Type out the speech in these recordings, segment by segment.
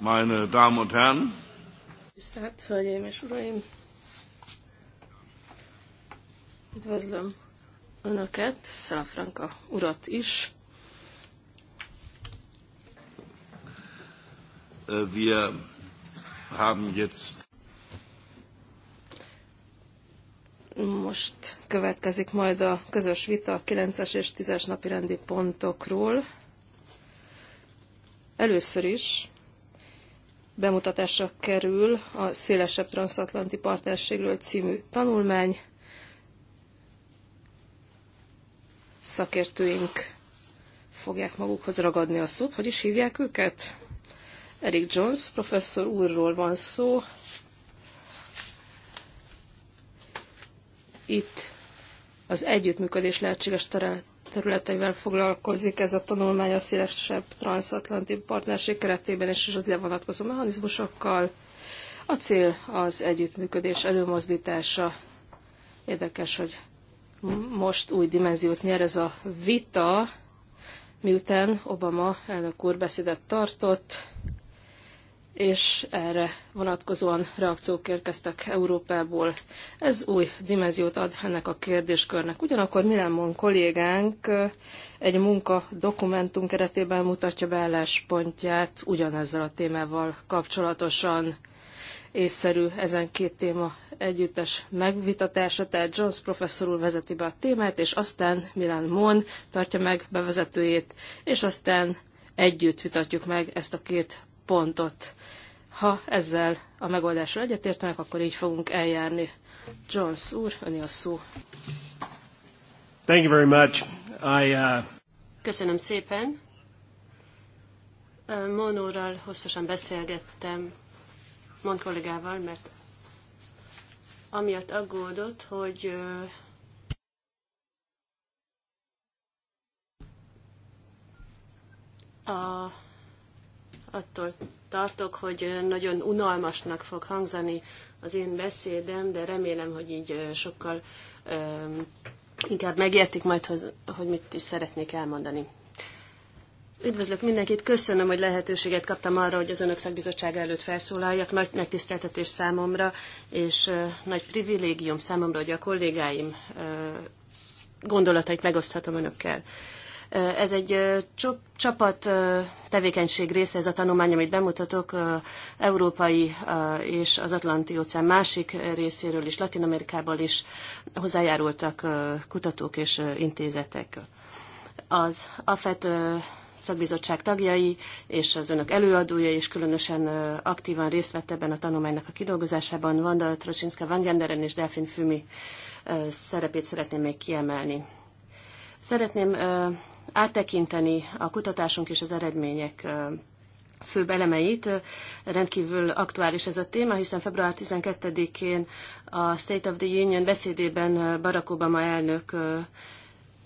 meine Damen und Herren! Tisztelt Hölgyeim és Uraim! Üdvözlöm Önöket, Szelafranka urat is. Wir haben jetzt Most következik majd a közös vita a 9-es és 10-es napi rendi pontokról. Először is bemutatásra kerül a Szélesebb Transatlanti Partnerségről című tanulmány. Szakértőink fogják magukhoz ragadni a szót. Hogy is hívják őket? Eric Jones, professzor úrról van szó. Itt az együttműködés lehetséges területeivel foglalkozik ez a tanulmány a szélesebb transatlanti partnerség keretében és az levonatkozó mechanizmusokkal. A cél az együttműködés előmozdítása. Érdekes, hogy most új dimenziót nyer ez a vita, miután Obama elnök úr beszédet tartott és erre vonatkozóan reakciók érkeztek Európából. Ez új dimenziót ad ennek a kérdéskörnek. Ugyanakkor Milánban kollégánk egy munka dokumentum keretében mutatja be álláspontját ugyanezzel a témával kapcsolatosan észszerű ezen két téma együttes megvitatása, tehát Jones professzor úr vezeti be a témát, és aztán Milán Mon tartja meg bevezetőjét, és aztán együtt vitatjuk meg ezt a két pontot. Ha ezzel a megoldással egyetértenek, akkor így fogunk eljárni. Jones úr, öné a szó. Thank you very much. I, uh... Köszönöm szépen. Monóral hosszasan beszélgettem, Mon kollégával, mert amiatt aggódott, hogy a attól tartok, hogy nagyon unalmasnak fog hangzani az én beszédem, de remélem, hogy így sokkal um, inkább megértik majd, hogy, mit is szeretnék elmondani. Üdvözlök mindenkit, köszönöm, hogy lehetőséget kaptam arra, hogy az Önök szakbizottsága előtt felszólaljak. Nagy megtiszteltetés számomra, és uh, nagy privilégium számomra, hogy a kollégáim uh, gondolatait megoszthatom Önökkel. Uh, ez egy csapat tevékenység része, ez a tanulmány, amit bemutatok, európai és az Atlanti óceán másik részéről is, Latin Amerikából is hozzájárultak kutatók és intézetek. Az AFET szakbizottság tagjai és az önök előadója is különösen aktívan részt vett ebben a tanulmánynak a kidolgozásában. Vanda Trocsinska Van Genderen és Delfin Fümi szerepét szeretném még kiemelni. Szeretném áttekinteni a kutatásunk és az eredmények főbb elemeit. Rendkívül aktuális ez a téma, hiszen február 12-én a State of the Union beszédében Barack Obama elnök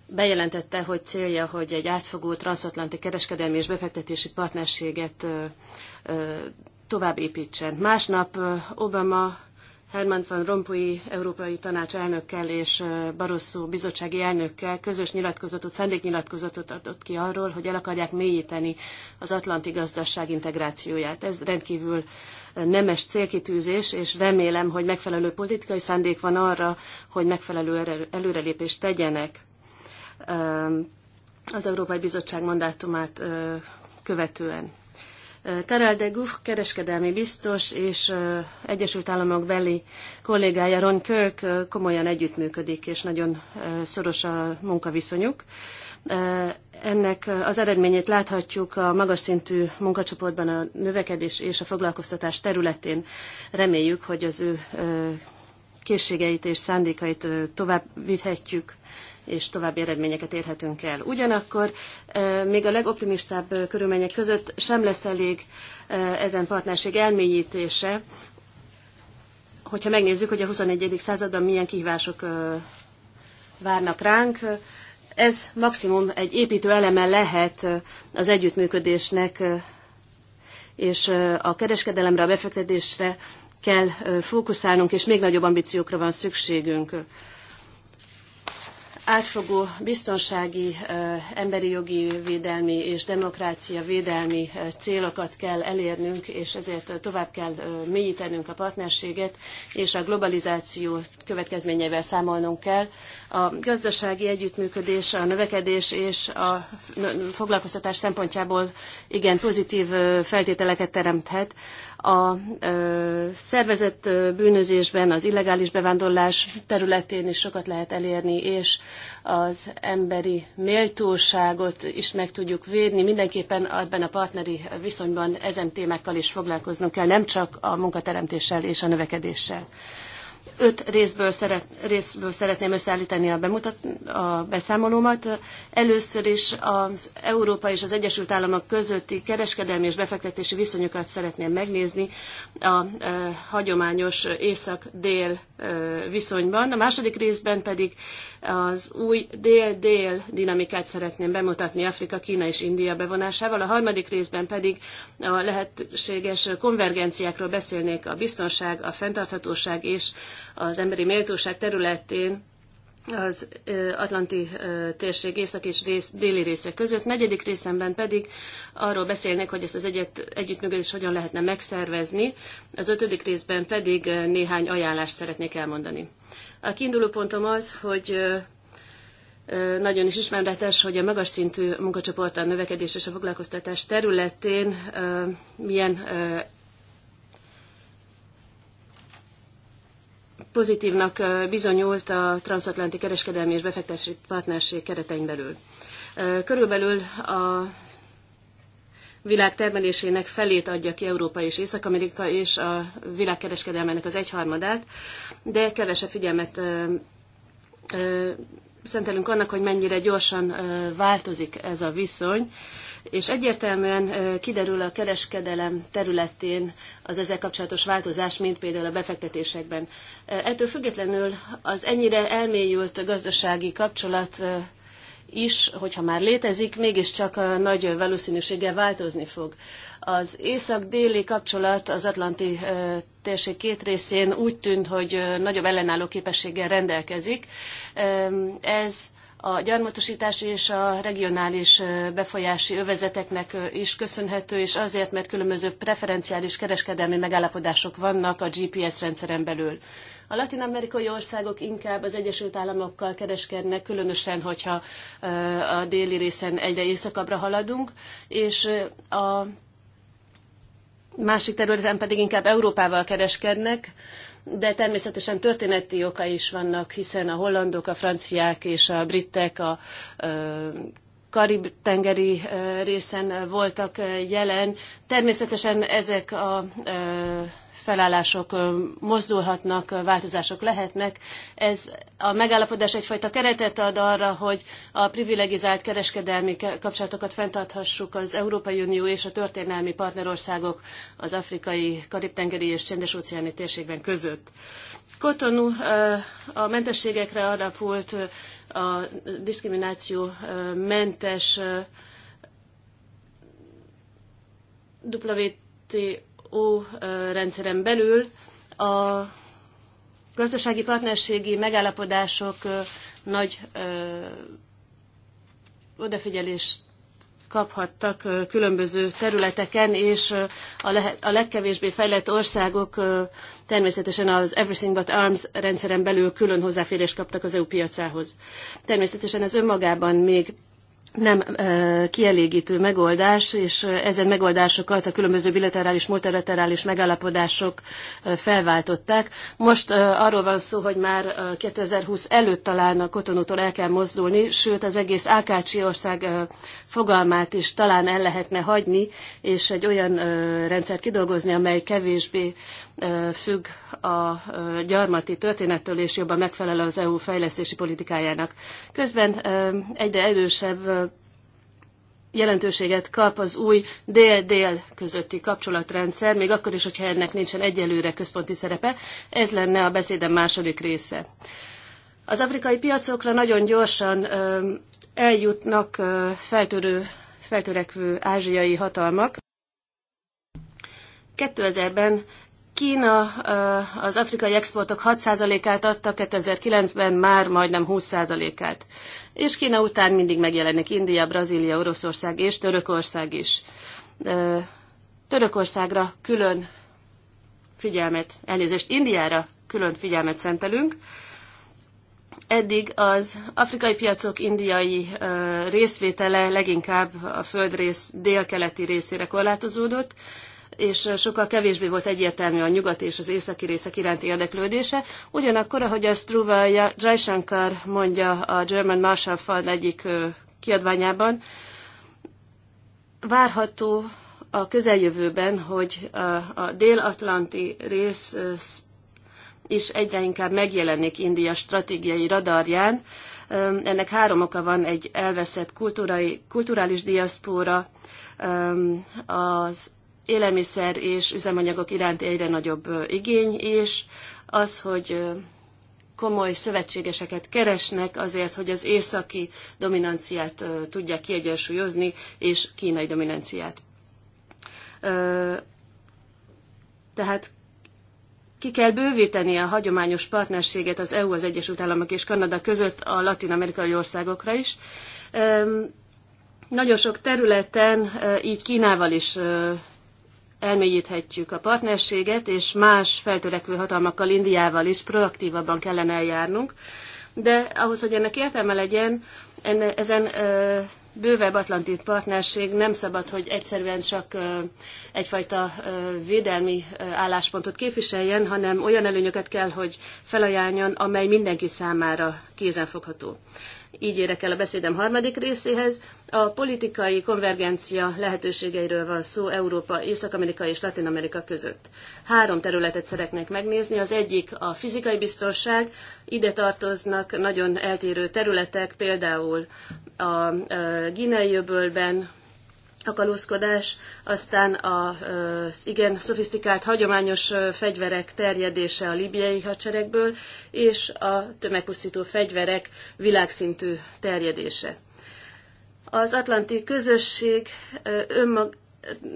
bejelentette, hogy célja, hogy egy átfogó transatlanti kereskedelmi és befektetési partnerséget tovább építsen. Másnap Obama Herman van Rompuy Európai Tanács elnökkel és Barosszó bizottsági elnökkel közös nyilatkozatot, szándéknyilatkozatot adott ki arról, hogy el akarják mélyíteni az atlanti gazdaság integrációját. Ez rendkívül nemes célkitűzés, és remélem, hogy megfelelő politikai szándék van arra, hogy megfelelő előrelépést tegyenek az Európai Bizottság mandátumát követően. Terel de Gucht, kereskedelmi biztos és Egyesült Államok beli kollégája Ron Kirk komolyan együttműködik, és nagyon szoros a munkaviszonyuk. Ennek az eredményét láthatjuk a magas szintű munkacsoportban a növekedés és a foglalkoztatás területén. Reméljük, hogy az ő készségeit és szándékait tovább vihetjük és további eredményeket érhetünk el. Ugyanakkor még a legoptimistább körülmények között sem lesz elég ezen partnerség elmélyítése, hogyha megnézzük, hogy a 21. században milyen kihívások várnak ránk, ez maximum egy építő eleme lehet az együttműködésnek, és a kereskedelemre, a befektetésre kell fókuszálnunk, és még nagyobb ambíciókra van szükségünk átfogó biztonsági, emberi jogi védelmi és demokrácia védelmi célokat kell elérnünk, és ezért tovább kell mélyítenünk a partnerséget, és a globalizáció következményeivel számolnunk kell. A gazdasági együttműködés, a növekedés és a foglalkoztatás szempontjából igen pozitív feltételeket teremthet a szervezett bűnözésben, az illegális bevándorlás területén is sokat lehet elérni, és az emberi méltóságot is meg tudjuk védni. Mindenképpen ebben a partneri viszonyban ezen témákkal is foglalkoznunk kell, nem csak a munkateremtéssel és a növekedéssel öt részből, szeret, részből szeretném összeállítani a, bemutat, a beszámolómat. Először is az Európa és az Egyesült Államok közötti kereskedelmi és befektetési viszonyokat szeretném megnézni a e, hagyományos észak-dél e, viszonyban. A második részben pedig az új dél-dél dinamikát szeretném bemutatni Afrika, Kína és India bevonásával, a harmadik részben pedig a lehetséges konvergenciákról beszélnék a biztonság, a fenntarthatóság és az emberi méltóság területén az Atlanti térség észak és rész, déli része között. Negyedik részemben pedig arról beszélnek, hogy ezt az egyet, együttműködés hogyan lehetne megszervezni. Az ötödik részben pedig néhány ajánlást szeretnék elmondani. A kiinduló pontom az, hogy nagyon is ismerletes, hogy a magas szintű munkacsoport a növekedés és a foglalkoztatás területén milyen pozitívnak bizonyult a transatlanti kereskedelmi és befektetési partnerség keretein belül. Körülbelül a világ termelésének felét adja ki Európa és Észak-Amerika, és a világkereskedelmének az egyharmadát, de kevesebb figyelmet ö, ö, szentelünk annak, hogy mennyire gyorsan ö, változik ez a viszony, és egyértelműen ö, kiderül a kereskedelem területén az ezzel kapcsolatos változás, mint például a befektetésekben. Ettől függetlenül az ennyire elmélyült gazdasági kapcsolat ö, is, hogyha már létezik, mégiscsak nagy valószínűséggel változni fog. Az észak-déli kapcsolat az Atlanti térség két részén úgy tűnt, hogy nagyobb ellenálló képességgel rendelkezik. Ez a gyarmatosítás és a regionális befolyási övezeteknek is köszönhető, és azért, mert különböző preferenciális kereskedelmi megállapodások vannak a GPS rendszeren belül. A latin-amerikai országok inkább az Egyesült Államokkal kereskednek, különösen, hogyha a déli részen egyre éjszakabbra haladunk, és a másik területen pedig inkább Európával kereskednek, de természetesen történeti oka is vannak, hiszen a hollandok, a franciák és a britek a Karib-tengeri részen voltak jelen. Természetesen ezek a felállások mozdulhatnak, változások lehetnek. Ez a megállapodás egyfajta keretet ad arra, hogy a privilegizált kereskedelmi kapcsolatokat fenntarthassuk az Európai Unió és a történelmi partnerországok az afrikai, karib-tengeri és csendes-óceáni térségben között. Kotonu a mentességekre alapult a diszkrimináció mentes WTO WTO rendszeren belül a gazdasági partnerségi megállapodások nagy odafigyelést kaphattak különböző területeken, és a, a legkevésbé fejlett országok természetesen az Everything But Arms rendszeren belül külön hozzáférést kaptak az EU piacához. Természetesen ez önmagában még nem kielégítő megoldás, és ezen megoldásokat a különböző bilaterális, multilaterális megállapodások felváltották. Most arról van szó, hogy már 2020 előtt talán a kotonútól el kell mozdulni, sőt az egész Ákácsi ország fogalmát is talán el lehetne hagyni, és egy olyan rendszert kidolgozni, amely kevésbé függ a gyarmati történettől, és jobban megfelel az EU fejlesztési politikájának. Közben egyre erősebb jelentőséget kap az új dél-dél közötti kapcsolatrendszer, még akkor is, hogyha ennek nincsen egyelőre központi szerepe. Ez lenne a beszédem második része. Az afrikai piacokra nagyon gyorsan eljutnak feltörő, feltörekvő ázsiai hatalmak. 2000-ben Kína az afrikai exportok 6%-át adta 2009-ben, már majdnem 20%-át. És Kína után mindig megjelenik India, Brazília, Oroszország és Törökország is. Törökországra külön figyelmet, elnézést, Indiára külön figyelmet szentelünk. Eddig az afrikai piacok indiai részvétele leginkább a földrész délkeleti részére korlátozódott, és sokkal kevésbé volt egyértelmű a nyugat és az északi részek iránti érdeklődése. Ugyanakkor, ahogy ezt Ruva Jaishankar mondja a German Marshall Fund egyik kiadványában, várható a közeljövőben, hogy a, a dél-atlanti rész is egyre inkább megjelenik India stratégiai radarján. Ennek három oka van, egy elveszett kulturális diaszpóra, az élelmiszer és üzemanyagok iránti egyre nagyobb igény, és az, hogy komoly szövetségeseket keresnek azért, hogy az északi dominanciát tudják kiegyensúlyozni, és kínai dominanciát. Tehát ki kell bővíteni a hagyományos partnerséget az EU, az Egyesült Államok és Kanada között a latin-amerikai országokra is. Nagyon sok területen így Kínával is elmélyíthetjük a partnerséget, és más feltörekvő hatalmakkal, Indiával is proaktívabban kellene eljárnunk. De ahhoz, hogy ennek értelme legyen, enne, ezen ö, bővebb atlanti partnerség nem szabad, hogy egyszerűen csak ö, egyfajta ö, védelmi ö, álláspontot képviseljen, hanem olyan előnyöket kell, hogy felajánljon, amely mindenki számára kézenfogható. fogható így érek el a beszédem harmadik részéhez. A politikai konvergencia lehetőségeiről van szó Európa, Észak-Amerika és Latin-Amerika között. Három területet szeretnék megnézni. Az egyik a fizikai biztonság, ide tartoznak nagyon eltérő területek, például a Guinei-öbölben, a kalózkodás, aztán az igen szofisztikált hagyományos fegyverek terjedése a libiai hadseregből, és a tömegpusztító fegyverek világszintű terjedése. Az atlanti közösség önmag,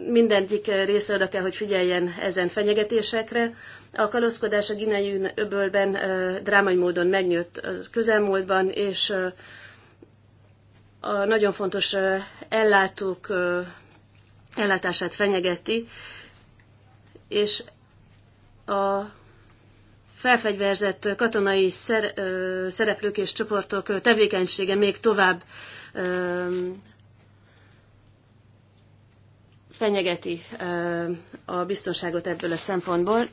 mindegyik része oda kell, hogy figyeljen ezen fenyegetésekre. A kalózkodás a Ginei öbölben drámai módon megnőtt közelmúltban, és a nagyon fontos ellátók ellátását fenyegeti, és a felfegyverzett katonai szereplők és csoportok tevékenysége még tovább fenyegeti a biztonságot ebből a szempontból.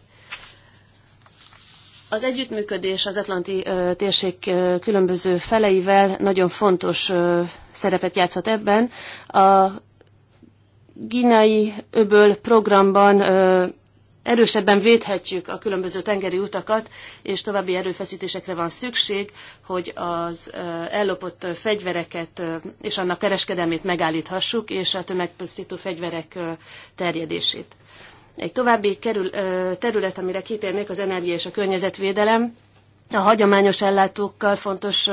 Az együttműködés az Atlanti térség különböző feleivel nagyon fontos szerepet játszhat ebben. A Ginai öböl programban erősebben védhetjük a különböző tengeri utakat, és további erőfeszítésekre van szükség, hogy az ellopott fegyvereket és annak kereskedelmét megállíthassuk, és a tömegpusztító fegyverek terjedését. Egy további kerül, terület, amire kitérnék, az energia és a környezetvédelem. A hagyományos ellátókkal fontos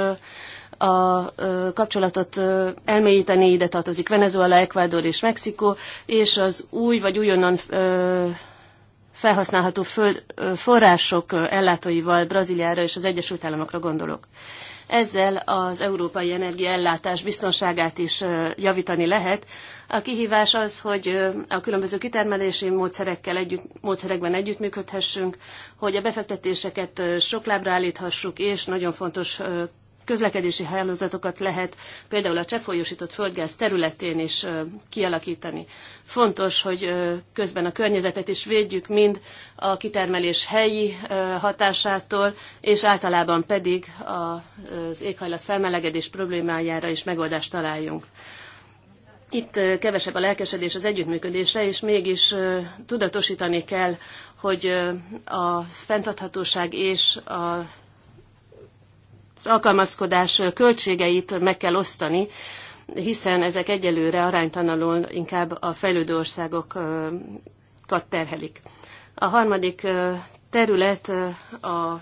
a kapcsolatot elmélyíteni, ide tartozik Venezuela, Ecuador és Mexikó, és az új vagy újonnan felhasználható föld, források ellátóival Brazíliára és az Egyesült Államokra gondolok. Ezzel az európai energiaellátás biztonságát is javítani lehet, a kihívás az, hogy a különböző kitermelési módszerekkel együtt, módszerekben együttműködhessünk, hogy a befektetéseket sok lábra állíthassuk, és nagyon fontos közlekedési hálózatokat lehet például a cseppfolyósított földgáz területén is kialakítani. Fontos, hogy közben a környezetet is védjük mind a kitermelés helyi hatásától, és általában pedig az éghajlat felmelegedés problémájára is megoldást találjunk. Itt kevesebb a lelkesedés az együttműködésre, és mégis tudatosítani kell, hogy a fenntarthatóság és a az alkalmazkodás költségeit meg kell osztani, hiszen ezek egyelőre aránytalanul inkább a fejlődő országokat terhelik. A harmadik terület a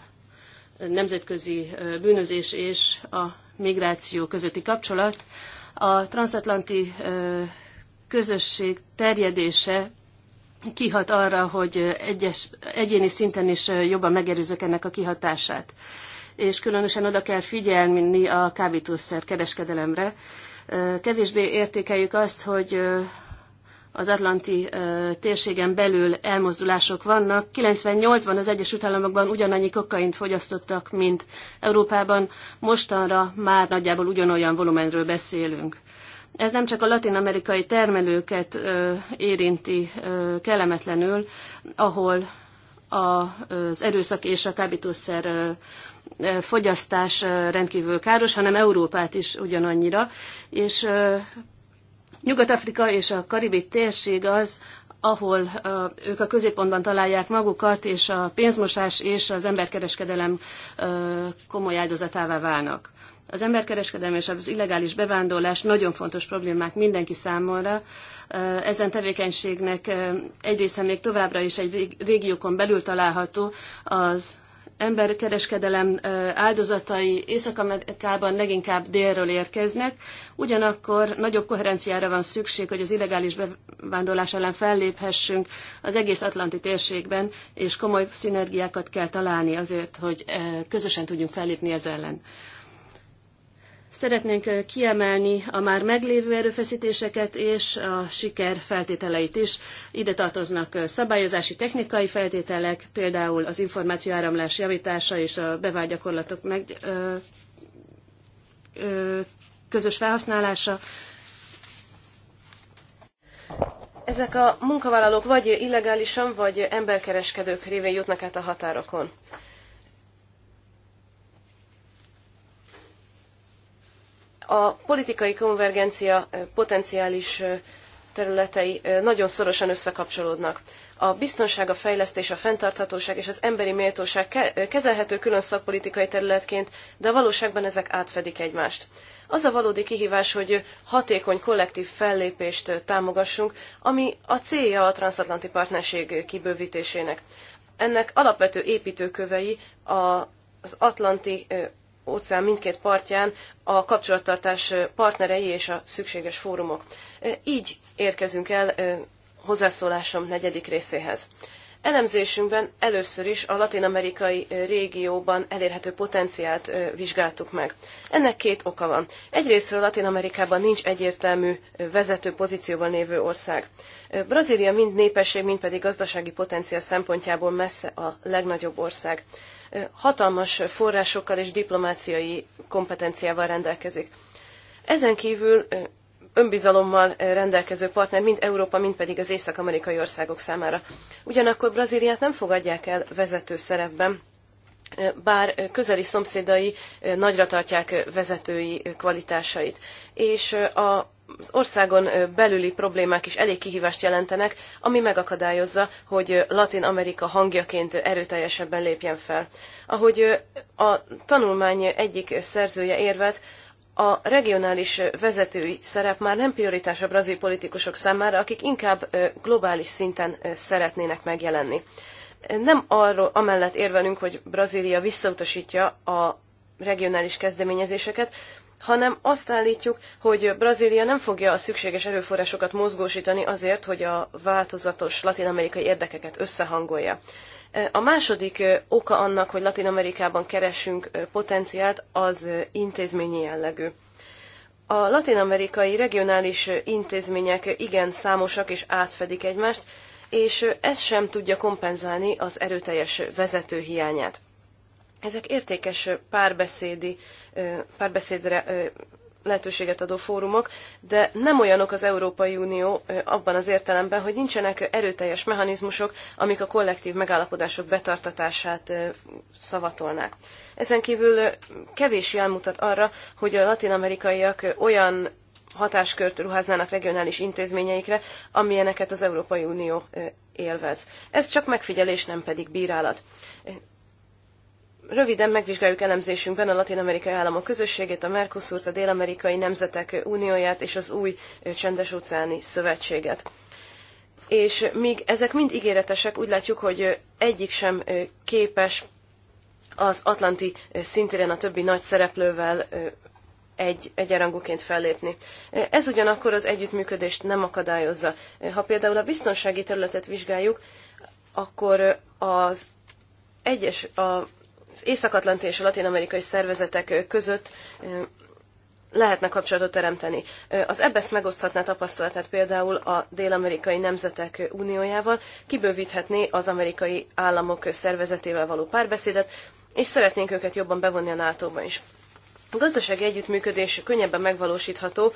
nemzetközi bűnözés és a migráció közötti kapcsolat a transatlanti közösség terjedése kihat arra, hogy egyes, egyéni szinten is jobban megerőzök ennek a kihatását. És különösen oda kell figyelni a kábítószer kereskedelemre. Kevésbé értékeljük azt, hogy az Atlanti ö, térségen belül elmozdulások vannak. 98-ban az Egyesült Államokban ugyanannyi kokaint fogyasztottak, mint Európában. Mostanra már nagyjából ugyanolyan volumenről beszélünk. Ez nem csak a latin-amerikai termelőket érinti ö, kellemetlenül, ahol a, az erőszak és a kábítószer fogyasztás rendkívül káros, hanem Európát is ugyanannyira, és Nyugat-Afrika és a Karibik térség az, ahol ők a középpontban találják magukat, és a pénzmosás és az emberkereskedelem komoly áldozatává válnak. Az emberkereskedelem és az illegális bevándorlás nagyon fontos problémák mindenki számára. Ezen tevékenységnek egy része még továbbra is egy régiókon belül található, az emberkereskedelem áldozatai Észak-Amerikában leginkább délről érkeznek, ugyanakkor nagyobb koherenciára van szükség, hogy az illegális bevándorlás ellen felléphessünk az egész Atlanti térségben, és komoly szinergiákat kell találni azért, hogy közösen tudjunk fellépni ez ellen. Szeretnénk kiemelni a már meglévő erőfeszítéseket és a siker feltételeit is. Ide tartoznak szabályozási technikai feltételek, például az információáramlás javítása és a bevált gyakorlatok meg, ö, ö, közös felhasználása. Ezek a munkavállalók vagy illegálisan, vagy emberkereskedők révén jutnak át a határokon. A politikai konvergencia potenciális területei nagyon szorosan összekapcsolódnak. A biztonság, a fejlesztés, a fenntarthatóság és az emberi méltóság kezelhető külön szakpolitikai területként, de a valóságban ezek átfedik egymást. Az a valódi kihívás, hogy hatékony kollektív fellépést támogassunk, ami a célja a transatlanti partnerség kibővítésének. Ennek alapvető építőkövei az Atlanti óceán mindkét partján a kapcsolattartás partnerei és a szükséges fórumok. E, így érkezünk el e, hozzászólásom negyedik részéhez. Elemzésünkben először is a latin-amerikai régióban elérhető potenciált e, vizsgáltuk meg. Ennek két oka van. Egyrésztről Latin-Amerikában nincs egyértelmű vezető pozícióban lévő ország. Brazília mind népesség, mind pedig gazdasági potenciál szempontjából messze a legnagyobb ország hatalmas forrásokkal és diplomáciai kompetenciával rendelkezik. Ezen kívül önbizalommal rendelkező partner mind Európa, mind pedig az észak-amerikai országok számára. Ugyanakkor Brazíliát nem fogadják el vezető szerepben, bár közeli szomszédai nagyra tartják vezetői kvalitásait. És a az országon belüli problémák is elég kihívást jelentenek, ami megakadályozza, hogy Latin Amerika hangjaként erőteljesebben lépjen fel. Ahogy a tanulmány egyik szerzője érvet, a regionális vezetői szerep már nem prioritás a brazil politikusok számára, akik inkább globális szinten szeretnének megjelenni. Nem arról amellett érvelünk, hogy Brazília visszautasítja a regionális kezdeményezéseket, hanem azt állítjuk, hogy Brazília nem fogja a szükséges erőforrásokat mozgósítani azért, hogy a változatos latin-amerikai érdekeket összehangolja. E, a második e, oka annak, hogy Latin-Amerikában keresünk e, potenciált, az intézményi jellegű. A latin-amerikai regionális intézmények igen számosak és átfedik egymást, és ez sem tudja kompenzálni az erőteljes vezető hiányát. Ezek értékes párbeszédi, párbeszédre lehetőséget adó fórumok, de nem olyanok az Európai Unió abban az értelemben, hogy nincsenek erőteljes mechanizmusok, amik a kollektív megállapodások betartatását szavatolnák. Ezen kívül kevés jel mutat arra, hogy a latin-amerikaiak olyan hatáskört ruháznának regionális intézményeikre, amilyeneket az Európai Unió élvez. Ez csak megfigyelés, nem pedig bírálat. Röviden megvizsgáljuk elemzésünkben a latin-amerikai államok közösségét, a Mercosurt, a Dél-amerikai Nemzetek Unióját és az új Csendes-óceáni Szövetséget. És míg ezek mind ígéretesek, úgy látjuk, hogy egyik sem képes az Atlanti szintéren a többi nagy szereplővel egy, egyenrangúként fellépni. Ez ugyanakkor az együttműködést nem akadályozza. Ha például a biztonsági területet vizsgáljuk, akkor az egyes, a az észak-atlanti és a latin-amerikai szervezetek között lehetne kapcsolatot teremteni. Az EBESZ megoszthatná tapasztalatát például a Dél-Amerikai Nemzetek Uniójával, kibővíthetné az amerikai államok szervezetével való párbeszédet, és szeretnénk őket jobban bevonni a NATO-ba is. A gazdasági együttműködés könnyebben megvalósítható,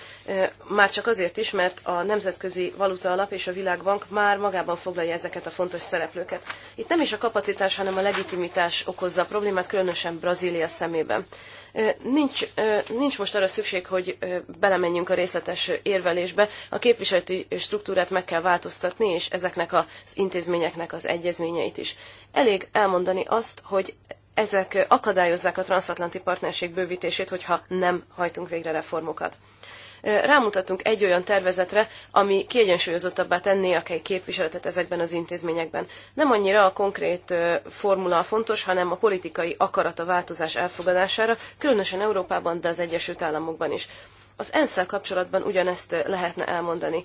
már csak azért is, mert a Nemzetközi Valuta Alap és a Világbank már magában foglalja ezeket a fontos szereplőket. Itt nem is a kapacitás, hanem a legitimitás okozza a problémát, különösen Brazília szemében. Nincs, nincs most arra szükség, hogy belemenjünk a részletes érvelésbe. A képviseleti struktúrát meg kell változtatni, és ezeknek az intézményeknek az egyezményeit is. Elég elmondani azt, hogy ezek akadályozzák a transatlanti partnerség bővítését, hogyha nem hajtunk végre reformokat. Rámutatunk egy olyan tervezetre, ami kiegyensúlyozottabbá tenné a képviseletet ezekben az intézményekben. Nem annyira a konkrét formula fontos, hanem a politikai akarat a változás elfogadására, különösen Európában, de az Egyesült Államokban is. Az ensz kapcsolatban ugyanezt lehetne elmondani.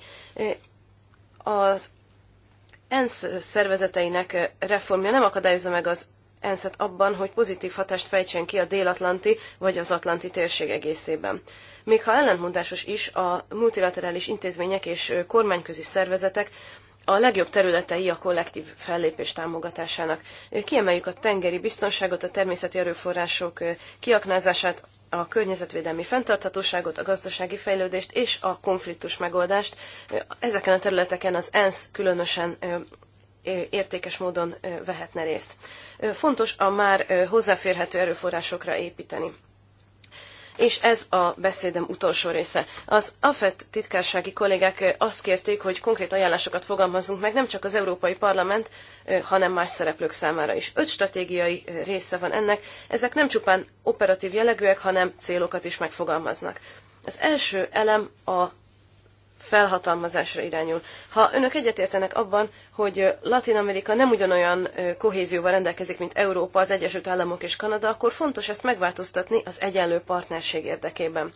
Az ENSZ szervezeteinek reformja nem akadályozza meg az ENSZ-et abban, hogy pozitív hatást fejtsen ki a dél-atlanti vagy az atlanti térség egészében. Még ha ellentmondásos is, a multilaterális intézmények és kormányközi szervezetek a legjobb területei a kollektív fellépés támogatásának. Kiemeljük a tengeri biztonságot, a természeti erőforrások kiaknázását, a környezetvédelmi fenntarthatóságot, a gazdasági fejlődést és a konfliktus megoldást. Ezeken a területeken az ENSZ különösen értékes módon vehetne részt. Fontos a már hozzáférhető erőforrásokra építeni. És ez a beszédem utolsó része. Az AFET titkársági kollégák azt kérték, hogy konkrét ajánlásokat fogalmazzunk meg nem csak az Európai Parlament, hanem más szereplők számára is. Öt stratégiai része van ennek, ezek nem csupán operatív jellegűek, hanem célokat is megfogalmaznak. Az első elem a felhatalmazásra irányul. Ha önök egyetértenek abban, hogy Latin Amerika nem ugyanolyan kohézióval rendelkezik, mint Európa, az Egyesült Államok és Kanada, akkor fontos ezt megváltoztatni az egyenlő partnerség érdekében.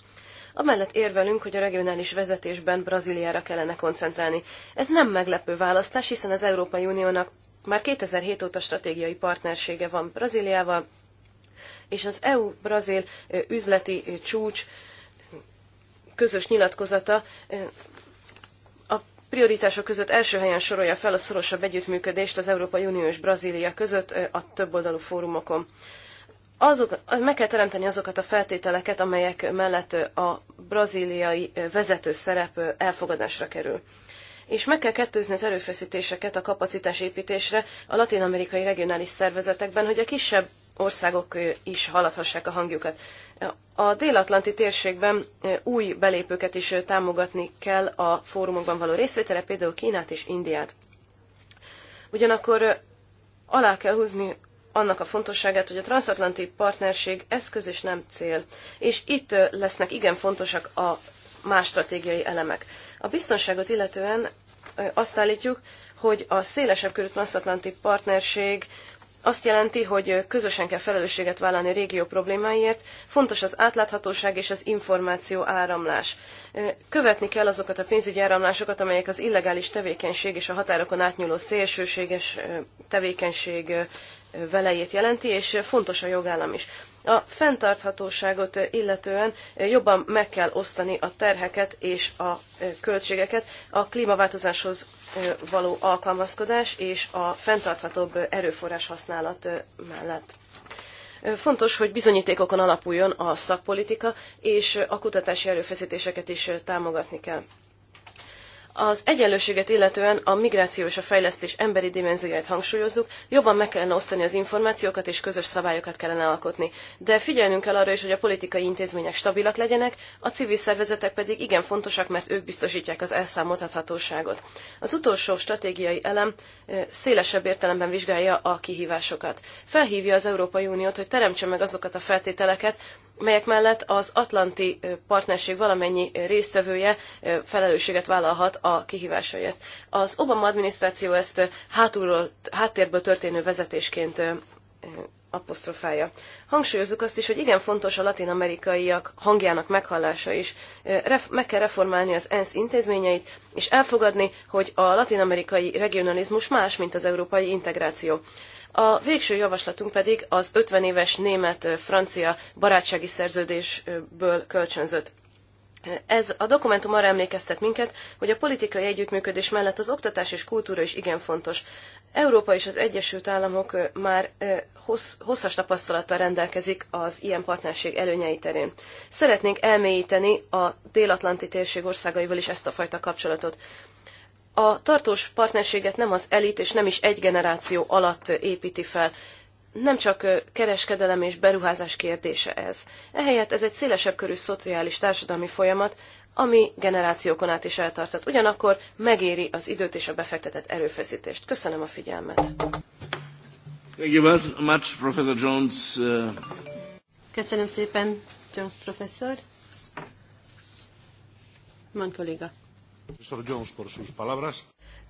Amellett érvelünk, hogy a regionális vezetésben Brazíliára kellene koncentrálni. Ez nem meglepő választás, hiszen az Európai Uniónak már 2007 óta stratégiai partnersége van Brazíliával, és az EU-Brazil üzleti csúcs közös nyilatkozata prioritások között első helyen sorolja fel a szorosabb együttműködést az Európai Unió és Brazília között a többoldalú fórumokon. Azok, meg kell teremteni azokat a feltételeket, amelyek mellett a brazíliai vezető szerep elfogadásra kerül. És meg kell kettőzni az erőfeszítéseket a kapacitásépítésre a latin-amerikai regionális szervezetekben, hogy a kisebb országok is hallathassák a hangjukat. A dél-atlanti térségben új belépőket is támogatni kell a fórumokban való részvétele, például Kínát és Indiát. Ugyanakkor alá kell húzni annak a fontosságát, hogy a transatlanti partnerség eszköz és nem cél. És itt lesznek igen fontosak a más stratégiai elemek. A biztonságot illetően azt állítjuk, hogy a szélesebb körű transatlanti partnerség azt jelenti, hogy közösen kell felelősséget vállalni a régió problémáiért, fontos az átláthatóság és az információ áramlás. Követni kell azokat a pénzügyi áramlásokat, amelyek az illegális tevékenység és a határokon átnyúló szélsőséges tevékenység velejét jelenti, és fontos a jogállam is. A fenntarthatóságot illetően jobban meg kell osztani a terheket és a költségeket, a klímaváltozáshoz való alkalmazkodás és a fenntarthatóbb erőforrás használat mellett. Fontos, hogy bizonyítékokon alapuljon a szakpolitika, és a kutatási erőfeszítéseket is támogatni kell. Az egyenlőséget illetően a migráció és a fejlesztés emberi dimenzióját hangsúlyozzuk, jobban meg kellene osztani az információkat és közös szabályokat kellene alkotni. De figyelnünk kell arra is, hogy a politikai intézmények stabilak legyenek, a civil szervezetek pedig igen fontosak, mert ők biztosítják az elszámoltathatóságot. Az utolsó stratégiai elem eh, szélesebb értelemben vizsgálja a kihívásokat. Felhívja az Európai Uniót, hogy teremtse meg azokat a feltételeket, melyek mellett az Atlanti Partnerség valamennyi résztvevője felelősséget vállalhat a kihívásaiért. Az Obama adminisztráció ezt hátulról, háttérből történő vezetésként apostrofája. Hangsúlyozzuk azt is, hogy igen fontos a latin-amerikaiak hangjának meghallása is. Ref, meg kell reformálni az ENSZ intézményeit, és elfogadni, hogy a latin-amerikai regionalizmus más, mint az európai integráció. A végső javaslatunk pedig az 50 éves német-francia barátsági szerződésből kölcsönzött. Ez a dokumentum arra emlékeztet minket, hogy a politikai együttműködés mellett az oktatás és kultúra is igen fontos. Európa és az Egyesült Államok már hossz, hosszas tapasztalattal rendelkezik az ilyen partnerség előnyei terén. Szeretnénk elmélyíteni a dél-atlanti térség országaival is ezt a fajta kapcsolatot. A tartós partnerséget nem az elit és nem is egy generáció alatt építi fel. Nem csak kereskedelem és beruházás kérdése ez. Ehelyett ez egy szélesebb körű szociális társadalmi folyamat, ami generációkon át is eltartat. Ugyanakkor megéri az időt és a befektetett erőfeszítést. Köszönöm a figyelmet. Thank you very much, Professor Jones. Uh, Köszönöm szépen, Jones professzor. Van kolléga.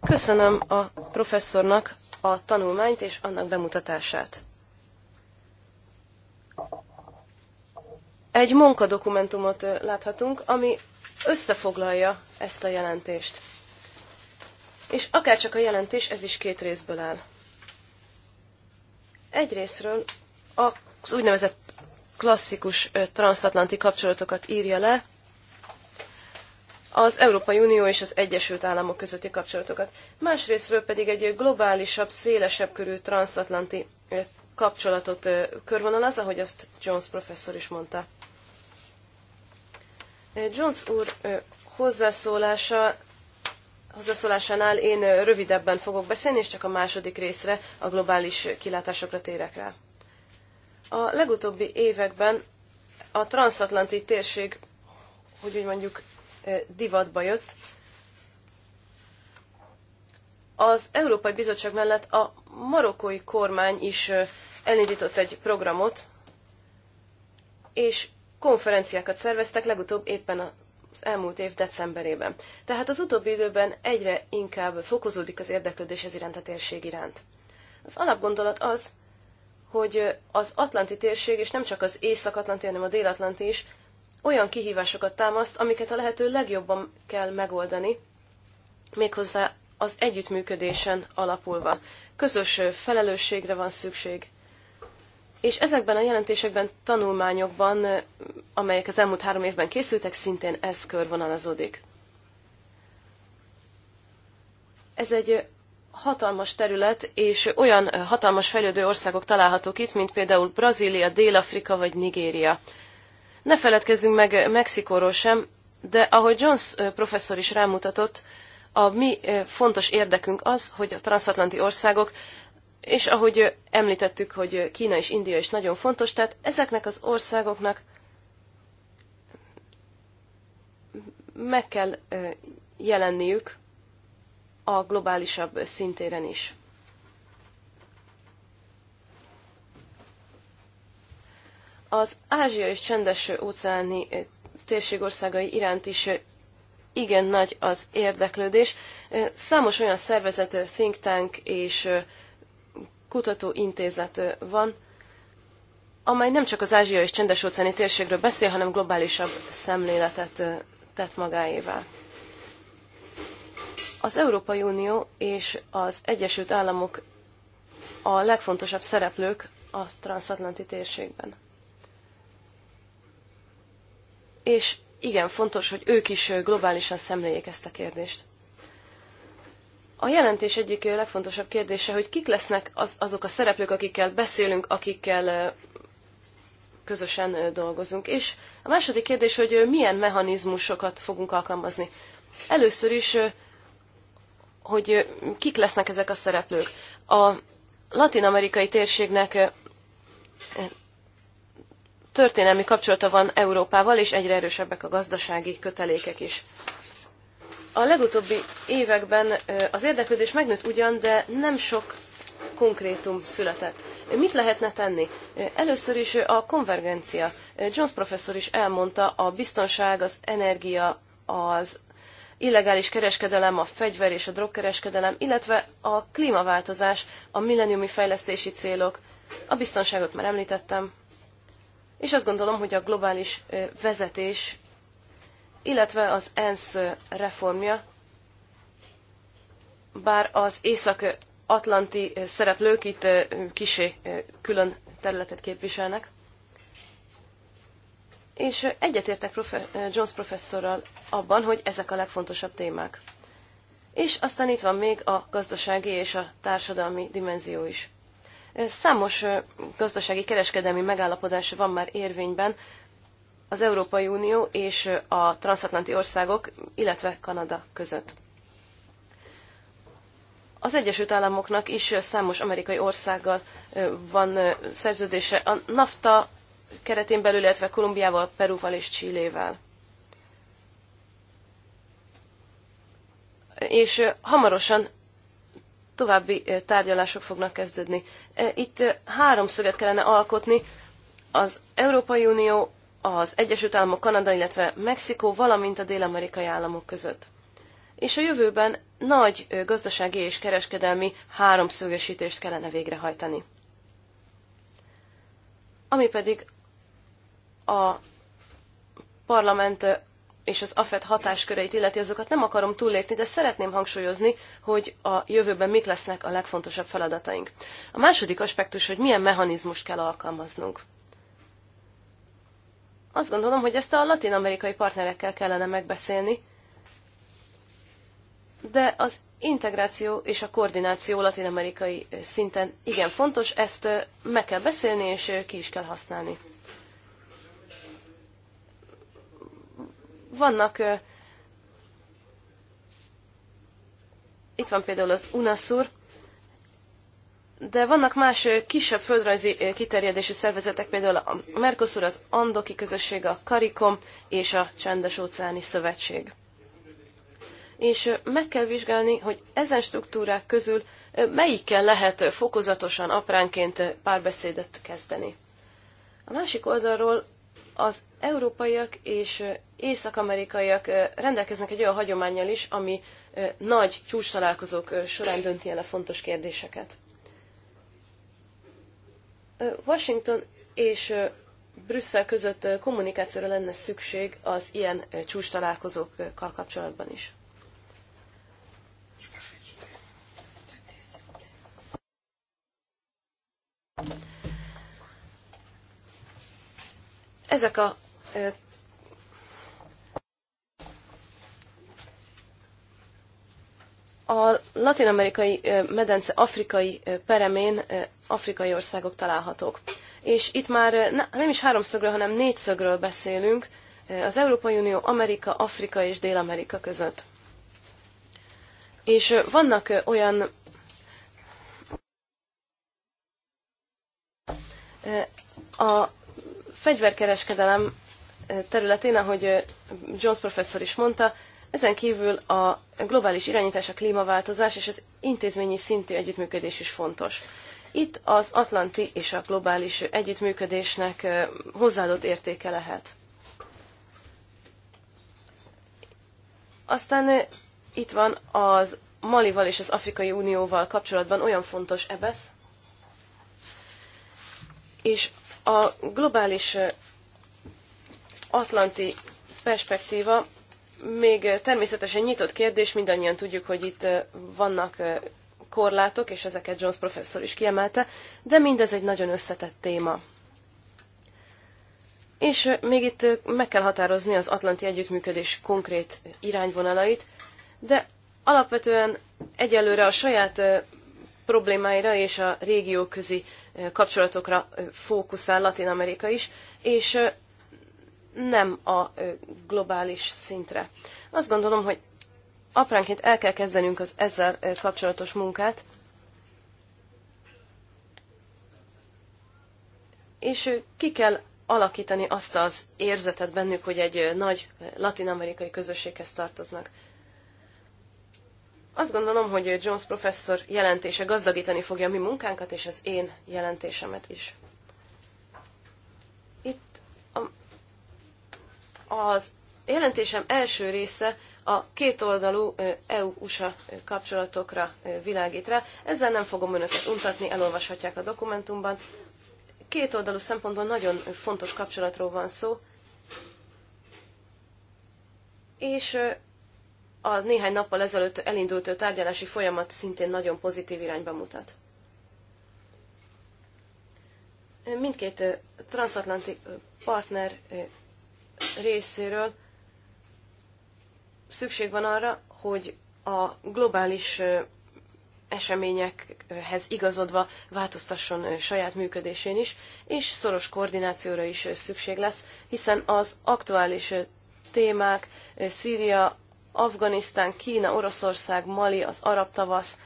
Köszönöm a professzornak a tanulmányt és annak bemutatását. Egy munkadokumentumot láthatunk, ami összefoglalja ezt a jelentést. És akárcsak a jelentés, ez is két részből áll. Egy részről az úgynevezett klasszikus transatlanti kapcsolatokat írja le, az Európai Unió és az Egyesült Államok közötti kapcsolatokat. Másrésztről pedig egy globálisabb, szélesebb körű transatlanti kapcsolatot körvonalaz, ahogy azt Jones professzor is mondta. Jones úr hozzászólása, hozzászólásánál én rövidebben fogok beszélni, és csak a második részre, a globális kilátásokra térek rá. A legutóbbi években a transatlanti térség, hogy úgy mondjuk, divatba jött, az Európai Bizottság mellett a marokkói kormány is elindított egy programot, és konferenciákat szerveztek legutóbb éppen az elmúlt év decemberében. Tehát az utóbbi időben egyre inkább fokozódik az érdeklődés ez iránt a térség iránt. Az alapgondolat az, hogy az Atlanti térség, és nem csak az Észak-Atlanti, hanem a Dél-Atlanti is olyan kihívásokat támaszt, amiket a lehető legjobban kell megoldani, méghozzá az együttműködésen alapulva. Közös felelősségre van szükség. És ezekben a jelentésekben, tanulmányokban, amelyek az elmúlt három évben készültek, szintén ez körvonalazódik. Ez egy hatalmas terület, és olyan hatalmas fejlődő országok találhatók itt, mint például Brazília, Dél-Afrika vagy Nigéria. Ne feledkezzünk meg Mexikóról sem, de ahogy Jones professzor is rámutatott, a mi fontos érdekünk az, hogy a transatlanti országok, és ahogy említettük, hogy Kína és India is nagyon fontos, tehát ezeknek az országoknak meg kell jelenniük a globálisabb szintéren is. az Ázsia és csendes óceáni eh, térség országai iránt is eh, igen nagy az érdeklődés. Eh, számos olyan szervezet, think tank és kutatóintézet van, amely nem csak az Ázsia és csendes óceáni térségről beszél, hanem globálisabb szemléletet tett magáévá. Az Európai Unió és az Egyesült Államok a legfontosabb szereplők a transatlanti térségben és igen, fontos, hogy ők is globálisan szemléljék ezt a kérdést. A jelentés egyik legfontosabb kérdése, hogy kik lesznek az, azok a szereplők, akikkel beszélünk, akikkel közösen dolgozunk. És a második kérdés, hogy milyen mechanizmusokat fogunk alkalmazni. Először is, hogy kik lesznek ezek a szereplők. A latin-amerikai térségnek történelmi kapcsolata van Európával, és egyre erősebbek a gazdasági kötelékek is. A legutóbbi években az érdeklődés megnőtt ugyan, de nem sok konkrétum született. Mit lehetne tenni? Először is a konvergencia. Jones professzor is elmondta, a biztonság, az energia, az illegális kereskedelem, a fegyver és a drogkereskedelem, illetve a klímaváltozás, a milleniumi fejlesztési célok. A biztonságot már említettem és azt gondolom, hogy a globális vezetés, illetve az ENSZ reformja, bár az észak-atlanti szereplők itt kisé külön területet képviselnek, és egyetértek profe- Jones professzorral abban, hogy ezek a legfontosabb témák. És aztán itt van még a gazdasági és a társadalmi dimenzió is. Számos gazdasági kereskedelmi megállapodás van már érvényben az Európai Unió és a transatlanti országok, illetve Kanada között. Az Egyesült Államoknak is számos amerikai országgal van szerződése a NAFTA keretén belül, illetve Kolumbiával, Perúval és Csillével. És hamarosan további tárgyalások fognak kezdődni. Itt háromszöget kellene alkotni, az Európai Unió, az Egyesült Államok, Kanada, illetve Mexikó, valamint a dél-amerikai államok között. És a jövőben nagy gazdasági és kereskedelmi háromszögesítést kellene végrehajtani. Ami pedig a parlament és az AFET hatásköreit illeti, azokat nem akarom túllépni, de szeretném hangsúlyozni, hogy a jövőben mik lesznek a legfontosabb feladataink. A második aspektus, hogy milyen mechanizmust kell alkalmaznunk. Azt gondolom, hogy ezt a latin-amerikai partnerekkel kellene megbeszélni, de az integráció és a koordináció latin-amerikai szinten igen fontos, ezt meg kell beszélni és ki is kell használni. vannak itt van például az UNASUR, de vannak más kisebb földrajzi kiterjedési szervezetek, például a Mercosur, az Andoki Közösség, a Karikom és a Csendes-óceáni Szövetség. És meg kell vizsgálni, hogy ezen struktúrák közül melyikkel lehet fokozatosan, apránként párbeszédet kezdeni. A másik oldalról az európaiak és észak-amerikaiak rendelkeznek egy olyan hagyományjal is, ami nagy csúcstalálkozók során dönti el a fontos kérdéseket. Washington és Brüsszel között kommunikációra lenne szükség az ilyen csúcstalálkozókkal kapcsolatban is. ezek a A latin-amerikai medence afrikai peremén afrikai országok találhatók. És itt már nem is háromszögről, hanem négyszögről beszélünk az Európai Unió, Amerika, Afrika és Dél-Amerika között. És vannak olyan a fegyverkereskedelem eh, területén, ahogy eh, Jones professzor is mondta, ezen kívül a globális irányítás, a klímaváltozás és az intézményi szintű együttműködés is fontos. Itt az atlanti és a globális együttműködésnek eh, hozzáadott értéke lehet. Aztán itt van az Malival és az Afrikai Unióval kapcsolatban olyan fontos ebesz, és a globális atlanti perspektíva még természetesen nyitott kérdés, mindannyian tudjuk, hogy itt vannak korlátok, és ezeket Jones professzor is kiemelte, de mindez egy nagyon összetett téma. És még itt meg kell határozni az atlanti együttműködés konkrét irányvonalait, de alapvetően egyelőre a saját problémáira és a régióközi kapcsolatokra fókuszál Latin Amerika is, és nem a globális szintre. Azt gondolom, hogy apránként el kell kezdenünk az ezzel kapcsolatos munkát, és ki kell alakítani azt az érzetet bennük, hogy egy nagy latin-amerikai közösséghez tartoznak. Azt gondolom, hogy Jones professzor jelentése gazdagítani fogja mi munkánkat, és az én jelentésemet is. Itt a, az jelentésem első része a kétoldalú EU-USA kapcsolatokra világít rá. Ezzel nem fogom önöket untatni, elolvashatják a dokumentumban. Kétoldalú szempontból nagyon fontos kapcsolatról van szó, és a néhány nappal ezelőtt elindult tárgyalási folyamat szintén nagyon pozitív irányba mutat. Mindkét transatlanti partner részéről szükség van arra, hogy a globális eseményekhez igazodva változtasson saját működésén is, és szoros koordinációra is szükség lesz, hiszen az aktuális témák, Szíria, Afganisztán, Kína, Oroszország, Mali, az arab tavasz.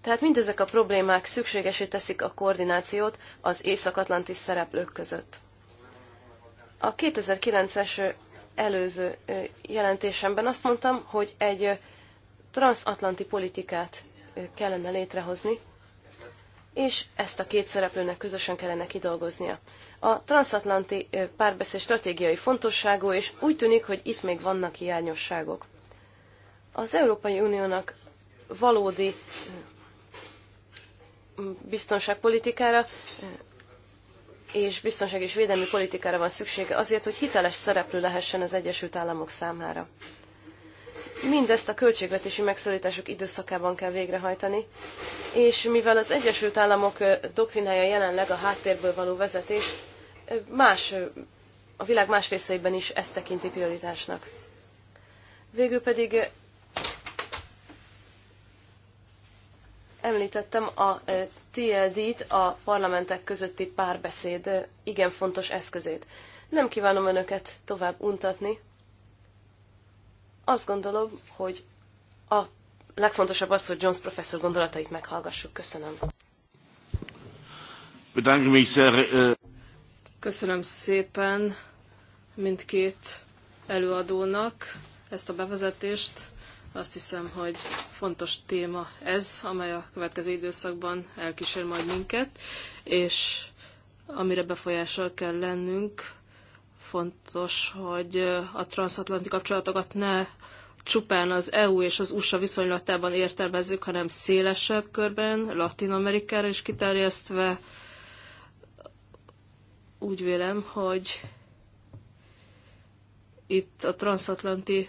Tehát mindezek a problémák szükségesé teszik a koordinációt az Észak-Atlanti szereplők között. A 2009-es előző jelentésemben azt mondtam, hogy egy transatlanti politikát kellene létrehozni, és ezt a két szereplőnek közösen kellene kidolgoznia. A transatlanti párbeszéd stratégiai fontosságú, és úgy tűnik, hogy itt még vannak hiányosságok. Az Európai Uniónak valódi mm, biztonságpolitikára mm, és biztonság és védelmi politikára van szüksége azért, hogy hiteles szereplő lehessen az Egyesült Államok számára. Mindezt a költségvetési megszorítások időszakában kell végrehajtani, és mivel az Egyesült Államok doktrinája jelenleg a háttérből való vezetés, más, a világ más részeiben is ezt tekinti prioritásnak. Végül pedig Említettem a eh, TLD-t, a parlamentek közötti párbeszéd eh, igen fontos eszközét. Nem kívánom önöket tovább untatni. Azt gondolom, hogy a legfontosabb az, hogy Jones professzor gondolatait meghallgassuk. Köszönöm. Eh, Köszönöm szépen mindkét előadónak ezt a bevezetést. Azt hiszem, hogy fontos téma ez, amely a következő időszakban elkísér majd minket, és amire befolyással kell lennünk, fontos, hogy a transatlanti kapcsolatokat ne csupán az EU és az USA viszonylatában értelmezzük, hanem szélesebb körben, Latin Amerikára is kiterjesztve. Úgy vélem, hogy itt a transatlanti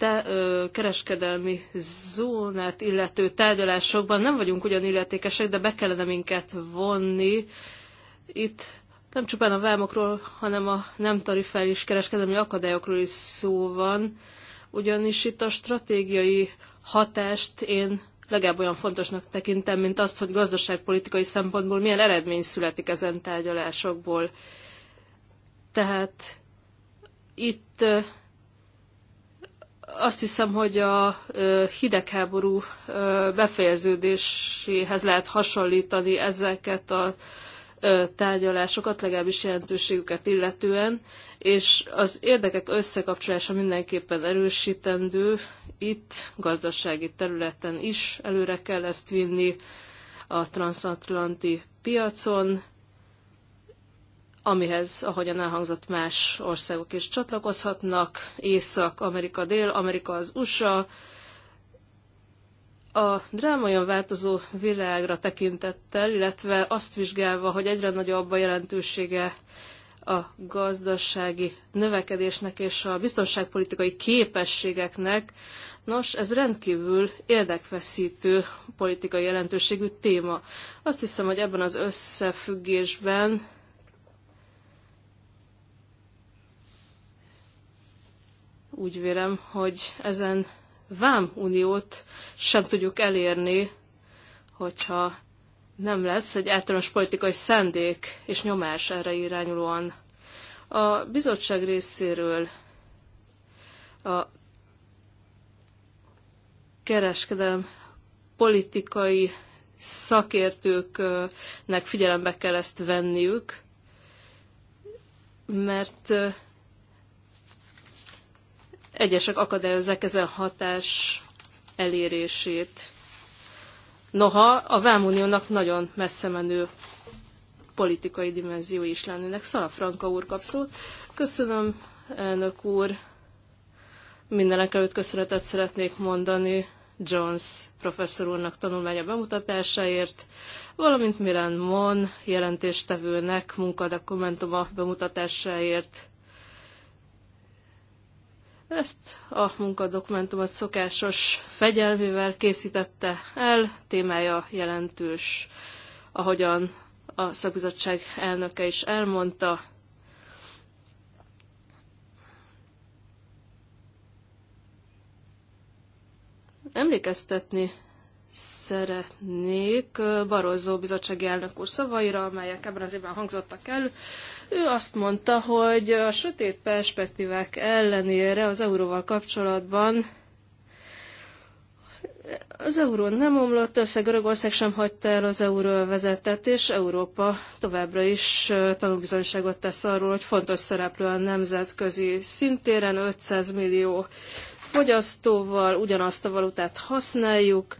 te, ö, kereskedelmi zónát illető tárgyalásokban nem vagyunk ugyan illetékesek, de be kellene minket vonni. Itt nem csupán a vámokról, hanem a nem tarifális kereskedelmi akadályokról is szó van, ugyanis itt a stratégiai hatást én legalább olyan fontosnak tekintem, mint azt, hogy gazdaságpolitikai szempontból milyen eredmény születik ezen tárgyalásokból. Tehát itt azt hiszem, hogy a hidegháború befejeződéséhez lehet hasonlítani ezeket a tárgyalásokat, legalábbis jelentőségüket illetően, és az érdekek összekapcsolása mindenképpen erősítendő, itt gazdasági területen is előre kell ezt vinni a transatlanti piacon, amihez, ahogyan elhangzott, más országok is csatlakozhatnak. Észak-Amerika, Dél-Amerika, az USA. A dráma olyan változó világra tekintettel, illetve azt vizsgálva, hogy egyre nagyobb a jelentősége a gazdasági növekedésnek és a biztonságpolitikai képességeknek, Nos, ez rendkívül érdekfeszítő politikai jelentőségű téma. Azt hiszem, hogy ebben az összefüggésben úgy vélem, hogy ezen vámuniót sem tudjuk elérni, hogyha nem lesz egy általános politikai szándék és nyomás erre irányulóan. A bizottság részéről a kereskedelem politikai szakértőknek figyelembe kell ezt venniük, mert egyesek akadályozzák ezen hatás elérését. Noha a Vámuniónak nagyon messze menő politikai dimenzió is lennének. Franka úr kap szót. Köszönöm, elnök úr. Mindenek előtt köszönetet szeretnék mondani Jones professzor úrnak tanulmánya bemutatásáért, valamint Milan Mon jelentéstevőnek munkadokumentuma bemutatásáért. Ezt a munkadokumentumot szokásos fegyelmével készítette el, témája jelentős, ahogyan a szakbizottság elnöke is elmondta. Emlékeztetni szeretnék Barozó bizottsági elnök úr szavaira, amelyek ebben az évben hangzottak el, ő azt mondta, hogy a sötét perspektívák ellenére az euróval kapcsolatban az euró nem omlott össze, Görögország sem hagyta el az euróvezetet, és Európa továbbra is tanúbizonyságot tesz arról, hogy fontos szereplő a nemzetközi szintéren 500 millió fogyasztóval ugyanazt a valutát használjuk,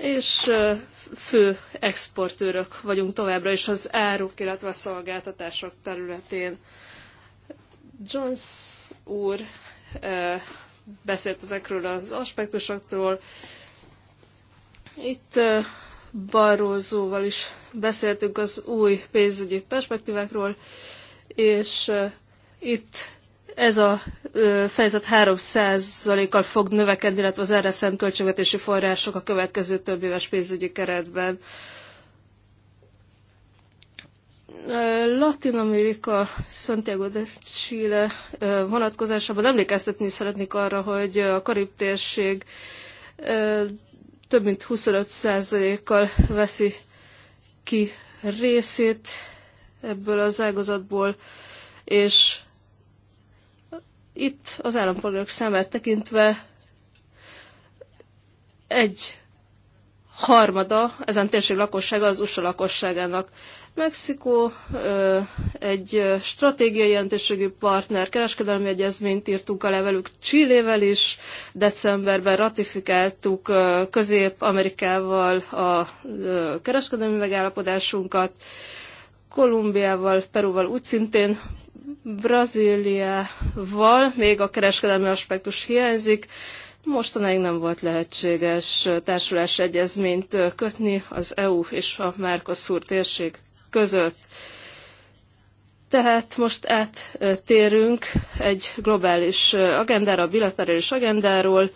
és fő exportőrök vagyunk továbbra is az áruk, illetve a szolgáltatások területén. Jones úr eh, beszélt ezekről az aspektusokról. Itt eh, Barózóval is beszéltünk az új pénzügyi perspektívákról, és eh, itt ez a fejezet 3%-kal fog növekedni, illetve az erre szent költségvetési források a következő több éves pénzügyi keretben. Latin Amerika, Santiago de Chile vonatkozásában emlékeztetni szeretnék arra, hogy a karib térség több mint 25%-kal veszi ki részét ebből az ágazatból, és itt az állampolgárok számát tekintve egy harmada ezen térség lakossága az USA lakosságának. Mexikó egy stratégiai jelentőségű partner, kereskedelmi egyezményt írtunk alá velük Csillével is, decemberben ratifikáltuk Közép-Amerikával a kereskedelmi megállapodásunkat, Kolumbiával, Peruval úgy szintén Brazíliával még a kereskedelmi aspektus hiányzik. Mostanáig nem volt lehetséges társulás egyezményt kötni az EU és a Mercosur térség között. Tehát most áttérünk egy globális agendára, a bilaterális agendáról.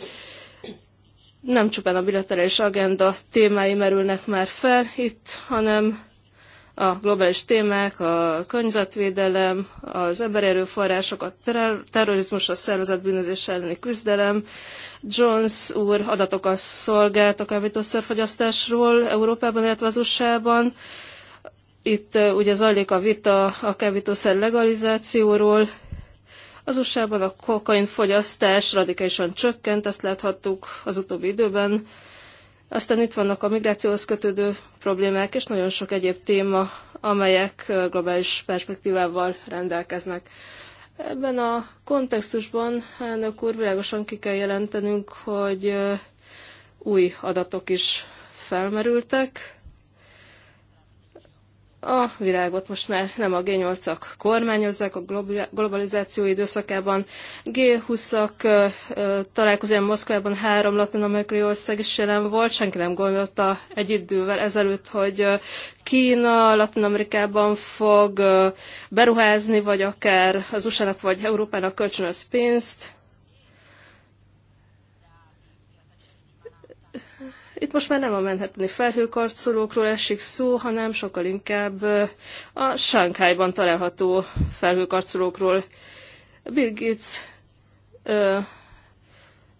Nem csupán a bilaterális agenda témái merülnek már fel itt, hanem a globális témák, a környezetvédelem, az emberi erőforrások, a ter- terrorizmus, a szervezetbűnözés elleni küzdelem. Jones úr adatokat szolgált a kábítószerfogyasztásról Európában, illetve az USA-ban. Itt ugye zajlik a vita a kábítószer legalizációról. Az USA-ban a kokainfogyasztás radikálisan csökkent, ezt láthattuk az utóbbi időben. Aztán itt vannak a migrációhoz kötődő problémák, és nagyon sok egyéb téma, amelyek globális perspektívával rendelkeznek. Ebben a kontextusban, elnök úr, világosan ki kell jelentenünk, hogy új adatok is felmerültek, a világot most már nem a G8-ak kormányozzák a globalizáció időszakában. G20-ak találkozóján Moszkvában három latin-amerikai ország is jelen volt. Senki nem gondolta egy idővel ezelőtt, hogy Kína Latin-Amerikában fog beruházni, vagy akár az USA-nak vagy Európának kölcsönöz pénzt Itt most már nem a menheteni felhőkarcolókról esik szó, hanem sokkal inkább a Sánkhájban található felhőkarcolókról. Bill Gates ö,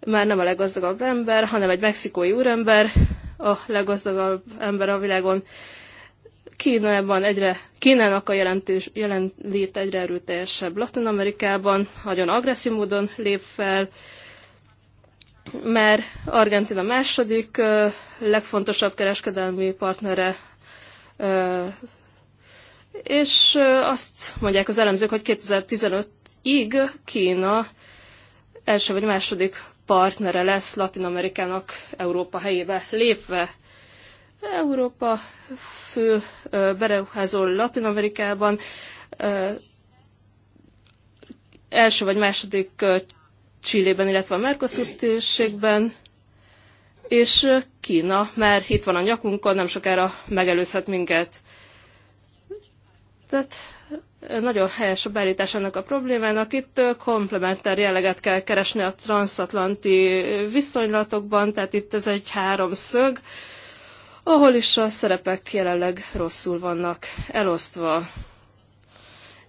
már nem a leggazdagabb ember, hanem egy mexikói úrember, a leggazdagabb ember a világon. Kínában egyre, Kínának a jelentés, jelenlét egyre erőteljesebb. Latin Amerikában nagyon agresszív módon lép fel, már Argentina második legfontosabb kereskedelmi partnere, és azt mondják az elemzők, hogy 2015-ig Kína első vagy második partnere lesz Latin Amerikának Európa helyébe lépve. Európa fő beruházó Latin Amerikában első vagy második Csillében, illetve a Mercosur térségben, és Kína mert itt van a nyakunkon, nem sokára megelőzhet minket. Tehát nagyon helyes a beállítás ennek a problémának. Itt komplementer jelleget kell keresni a transatlanti viszonylatokban, tehát itt ez egy háromszög, ahol is a szerepek jelenleg rosszul vannak elosztva.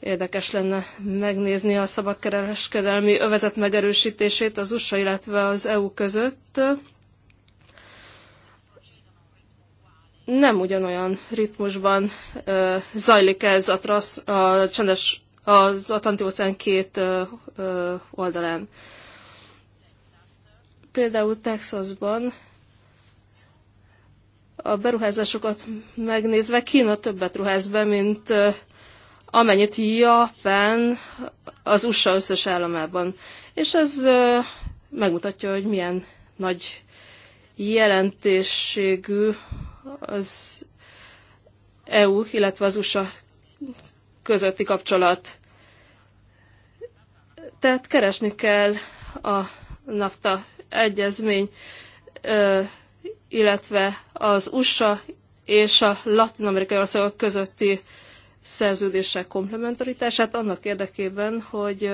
Érdekes lenne megnézni a szabadkereskedelmi övezet megerősítését az USA, illetve az EU között. Nem ugyanolyan ritmusban ö, zajlik ez a, trasz, a csendes, az atlanti óceán két ö, ö, oldalán. Például Texasban a beruházásokat megnézve Kína többet ruház be, mint amennyit Japán az USA összes államában. És ez megmutatja, hogy milyen nagy jelentésségű az EU, illetve az USA közötti kapcsolat. Tehát keresni kell a NAFTA egyezmény, illetve az USA és a latin-amerikai országok közötti szerződések komplementaritását annak érdekében, hogy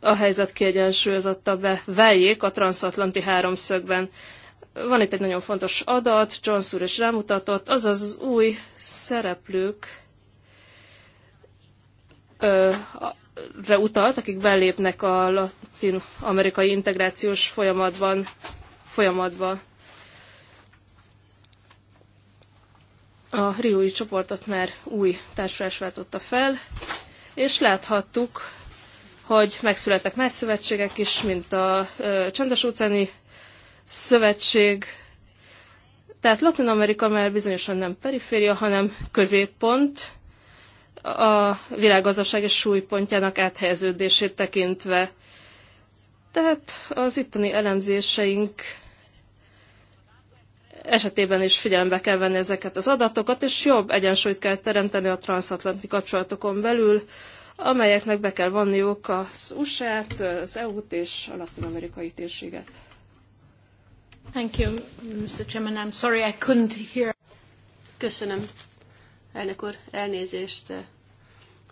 a helyzet kiegyensúlyozottabbá váljék a transatlanti háromszögben. Van itt egy nagyon fontos adat, John Sur is rámutatott, azaz az új szereplők re utalt, akik belépnek a latin-amerikai integrációs folyamatban, folyamatban. a Riói csoportot már új társulás váltotta fel, és láthattuk, hogy megszülettek más szövetségek is, mint a Csendes óceáni Szövetség. Tehát Latin Amerika már bizonyosan nem periféria, hanem középpont a világgazdaság és súlypontjának áthelyeződését tekintve. Tehát az itteni elemzéseink esetében is figyelembe kell venni ezeket az adatokat, és jobb egyensúlyt kell teremteni a transatlanti kapcsolatokon belül, amelyeknek be kell vanniuk az USA-t, az EU-t és a latin-amerikai térséget. Thank you, Mr. Chairman. I'm sorry I couldn't hear. Köszönöm, elnök úr, elnézést.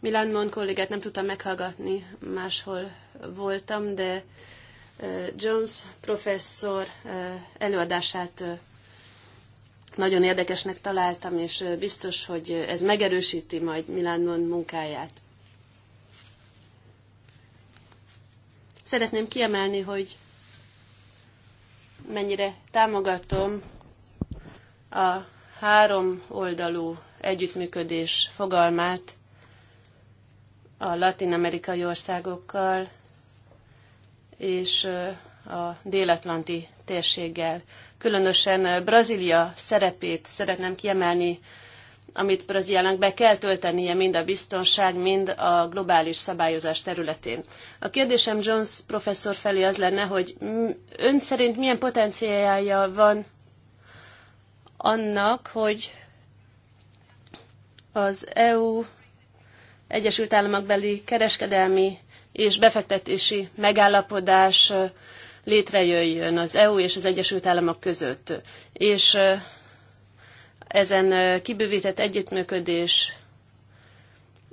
Milan Mon kollégát nem tudtam meghallgatni, máshol voltam, de eh, Jones professzor eh, előadását eh, nagyon érdekesnek találtam, és biztos, hogy ez megerősíti majd Milánban munkáját. Szeretném kiemelni, hogy mennyire támogatom a három oldalú együttműködés fogalmát a latin-amerikai országokkal és a délatlanti térséggel. Különösen eh, Brazília szerepét szeretném kiemelni, amit Brazíliának be kell töltenie mind a biztonság, mind a globális szabályozás területén. A kérdésem Jones professzor felé az lenne, hogy ön szerint milyen potenciálja van annak, hogy az EU Egyesült Államok kereskedelmi és befektetési megállapodás létrejöjjön az EU és az Egyesült Államok között. És ezen kibővített együttműködés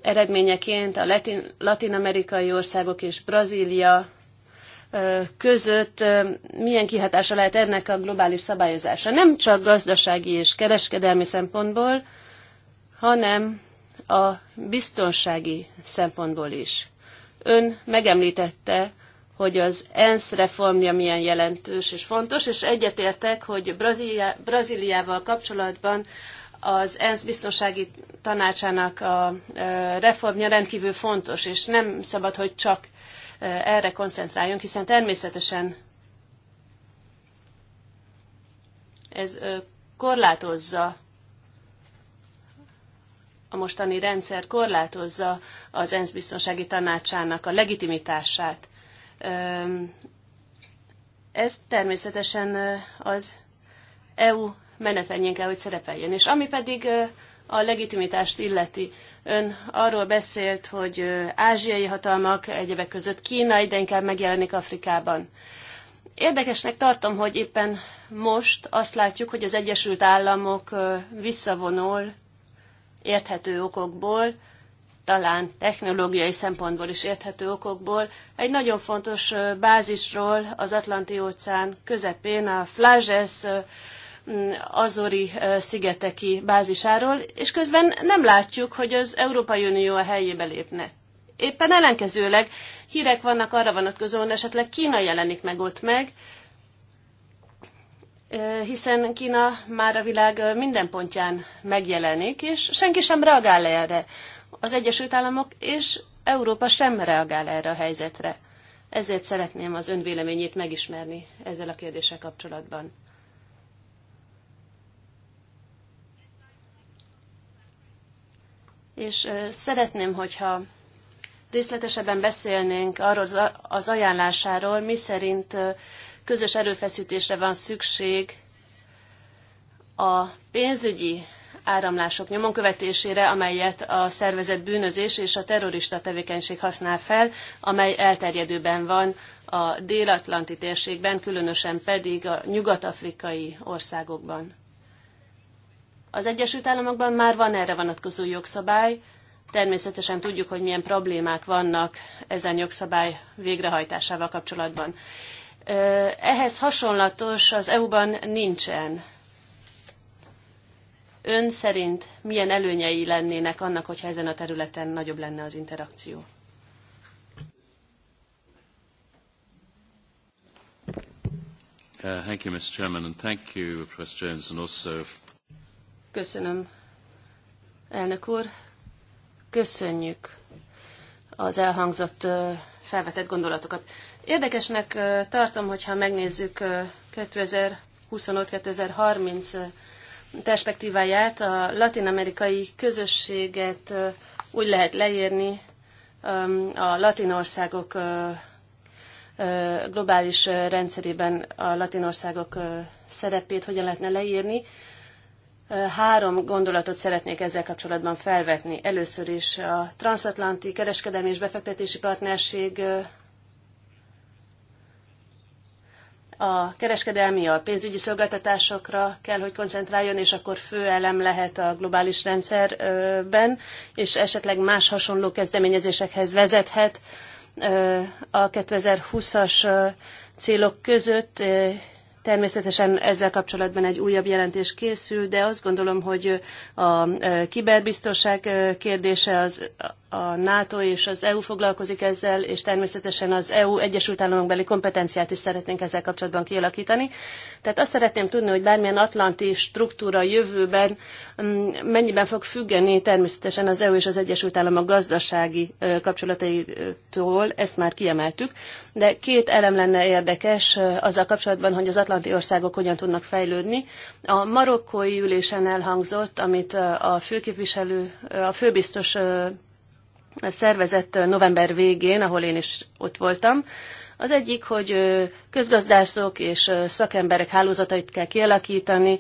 eredményeként a latin, latin amerikai országok és Brazília között milyen kihatása lehet ennek a globális szabályozása. Nem csak gazdasági és kereskedelmi szempontból, hanem a biztonsági szempontból is. Ön megemlítette hogy az ENSZ reformja milyen jelentős és fontos, és egyetértek, hogy Brazília, Brazíliával kapcsolatban az ENSZ biztonsági tanácsának a reformja rendkívül fontos, és nem szabad, hogy csak erre koncentráljunk, hiszen természetesen ez korlátozza a mostani rendszer korlátozza az ENSZ biztonsági tanácsának a legitimitását. Ez természetesen az EU menetrendjén kell, hogy szerepeljen. És ami pedig a legitimitást illeti, ön arról beszélt, hogy ázsiai hatalmak, egyebek között Kína, ide inkább megjelenik Afrikában. Érdekesnek tartom, hogy éppen most azt látjuk, hogy az Egyesült Államok visszavonul érthető okokból talán technológiai szempontból is érthető okokból, egy nagyon fontos bázisról az Atlanti-óceán közepén, a Flages Azori szigeteki bázisáról, és közben nem látjuk, hogy az Európai Unió a helyébe lépne. Éppen ellenkezőleg hírek vannak arra vonatkozóan, esetleg Kína jelenik meg ott meg, hiszen Kína már a világ minden pontján megjelenik, és senki sem reagál erre az Egyesült Államok és Európa sem reagál erre a helyzetre. Ezért szeretném az ön véleményét megismerni ezzel a kérdéssel kapcsolatban. És szeretném, hogyha részletesebben beszélnénk arról az ajánlásáról, mi szerint közös erőfeszítésre van szükség a pénzügyi áramlások nyomonkövetésére, amelyet a szervezet bűnözés és a terrorista tevékenység használ fel, amely elterjedőben van a dél-atlanti térségben, különösen pedig a nyugat-afrikai országokban. Az Egyesült Államokban már van erre vonatkozó jogszabály, természetesen tudjuk, hogy milyen problémák vannak ezen jogszabály végrehajtásával kapcsolatban. Ehhez hasonlatos az EU-ban nincsen Ön szerint milyen előnyei lennének annak, hogyha ezen a területen nagyobb lenne az interakció? Uh, thank you, Chairman, and thank you, Jones, and also. Köszönöm, elnök úr. Köszönjük az elhangzott uh, felvetett gondolatokat. Érdekesnek uh, tartom, hogyha megnézzük 2025-2030 perspektíváját, a latin-amerikai közösséget úgy lehet leírni a latinországok globális rendszerében a latinországok szerepét hogyan lehetne leírni. Három gondolatot szeretnék ezzel kapcsolatban felvetni. Először is a transatlanti kereskedelmi és befektetési partnerség a kereskedelmi, a pénzügyi szolgáltatásokra kell, hogy koncentráljon, és akkor fő elem lehet a globális rendszerben, és esetleg más hasonló kezdeményezésekhez vezethet a 2020-as célok között. Természetesen ezzel kapcsolatban egy újabb jelentés készül, de azt gondolom, hogy a kiberbiztonság kérdése az a NATO és az EU foglalkozik ezzel, és természetesen az EU Egyesült Államok beli kompetenciát is szeretnénk ezzel kapcsolatban kialakítani. Tehát azt szeretném tudni, hogy bármilyen atlanti struktúra jövőben mm, mennyiben fog függeni természetesen az EU és az Egyesült Államok gazdasági kapcsolataitól, ezt már kiemeltük, de két elem lenne érdekes azzal kapcsolatban, hogy az atlanti országok hogyan tudnak fejlődni. A marokkói ülésen elhangzott, amit a főképviselő, a főbiztos szervezett november végén, ahol én is ott voltam. Az egyik, hogy közgazdászok és szakemberek hálózatait kell kialakítani.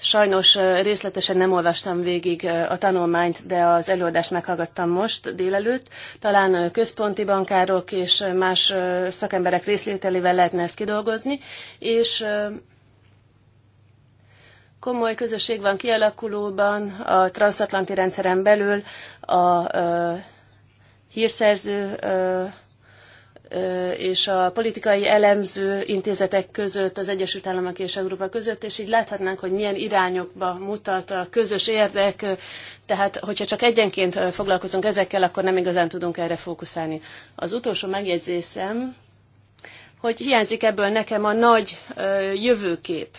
Sajnos részletesen nem olvastam végig a tanulmányt, de az előadást meghallgattam most délelőtt. Talán központi bankárok és más szakemberek részlételével lehetne ezt kidolgozni, és komoly közösség van kialakulóban a transatlanti rendszeren belül a ö, hírszerző ö, ö, és a politikai elemző intézetek között, az Egyesült Államok és Európa között, és így láthatnánk, hogy milyen irányokba mutat a közös érdek, tehát hogyha csak egyenként foglalkozunk ezekkel, akkor nem igazán tudunk erre fókuszálni. Az utolsó megjegyzésem, hogy hiányzik ebből nekem a nagy jövőkép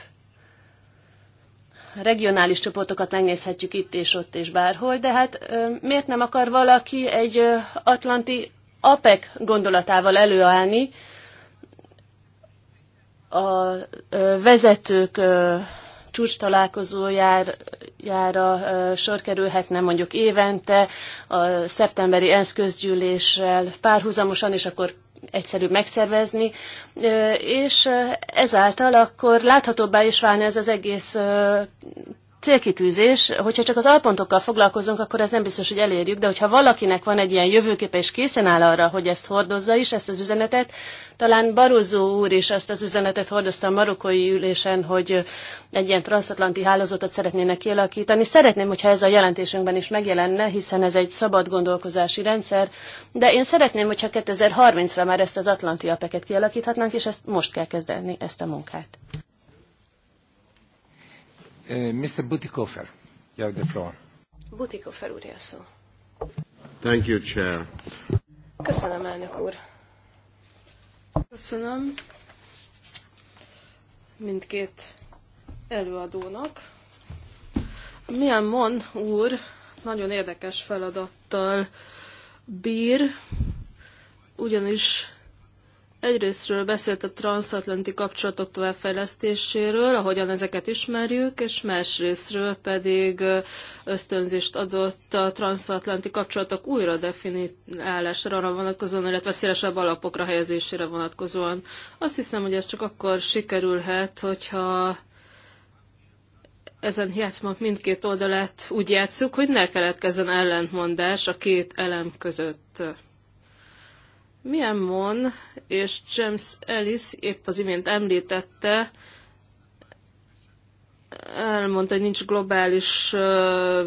regionális csoportokat megnézhetjük itt és ott és bárhol, de hát miért nem akar valaki egy atlanti APEC gondolatával előállni a vezetők csúcs találkozójára sor kerülhetne mondjuk évente a szeptemberi ENSZ közgyűléssel párhuzamosan, és akkor egyszerűbb megszervezni, és ezáltal akkor láthatóbbá is válna ez az egész célkitűzés, hogyha csak az alpontokkal foglalkozunk, akkor ez nem biztos, hogy elérjük, de hogyha valakinek van egy ilyen jövőképe, és készen áll arra, hogy ezt hordozza is, ezt az üzenetet, talán Barozó úr is ezt az üzenetet hordozta a marokkói ülésen, hogy egy ilyen transatlanti hálózatot szeretnének kialakítani. Szeretném, hogyha ez a jelentésünkben is megjelenne, hiszen ez egy szabad gondolkozási rendszer, de én szeretném, hogyha 2030-ra már ezt az atlanti apeket kialakíthatnánk, és ezt most kell kezdeni, ezt a munkát. Uh, Mr. Butikofer, you have the floor. Butikofer úr, szó. Thank you, Chair. Köszönöm, elnök úr. Köszönöm mindkét előadónak. Milyen Mon úr nagyon érdekes feladattal bír, ugyanis Egyrésztről beszélt a transatlanti kapcsolatok továbbfejlesztéséről, ahogyan ezeket ismerjük, és másrésztről pedig ösztönzést adott a transatlanti kapcsolatok újra definiálására arra vonatkozóan, illetve szélesebb alapokra helyezésére vonatkozóan. Azt hiszem, hogy ez csak akkor sikerülhet, hogyha ezen játszmak mindkét oldalát úgy játszuk, hogy ne keletkezzen ellentmondás a két elem között. Milyen Mon és James Ellis épp az imént említette, elmondta, hogy nincs globális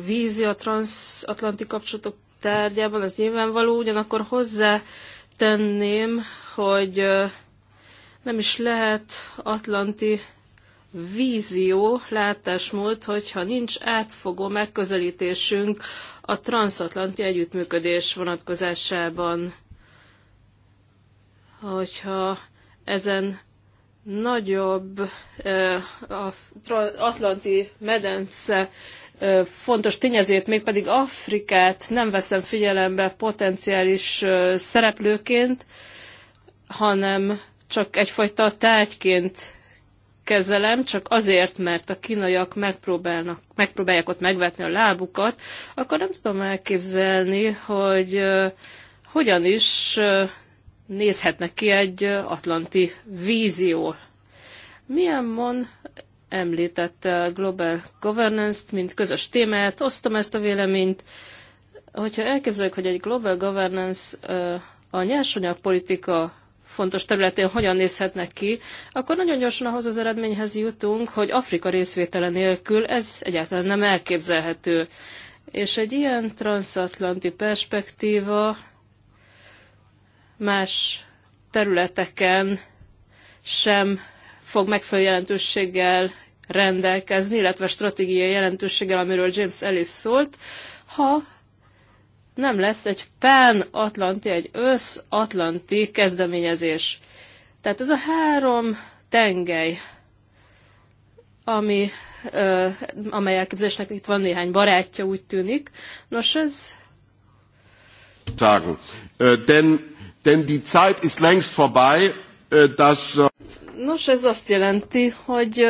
vízi a transatlanti kapcsolatok tárgyában, ez nyilvánvaló, ugyanakkor hozzá tenném, hogy nem is lehet atlanti vízió, látásmód, hogyha nincs átfogó megközelítésünk a transatlanti együttműködés vonatkozásában hogyha ezen nagyobb eh, atlanti medence eh, fontos tényezőt, mégpedig Afrikát nem veszem figyelembe potenciális eh, szereplőként, hanem csak egyfajta tárgyként kezelem, csak azért, mert a kínaiak megpróbálnak, megpróbálják ott megvetni a lábukat, akkor nem tudom elképzelni, hogy hogyan is nézhetnek ki egy atlanti vízió. Milyen mon említette a Global Governance-t, mint közös témát, osztom ezt a véleményt. Hogyha elképzeljük, hogy egy Global Governance a nyersanyagpolitika fontos területén hogyan nézhetnek ki, akkor nagyon gyorsan ahhoz az eredményhez jutunk, hogy Afrika részvétele nélkül ez egyáltalán nem elképzelhető. És egy ilyen transatlanti perspektíva más területeken sem fog megfelelő jelentőséggel rendelkezni, illetve stratégiai jelentőséggel, amiről James Ellis szólt, ha nem lesz egy pán-atlanti, egy össz-atlanti kezdeményezés. Tehát ez a három tengely, ami, ö, amely elképzelésnek itt van néhány barátja, úgy tűnik. Nos, ez... Sagen. Ö, denn denn die Zeit ist längst vorbei, äh, dass... Äh, Nos, ez azt jelenti, hogy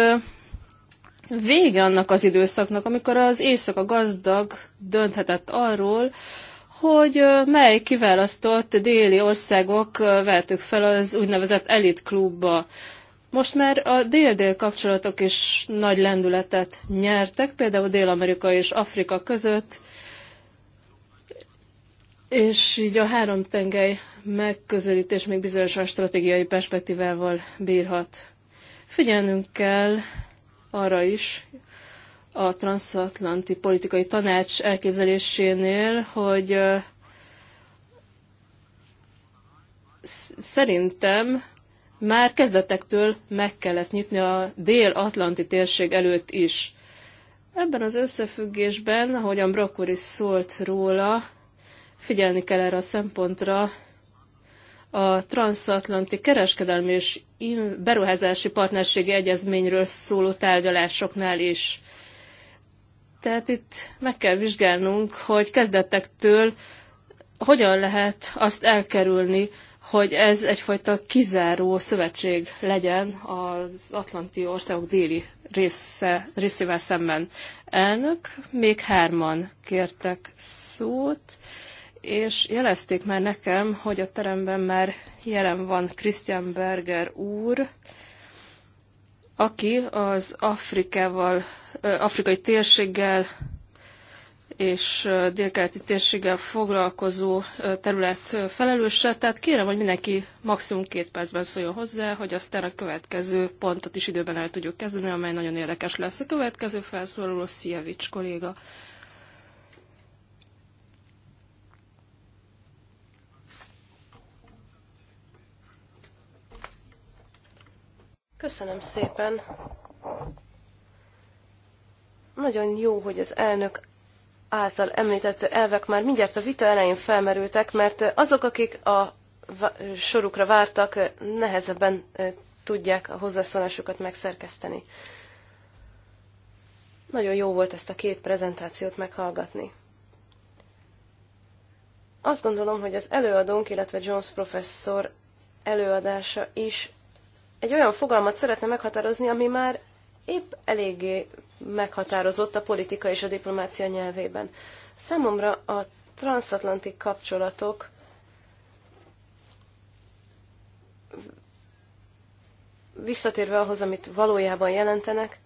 vége annak az időszaknak, amikor az éjszaka gazdag dönthetett arról, hogy mely kiválasztott déli országok vehetők fel az úgynevezett elit klubba. Most már a dél-dél kapcsolatok is nagy lendületet nyertek, például Dél-Amerika és Afrika között, és így a három tengely megközelítés még bizonyos a stratégiai perspektívával bírhat. Figyelnünk kell arra is, a transatlanti politikai tanács elképzelésénél, hogy szerintem már kezdetektől meg kell ezt nyitni a dél-atlanti térség előtt is. Ebben az összefüggésben, ahogyan Brokkor is szólt róla, Figyelni kell erre a szempontra, a transatlanti kereskedelmi és beruházási partnerségi egyezményről szóló tárgyalásoknál is. Tehát itt meg kell vizsgálnunk, hogy kezdetektől hogyan lehet azt elkerülni, hogy ez egyfajta kizáró szövetség legyen az atlanti országok déli része, részével szemben. Elnök, még hárman kértek szót és jelezték már nekem, hogy a teremben már jelen van Christian Berger úr, aki az Afrikával, afrikai térséggel és délkeleti térséggel foglalkozó terület felelőse, tehát kérem, hogy mindenki maximum két percben szóljon hozzá, hogy aztán a következő pontot is időben el tudjuk kezdeni, amely nagyon érdekes lesz. A következő felszólaló Szijevics kolléga. Köszönöm szépen. Nagyon jó, hogy az elnök által említett elvek már mindjárt a vita elején felmerültek, mert azok, akik a sorukra vártak, nehezebben tudják a hozzászólásukat megszerkeszteni. Nagyon jó volt ezt a két prezentációt meghallgatni. Azt gondolom, hogy az előadónk, illetve Jones professzor előadása is egy olyan fogalmat szeretne meghatározni, ami már épp eléggé meghatározott a politika és a diplomácia nyelvében. Számomra a transatlanti kapcsolatok visszatérve ahhoz, amit valójában jelentenek,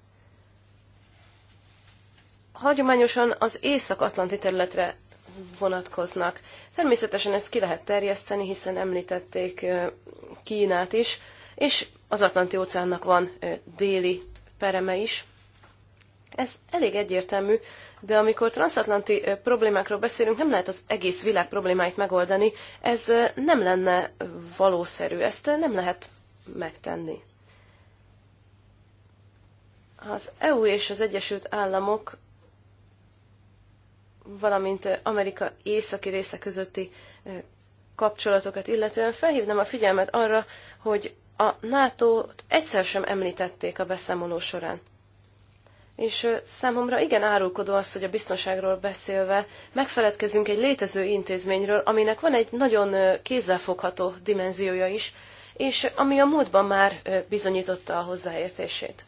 hagyományosan az észak-atlanti területre vonatkoznak. Természetesen ezt ki lehet terjeszteni, hiszen említették Kínát is, és az Atlanti-óceánnak van déli pereme is. Ez elég egyértelmű, de amikor transatlanti problémákról beszélünk, nem lehet az egész világ problémáit megoldani. Ez nem lenne valószerű, ezt nem lehet megtenni. Az EU és az Egyesült Államok, valamint Amerika északi része közötti kapcsolatokat illetően felhívnám a figyelmet arra, hogy a nato egyszer sem említették a beszámoló során. És számomra igen árulkodó az, hogy a biztonságról beszélve megfeledkezünk egy létező intézményről, aminek van egy nagyon kézzelfogható dimenziója is, és ami a múltban már bizonyította a hozzáértését.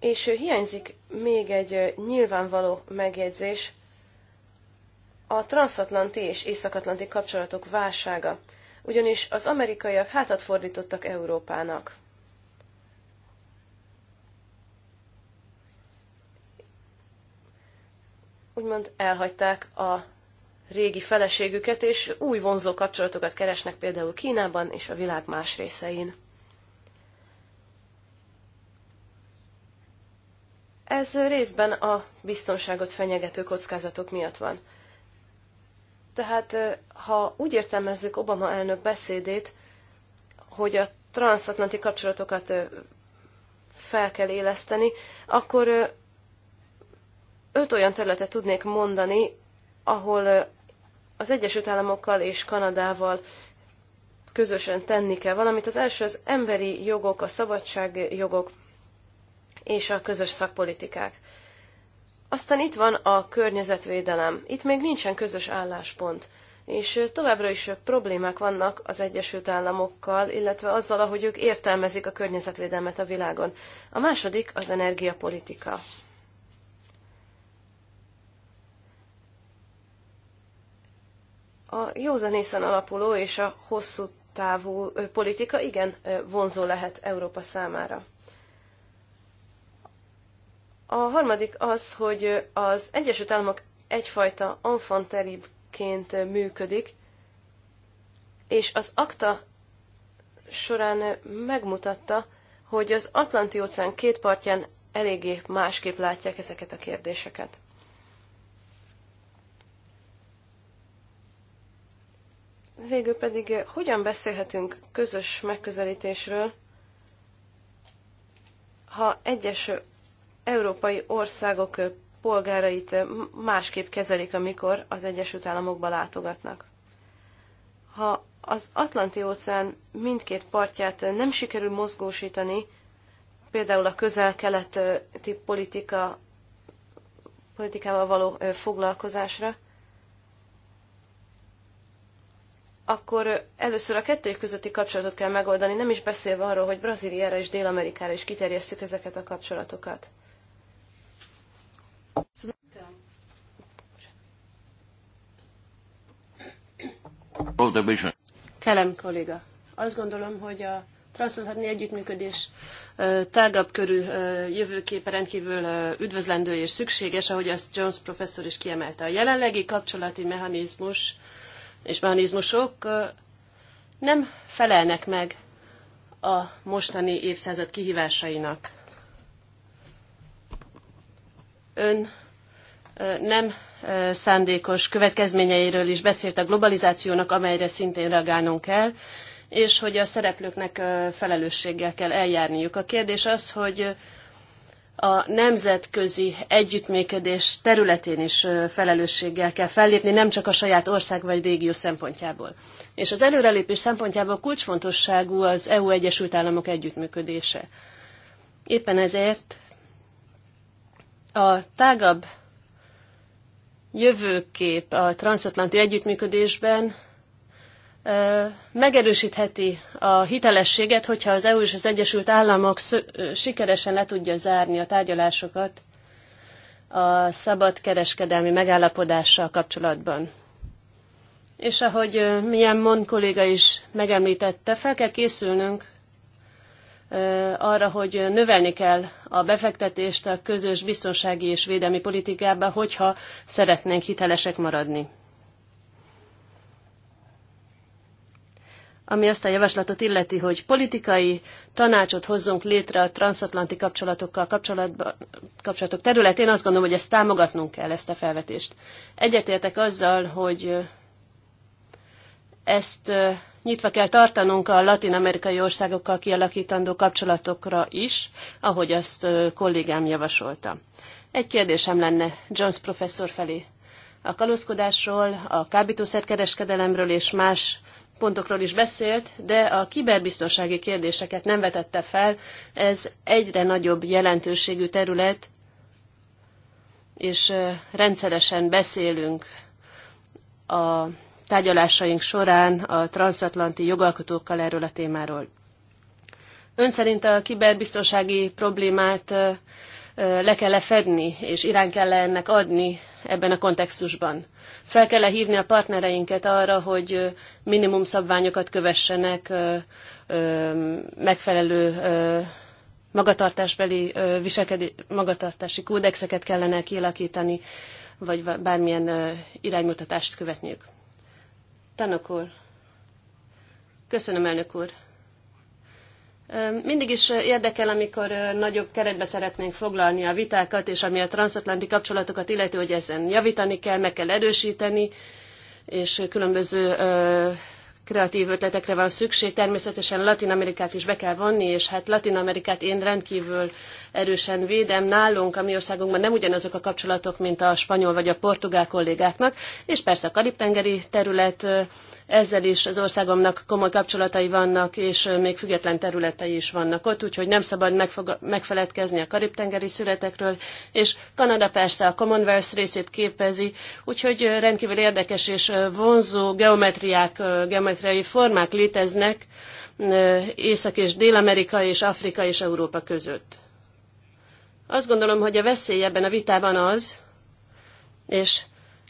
És hiányzik még egy nyilvánvaló megjegyzés, a transatlanti és északatlanti kapcsolatok válsága ugyanis az amerikaiak hátat fordítottak Európának. Úgymond elhagyták a régi feleségüket, és új vonzó kapcsolatokat keresnek például Kínában és a világ más részein. Ez részben a biztonságot fenyegető kockázatok miatt van. Tehát ha úgy értelmezzük Obama elnök beszédét, hogy a transatlanti kapcsolatokat fel kell éleszteni, akkor öt olyan területet tudnék mondani, ahol az Egyesült Államokkal és Kanadával közösen tenni kell valamit. Az első az emberi jogok, a szabadságjogok és a közös szakpolitikák. Aztán itt van a környezetvédelem. Itt még nincsen közös álláspont. És továbbra is problémák vannak az Egyesült Államokkal, illetve azzal, ahogy ők értelmezik a környezetvédelmet a világon. A második az energiapolitika. A józanészen alapuló és a hosszú távú politika igen vonzó lehet Európa számára. A harmadik az, hogy az Egyesült Államok egyfajta enfant működik, és az akta során megmutatta, hogy az Atlanti-óceán két partján eléggé másképp látják ezeket a kérdéseket. Végül pedig eh, hogyan beszélhetünk közös megközelítésről, ha egyes európai országok polgárait másképp kezelik, amikor az Egyesült Államokba látogatnak. Ha az Atlanti-óceán mindkét partját nem sikerül mozgósítani, például a közel-keleti politika, politikával való foglalkozásra, akkor először a kettőjük közötti kapcsolatot kell megoldani, nem is beszélve arról, hogy Brazíliára és Dél-Amerikára is kiterjesszük ezeket a kapcsolatokat. Kelem kolléga. Azt gondolom, hogy a transzatlanti együttműködés tágabb körű jövőképe rendkívül üdvözlendő és szükséges, ahogy azt Jones professzor is kiemelte. A jelenlegi kapcsolati mechanizmus és mechanizmusok nem felelnek meg a mostani évszázad kihívásainak. Ön nem szándékos következményeiről is beszélt a globalizációnak, amelyre szintén reagálnunk kell, és hogy a szereplőknek felelősséggel kell eljárniuk. A kérdés az, hogy a nemzetközi együttműködés területén is felelősséggel kell fellépni, nem csak a saját ország vagy régió szempontjából. És az előrelépés szempontjából kulcsfontosságú az EU Egyesült Államok együttműködése. Éppen ezért a tágabb jövőkép a transatlanti együttműködésben megerősítheti a hitelességet, hogyha az EU és az Egyesült Államok sikeresen le tudja zárni a tárgyalásokat a szabad kereskedelmi megállapodással kapcsolatban. És ahogy milyen mond kolléga is megemlítette, fel kell készülnünk arra, hogy növelni kell a befektetést a közös biztonsági és védelmi politikába, hogyha szeretnénk hitelesek maradni. Ami azt a javaslatot illeti, hogy politikai tanácsot hozzunk létre a transatlanti kapcsolatokkal kapcsolatban, kapcsolatok területén, azt gondolom, hogy ezt támogatnunk kell, ezt a felvetést. Egyetértek azzal, hogy ezt Nyitva kell tartanunk a latin-amerikai országokkal kialakítandó kapcsolatokra is, ahogy azt kollégám javasolta. Egy kérdésem lenne Jones professzor felé. A kalózkodásról, a kábítószerkereskedelemről és más pontokról is beszélt, de a kiberbiztonsági kérdéseket nem vetette fel. Ez egyre nagyobb jelentőségű terület, és rendszeresen beszélünk a tárgyalásaink során a transatlanti jogalkotókkal erről a témáról. Ön szerint a kiberbiztonsági problémát le kell -e fedni, és irány kell -e ennek adni ebben a kontextusban? Fel kell -e hívni a partnereinket arra, hogy minimum szabványokat kövessenek megfelelő magatartásbeli magatartási kódexeket kellene kialakítani, vagy bármilyen iránymutatást követniük. Tanok úr. Köszönöm, elnök úr. Mindig is érdekel, amikor nagyobb keretbe szeretnénk foglalni a vitákat, és ami a transatlanti kapcsolatokat illeti, hogy ezen javítani kell, meg kell erősíteni, és különböző kreatív ötletekre van szükség. Természetesen Latin Amerikát is be kell vonni, és hát Latin Amerikát én rendkívül erősen védem. Nálunk, a mi országunkban nem ugyanazok a kapcsolatok, mint a spanyol vagy a portugál kollégáknak, és persze a karib-tengeri terület ezzel is az országomnak komoly kapcsolatai vannak, és még független területei is vannak ott, úgyhogy nem szabad megfeledkezni a karib-tengeri születekről, és Kanada persze a Commonwealth részét képezi, úgyhogy rendkívül érdekes és vonzó geometriák, geometriai formák léteznek Észak- és Dél-Amerika és Afrika és Európa között. Azt gondolom, hogy a veszély ebben a vitában az, és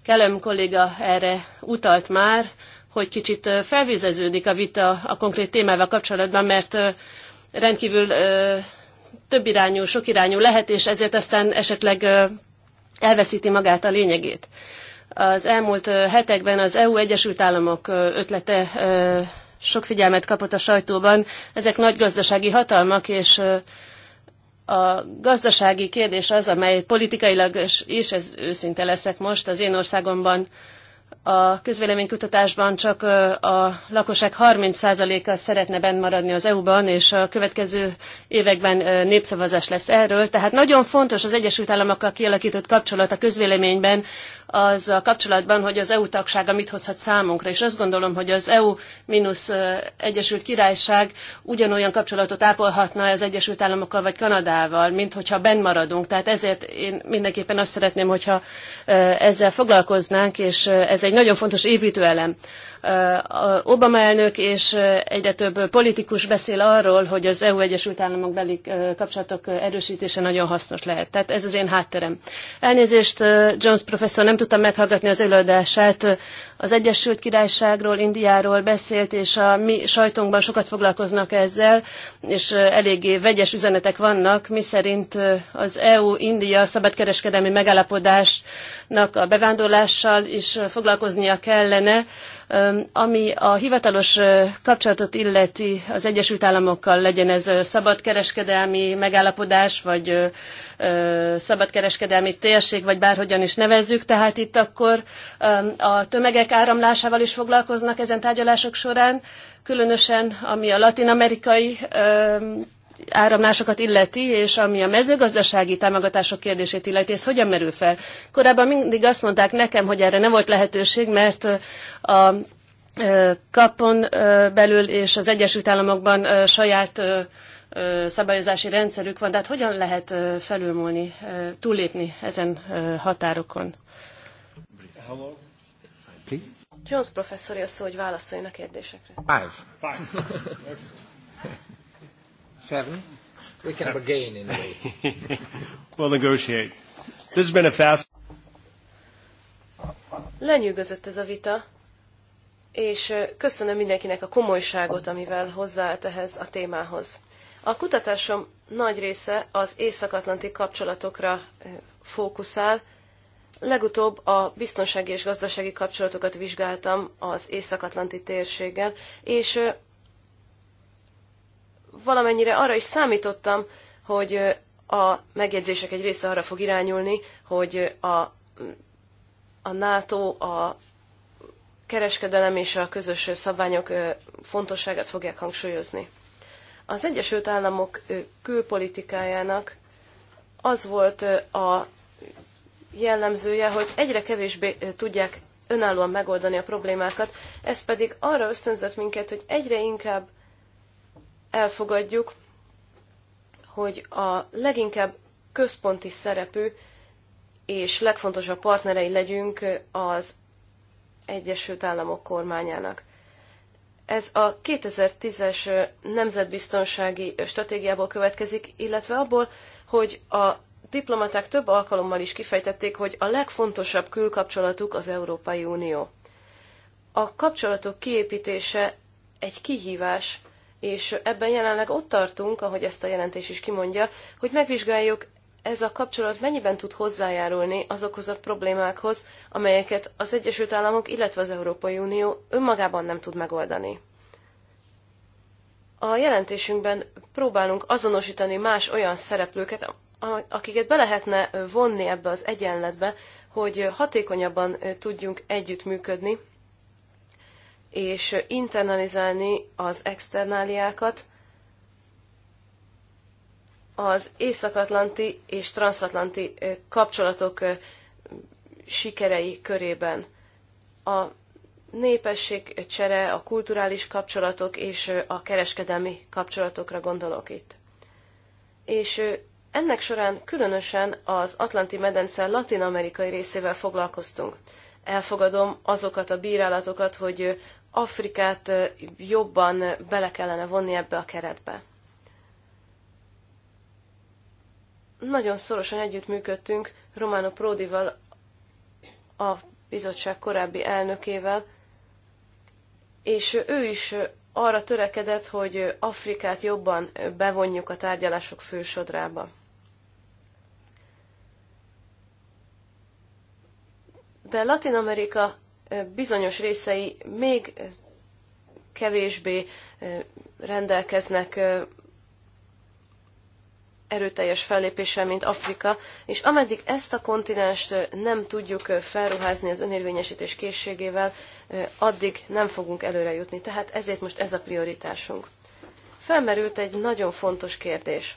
Kelem kolléga erre utalt már, hogy kicsit felvizeződik a vita a konkrét témával kapcsolatban, mert rendkívül sok irányú lehet, és ezért aztán esetleg elveszíti magát a lényegét. Az elmúlt hetekben az EU Egyesült Államok ötlete sok figyelmet kapott a sajtóban. Ezek nagy gazdasági hatalmak, és a gazdasági kérdés az, amely politikailag, is és ez őszinte leszek most, az én országomban a közvéleménykutatásban csak a lakosság 30%-a szeretne bent maradni az EU-ban, és a következő években népszavazás lesz erről. Tehát nagyon fontos az Egyesült Államokkal kialakított kapcsolat a közvéleményben, az a kapcsolatban, hogy az EU tagsága mit hozhat számunkra. És azt gondolom, hogy az EU mínusz Egyesült Királyság ugyanolyan kapcsolatot ápolhatna az Egyesült Államokkal vagy Kanadával, mint hogyha benn maradunk. Tehát ezért én mindenképpen azt szeretném, hogyha ezzel foglalkoznánk, és ez egy nagyon fontos építőelem. Obama elnök és egyre több politikus beszél arról, hogy az EU-Egyesült Államok beli kapcsolatok erősítése nagyon hasznos lehet. Tehát ez az én hátterem. Elnézést, Jones professzor, nem tudtam meghallgatni az előadását. Az Egyesült Királyságról, Indiáról beszélt, és a mi sajtónkban sokat foglalkoznak ezzel, és eléggé vegyes üzenetek vannak, miszerint az EU-India szabadkereskedelmi megállapodásnak a bevándorlással is foglalkoznia kellene, ami a hivatalos kapcsolatot illeti az Egyesült Államokkal, legyen ez szabadkereskedelmi megállapodás, vagy szabadkereskedelmi térség, vagy bárhogyan is nevezzük, tehát itt akkor a tömegek áramlásával is foglalkoznak ezen tárgyalások során, különösen ami a latin-amerikai áramlásokat illeti, és ami a mezőgazdasági támogatások kérdését illeti, ez hogyan merül fel? Korábban mindig azt mondták nekem, hogy erre nem volt lehetőség, mert a kapon belül és az Egyesült Államokban saját szabályozási rendszerük van, tehát hogyan lehet felülmúlni, túllépni ezen határokon? Jones professzor jössz, hogy válaszoljon a kérdésekre. Five. Five. Seven? We can bargain in a way. we'll negotiate. This has been a fast... Lenyűgözött ez a vita, és köszönöm mindenkinek a komolyságot, amivel hozzáállt ehhez a témához. A kutatásom nagy része az északatlanti kapcsolatokra fókuszál. Legutóbb a biztonsági és gazdasági kapcsolatokat vizsgáltam az északatlanti térséggel, és valamennyire arra is számítottam, hogy a megjegyzések egy része arra fog irányulni, hogy a, a NATO a kereskedelem és a közös szabványok fontosságát fogják hangsúlyozni. Az Egyesült Államok külpolitikájának az volt a jellemzője, hogy egyre kevésbé tudják önállóan megoldani a problémákat, ez pedig arra ösztönzött minket, hogy egyre inkább elfogadjuk, hogy a leginkább központi szerepű és legfontosabb partnerei legyünk az Egyesült Államok kormányának. Ez a 2010-es nemzetbiztonsági stratégiából következik, illetve abból, hogy a diplomaták több alkalommal is kifejtették, hogy a legfontosabb külkapcsolatuk az Európai Unió. A kapcsolatok kiépítése egy kihívás, és ebben jelenleg ott tartunk, ahogy ezt a jelentés is kimondja, hogy megvizsgáljuk, ez a kapcsolat mennyiben tud hozzájárulni azokhoz a problémákhoz, amelyeket az Egyesült Államok, illetve az Európai Unió önmagában nem tud megoldani. A jelentésünkben próbálunk azonosítani más olyan szereplőket, akiket be lehetne vonni ebbe az egyenletbe, hogy hatékonyabban tudjunk együttműködni és internalizálni az externáliákat az északatlanti és transatlanti kapcsolatok sikerei körében. A népesség csere, a kulturális kapcsolatok és a kereskedelmi kapcsolatokra gondolok itt. És ennek során különösen az Atlanti medence latin-amerikai részével foglalkoztunk. Elfogadom azokat a bírálatokat, hogy Afrikát jobban bele kellene vonni ebbe a keretbe. Nagyon szorosan együttműködtünk Romano prodival, a bizottság korábbi elnökével, és ő is arra törekedett, hogy Afrikát jobban bevonjuk a tárgyalások fősodrába. De Latin Amerika bizonyos részei még kevésbé rendelkeznek erőteljes fellépéssel, mint Afrika, és ameddig ezt a kontinenst nem tudjuk felruházni az önérvényesítés készségével, addig nem fogunk előre jutni. Tehát ezért most ez a prioritásunk. Felmerült egy nagyon fontos kérdés.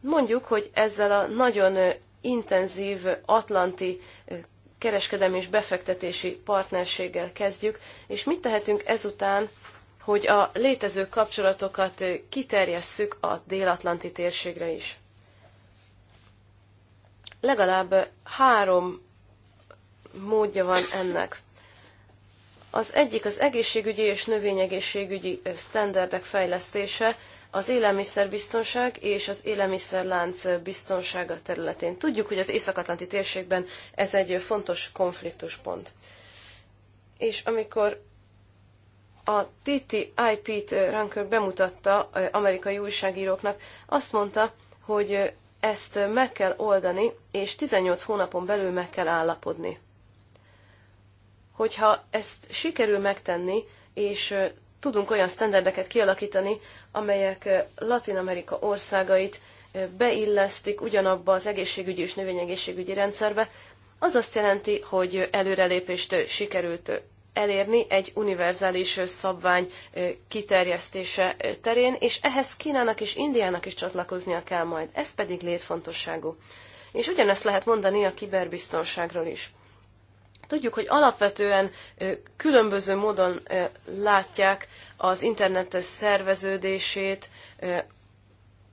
Mondjuk, hogy ezzel a nagyon intenzív atlanti kereskedelmi és befektetési partnerséggel kezdjük, és mit tehetünk ezután, hogy a létező kapcsolatokat kiterjesszük a délatlanti térségre is. Legalább három módja van ennek. Az egyik az egészségügyi és növényegészségügyi sztenderdek fejlesztése, az élelmiszerbiztonság és az élelmiszerlánc biztonsága területén. Tudjuk, hogy az Észak-Atlanti térségben ez egy fontos konfliktuspont. És amikor a TTIP-t eh, Ranker bemutatta eh, amerikai újságíróknak, azt mondta, hogy eh, ezt meg kell oldani, és 18 hónapon belül meg kell állapodni. Hogyha ezt sikerül megtenni, és tudunk olyan sztenderdeket kialakítani, amelyek Latin Amerika országait beillesztik ugyanabba az egészségügyi és növényegészségügyi rendszerbe, az azt jelenti, hogy előrelépést sikerült elérni egy univerzális szabvány kiterjesztése terén, és ehhez Kínának és Indiának is csatlakoznia kell majd. Ez pedig létfontosságú. És ugyanezt lehet mondani a kiberbiztonságról is. Tudjuk, hogy alapvetően különböző módon látják az internetes szerveződését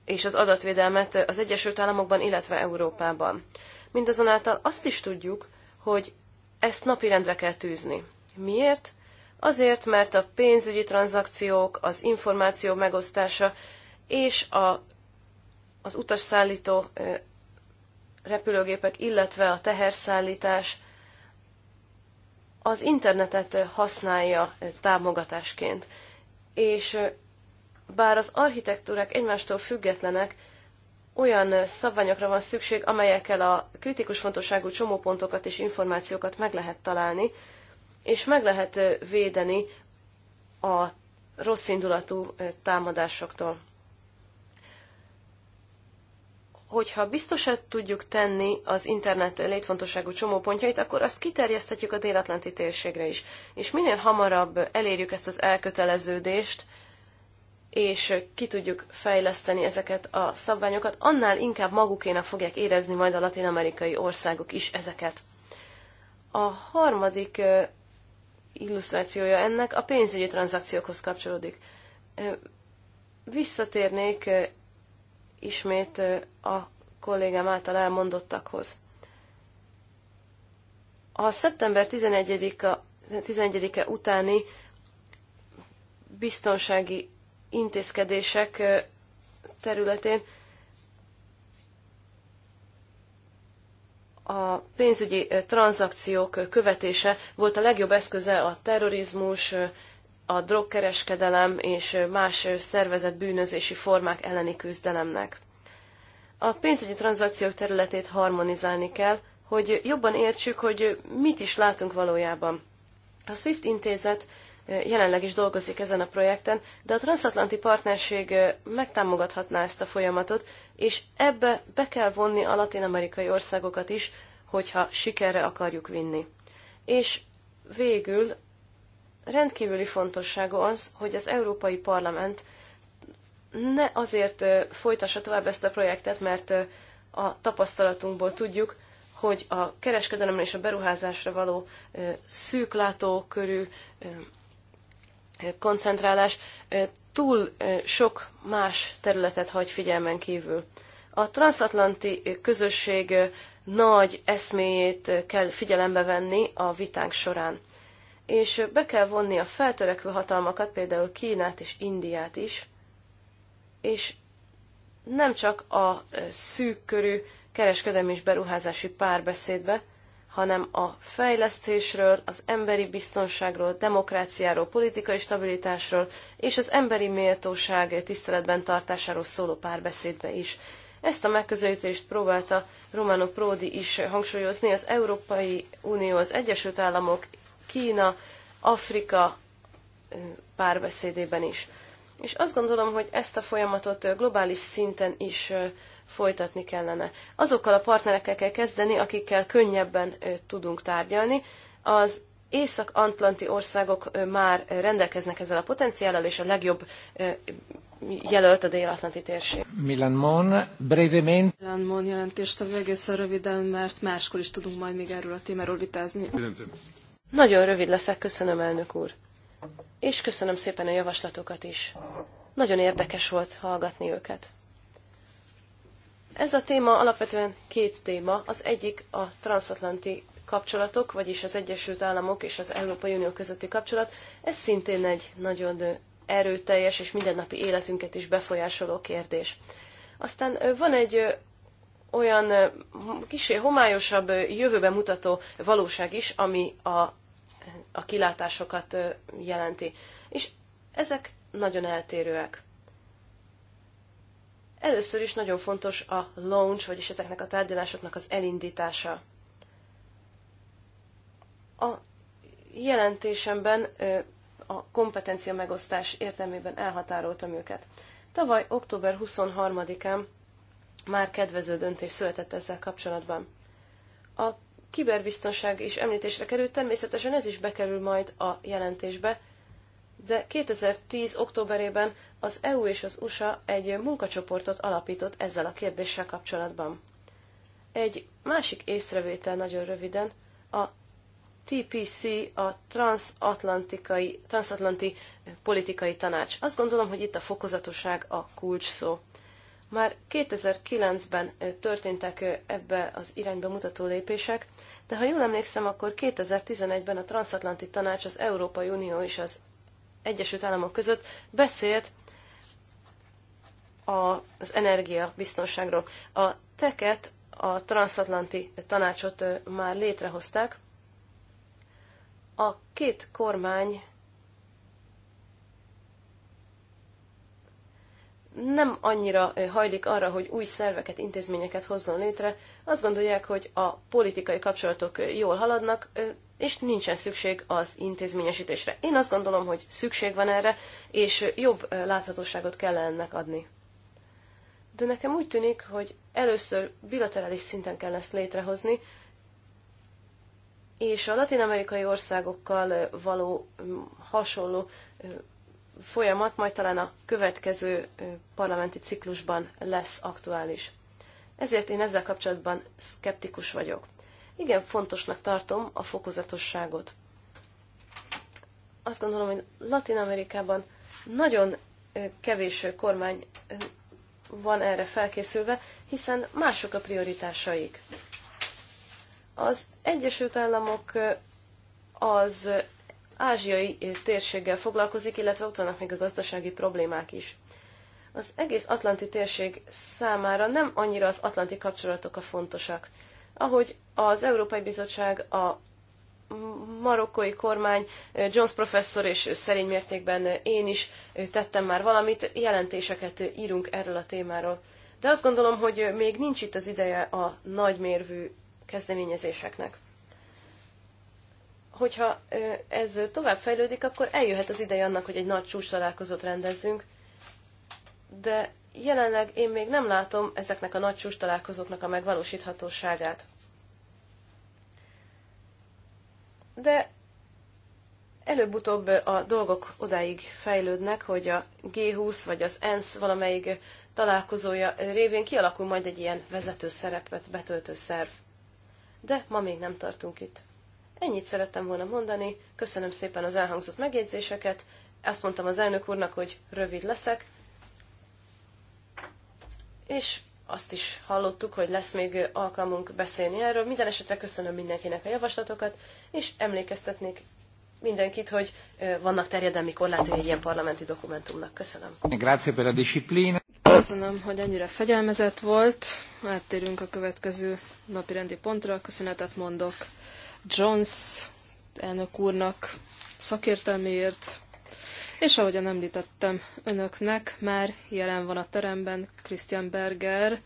és az adatvédelmet az Egyesült Államokban, illetve Európában. Mindazonáltal azt is tudjuk, hogy ezt napirendre kell tűzni. Miért? Azért, mert a pénzügyi tranzakciók, az információ megosztása és a, az utasszállító repülőgépek, illetve a teherszállítás az internetet használja eh, támogatásként. És eh, bár az architektúrák egymástól függetlenek, olyan eh, szabványokra van szükség, amelyekkel a kritikus fontosságú csomópontokat és információkat meg lehet találni, és meg lehet védeni a rosszindulatú támadásoktól hogyha biztosat tudjuk tenni az internet létfontosságú csomópontjait, akkor azt kiterjeszthetjük a délatlanti térségre is. És minél hamarabb elérjük ezt az elköteleződést, és ki tudjuk fejleszteni ezeket a szabványokat, annál inkább magukénak fogják érezni majd a latin-amerikai országok is ezeket. A harmadik illusztrációja ennek a pénzügyi tranzakciókhoz kapcsolódik. Visszatérnék ismét a kollégám által elmondottakhoz. A szeptember 11-e 11 utáni biztonsági intézkedések területén a pénzügyi tranzakciók követése volt a legjobb eszköze a terrorizmus, a drogkereskedelem és más szervezett bűnözési formák elleni küzdelemnek. A pénzügyi tranzakciók területét harmonizálni kell, hogy jobban értsük, hogy mit is látunk valójában. A SWIFT intézet eh, jelenleg is dolgozik ezen a projekten, de a transatlanti partnerség eh, megtámogathatná ezt a folyamatot, és ebbe be kell vonni a latin-amerikai országokat is, hogyha sikerre akarjuk vinni. És végül rendkívüli fontosságú az, hogy az Európai Parlament ne azért folytassa tovább ezt a projektet, mert a tapasztalatunkból tudjuk, hogy a kereskedelemre és a beruházásra való szűk látókörű koncentrálás túl sok más területet hagy figyelmen kívül. A transatlanti közösség nagy eszméjét kell figyelembe venni a vitánk során és be kell vonni a feltörekvő hatalmakat, például Kínát és Indiát is, és nem csak a eh, szűk körű kereskedelmi és beruházási párbeszédbe, hanem a fejlesztésről, az emberi biztonságról, demokráciáról, politikai stabilitásról és az emberi méltóság tiszteletben tartásáról szóló párbeszédbe is. Ezt a megközelítést próbálta Romano Prodi is hangsúlyozni, az Európai Unió, az Egyesült Államok Kína, Afrika párbeszédében is. És azt gondolom, hogy ezt a folyamatot globális szinten is folytatni kellene. Azokkal a partnerekkel kell kezdeni, akikkel könnyebben tudunk tárgyalni. Az észak-atlanti országok már rendelkeznek ezzel a potenciállal, és a legjobb jelölt a dél-atlanti térség. Milan Mon, brevemente. Milan Mon a egészen röviden, mert máskor is tudunk majd még erről a témáról vitázni. Nagyon rövid leszek, köszönöm, elnök úr. És köszönöm szépen a javaslatokat is. Nagyon érdekes volt hallgatni őket. Ez a téma alapvetően két téma. Az egyik a transatlanti kapcsolatok, vagyis az Egyesült Államok és az Európai Unió közötti kapcsolat. Ez szintén egy nagyon erőteljes és mindennapi életünket is befolyásoló kérdés. Aztán van egy olyan kicsi homályosabb jövőben mutató valóság is, ami a a kilátásokat jelenti. És ezek nagyon eltérőek. Először is nagyon fontos a launch, vagyis ezeknek a tárgyalásoknak az elindítása. A jelentésemben a kompetencia megosztás értelmében elhatároltam őket. Tavaly október 23-án már kedvező döntés született ezzel kapcsolatban. A kiberbiztonság is említésre került, természetesen ez is bekerül majd a jelentésbe, de 2010. októberében az EU és az USA egy munkacsoportot alapított ezzel a kérdéssel kapcsolatban. Egy másik észrevétel nagyon röviden, a TPC, a transatlantikai, transatlanti politikai tanács. Azt gondolom, hogy itt a fokozatosság a kulcs szó. Már 2009-ben történtek ebbe az irányba mutató lépések, de ha jól emlékszem, akkor 2011-ben a Transatlanti Tanács, az Európai Unió és az Egyesült Államok között beszélt az energiabiztonságról. A teket, a Transatlanti Tanácsot már létrehozták. A két kormány nem annyira hajlik arra, hogy új szerveket, intézményeket hozzon létre, azt gondolják, hogy a politikai kapcsolatok jól haladnak, és nincsen szükség az intézményesítésre. Én azt gondolom, hogy szükség van erre, és jobb láthatóságot kell ennek adni. De nekem úgy tűnik, hogy először bilaterális szinten kell ezt létrehozni, és a latin-amerikai országokkal való hasonló folyamat majd talán a következő parlamenti ciklusban lesz aktuális. Ezért én ezzel kapcsolatban szkeptikus vagyok. Igen, fontosnak tartom a fokozatosságot. Azt gondolom, hogy Latin Amerikában nagyon kevés kormány van erre felkészülve, hiszen mások a prioritásaik. Az Egyesült Államok az ázsiai eh, térséggel foglalkozik, illetve ott vannak még a gazdasági problémák is. Az egész atlanti térség számára nem annyira az atlanti kapcsolatok a fontosak. Ahogy az Európai Bizottság, a marokkói kormány, eh, Jones professzor és szerény mértékben én is eh, tettem már valamit, jelentéseket írunk erről a témáról. De azt gondolom, hogy még nincs itt az ideje a nagymérvű kezdeményezéseknek hogyha ez tovább fejlődik, akkor eljöhet az ideje annak, hogy egy nagy csúcs találkozót rendezzünk. De jelenleg én még nem látom ezeknek a nagy csúcs találkozóknak a megvalósíthatóságát. De előbb-utóbb a dolgok odáig fejlődnek, hogy a G20 vagy az ENSZ valamelyik találkozója révén kialakul majd egy ilyen vezető szerepet betöltő szerv. De ma még nem tartunk itt. Ennyit szerettem volna mondani, köszönöm szépen az elhangzott megjegyzéseket, azt mondtam az elnök úrnak, hogy rövid leszek, és azt is hallottuk, hogy lesz még alkalmunk beszélni erről. Minden esetre köszönöm mindenkinek a javaslatokat, és emlékeztetnék mindenkit, hogy vannak terjedelmi korlátai egy ilyen parlamenti dokumentumnak. Köszönöm. Grazie per la disciplina. Köszönöm, hogy ennyire fegyelmezett volt. Áttérünk a következő napi rendi pontra. Köszönetet mondok. Jones elnök úrnak szakértelméért, és ahogyan említettem önöknek, már jelen van a teremben Christian Berger,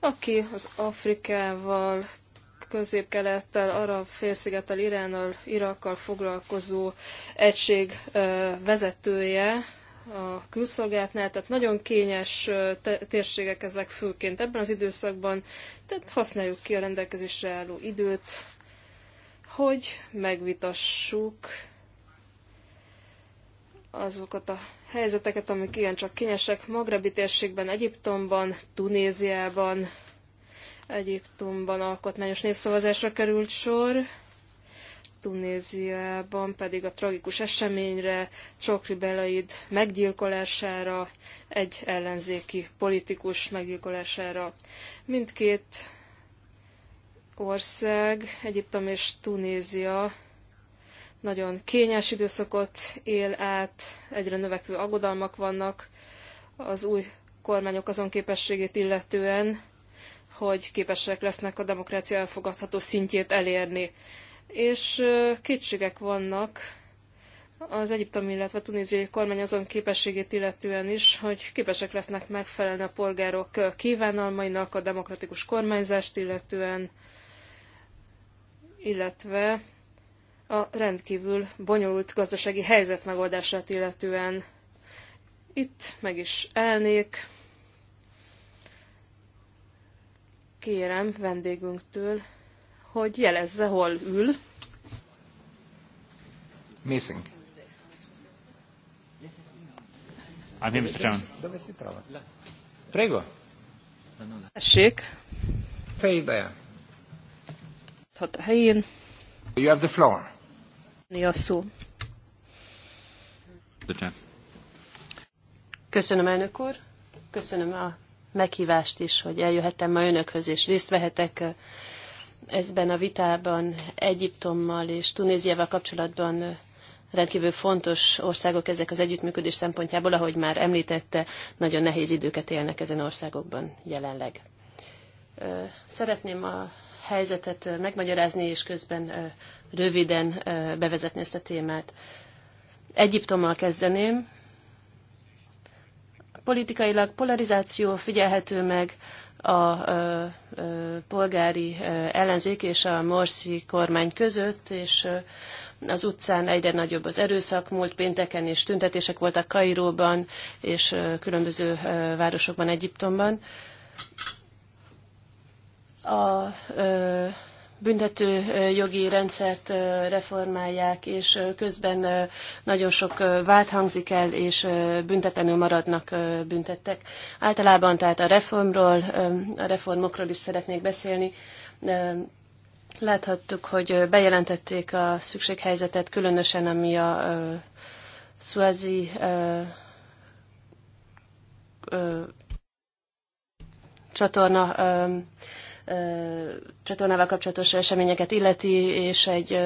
aki az Afrikával, Közép-Kelettel, Arab félszigettel, Iránnal, Irakkal foglalkozó egység vezetője, a külszolgálatnál, tehát nagyon kényes térségek ezek főként ebben az időszakban, tehát használjuk ki a rendelkezésre álló időt, hogy megvitassuk azokat a helyzeteket, amik igencsak kényesek Magrebi térségben, Egyiptomban, Tunéziában, Egyiptomban alkotmányos népszavazásra került sor, Tunéziában pedig a tragikus eseményre, Csokri Belaid meggyilkolására, egy ellenzéki politikus meggyilkolására. Mindkét ország, Egyiptom és Tunézia nagyon kényes időszakot él át, egyre növekvő aggodalmak vannak az új kormányok azon képességét illetően, hogy képesek lesznek a demokrácia elfogadható szintjét elérni. És kétségek vannak az egyiptomi, illetve tunéziai kormány azon képességét illetően is, hogy képesek lesznek megfelelni a polgárok kívánalmainak a demokratikus kormányzást illetően, illetve a rendkívül bonyolult gazdasági helyzet megoldását illetően. Itt meg is elnék. Kérem vendégünktől, hogy jelezze, hol ül. Missing. I'm here, Mr. Chairman. Prego. Tessék. Fejbe maradhat a helyén. You have the floor. A szó. Köszönöm, elnök úr. Köszönöm a meghívást is, hogy eljöhettem ma önökhöz, és részt vehetek ezben a vitában Egyiptommal és Tunéziával kapcsolatban rendkívül fontos országok ezek az együttműködés szempontjából, ahogy már említette, nagyon nehéz időket élnek ezen országokban jelenleg. Szeretném a helyzetet megmagyarázni, és közben röviden bevezetni ezt a témát. Egyiptommal kezdeném. Politikailag polarizáció figyelhető meg a ö, ö, polgári ö, ellenzék és a Morszi kormány között, és ö, az utcán egyre nagyobb az erőszak. Múlt pénteken is tüntetések voltak Kairóban és ö, különböző ö, városokban, Egyiptomban a büntető jogi rendszert reformálják, és közben nagyon sok vált hangzik el, és büntetlenül maradnak büntettek. Általában tehát a reformról, a reformokról is szeretnék beszélni. Láthattuk, hogy bejelentették a szükséghelyzetet, különösen ami a Swazi csatorna csatornával kapcsolatos eseményeket illeti, és egy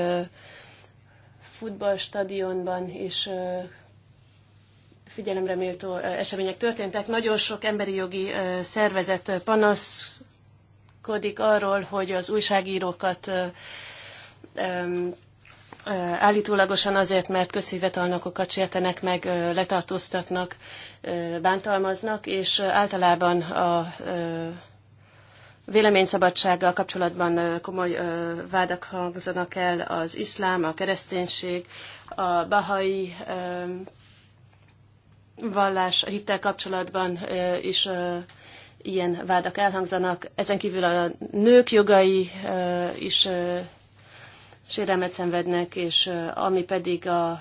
futballstadionban is figyelemre méltó események történtek. Nagyon sok emberi jogi szervezet panaszkodik arról, hogy az újságírókat állítólagosan azért, mert közhivatalnokokat sértenek meg, letartóztatnak, bántalmaznak, és általában a véleményszabadsággal kapcsolatban komoly vádak hangzanak el az iszlám, a kereszténység, a bahai vallás, a hittel kapcsolatban is ilyen vádak elhangzanak. Ezen kívül a nők jogai is sérelmet szenvednek, és ami pedig a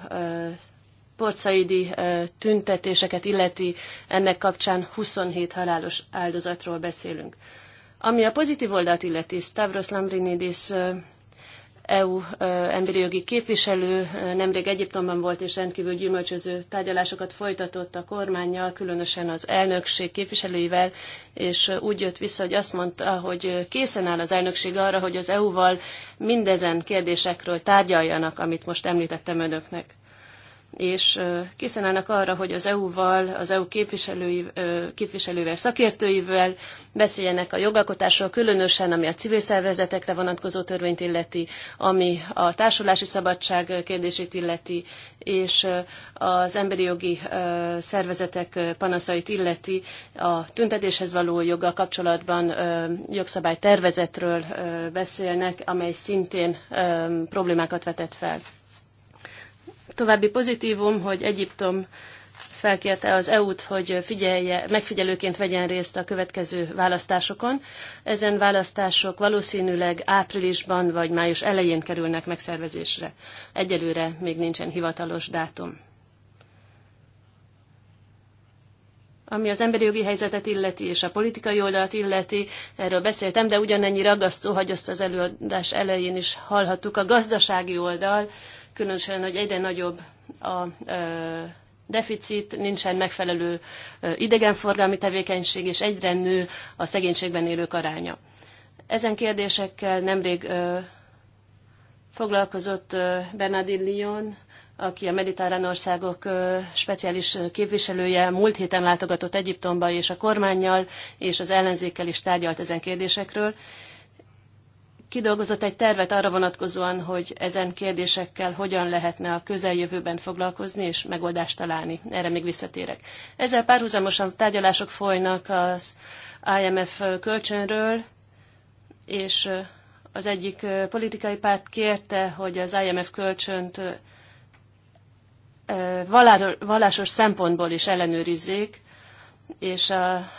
porcaidi tüntetéseket illeti, ennek kapcsán 27 halálos áldozatról beszélünk. Ami a pozitív oldalt illeti, Stavros Lambrinidis EU emberi jogi képviselő nemrég Egyiptomban volt és rendkívül gyümölcsöző tárgyalásokat folytatott a kormányjal, különösen az elnökség képviselőivel, és úgy jött vissza, hogy azt mondta, hogy készen áll az elnökség arra, hogy az EU-val mindezen kérdésekről tárgyaljanak, amit most említettem önöknek és készen állnak arra, hogy az EU-val, az EU képviselői, képviselővel, szakértőivel beszéljenek a jogalkotásról, különösen ami a civil szervezetekre vonatkozó törvényt illeti, ami a társulási szabadság kérdését illeti, és az emberi jogi szervezetek panaszait illeti, a tüntetéshez való joggal kapcsolatban jogszabálytervezetről beszélnek, amely szintén problémákat vetett fel. További pozitívum, hogy Egyiptom felkérte az EU-t, hogy figyelje, megfigyelőként vegyen részt a következő választásokon. Ezen választások valószínűleg áprilisban vagy május elején kerülnek megszervezésre. Egyelőre még nincsen hivatalos dátum. Ami az emberi jogi helyzetet illeti és a politikai oldalt illeti, erről beszéltem, de ugyanennyi ragasztó, hogy azt az előadás elején is hallhattuk, a gazdasági oldal, különösen, hogy egyre nagyobb a deficit, nincsen megfelelő idegenforgalmi tevékenység, és egyre nő a szegénységben élők aránya. Ezen kérdésekkel nemrég foglalkozott Bernardin Lyon, aki a mediterrán országok speciális képviselője, múlt héten látogatott Egyiptomba, és a kormányjal és az ellenzékkel is tárgyalt ezen kérdésekről, kidolgozott egy tervet arra vonatkozóan, hogy ezen kérdésekkel hogyan lehetne a közeljövőben foglalkozni és megoldást találni. Erre még visszatérek. Ezzel párhuzamosan tárgyalások folynak az IMF kölcsönről, és az egyik politikai párt kérte, hogy az IMF kölcsönt vallásos szempontból is ellenőrizzék, és a,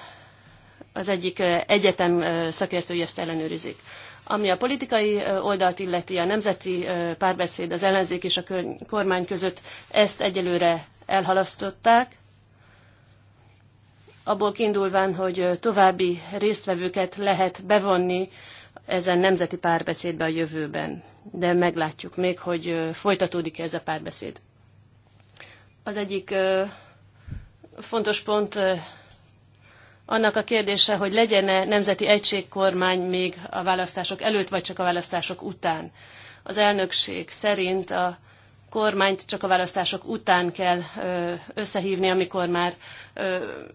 az egyik egyetem szakértői ezt ellenőrizik. Ami a politikai oldalt illeti, a nemzeti párbeszéd az ellenzék és a kormány között, ezt egyelőre elhalasztották, abból kiindulván, hogy további résztvevőket lehet bevonni ezen nemzeti párbeszédbe a jövőben. De meglátjuk még, hogy folytatódik-e ez a párbeszéd. Az egyik fontos pont annak a kérdése, hogy legyen-e nemzeti egységkormány még a választások előtt, vagy csak a választások után. Az elnökség szerint a kormányt csak a választások után kell összehívni, amikor már,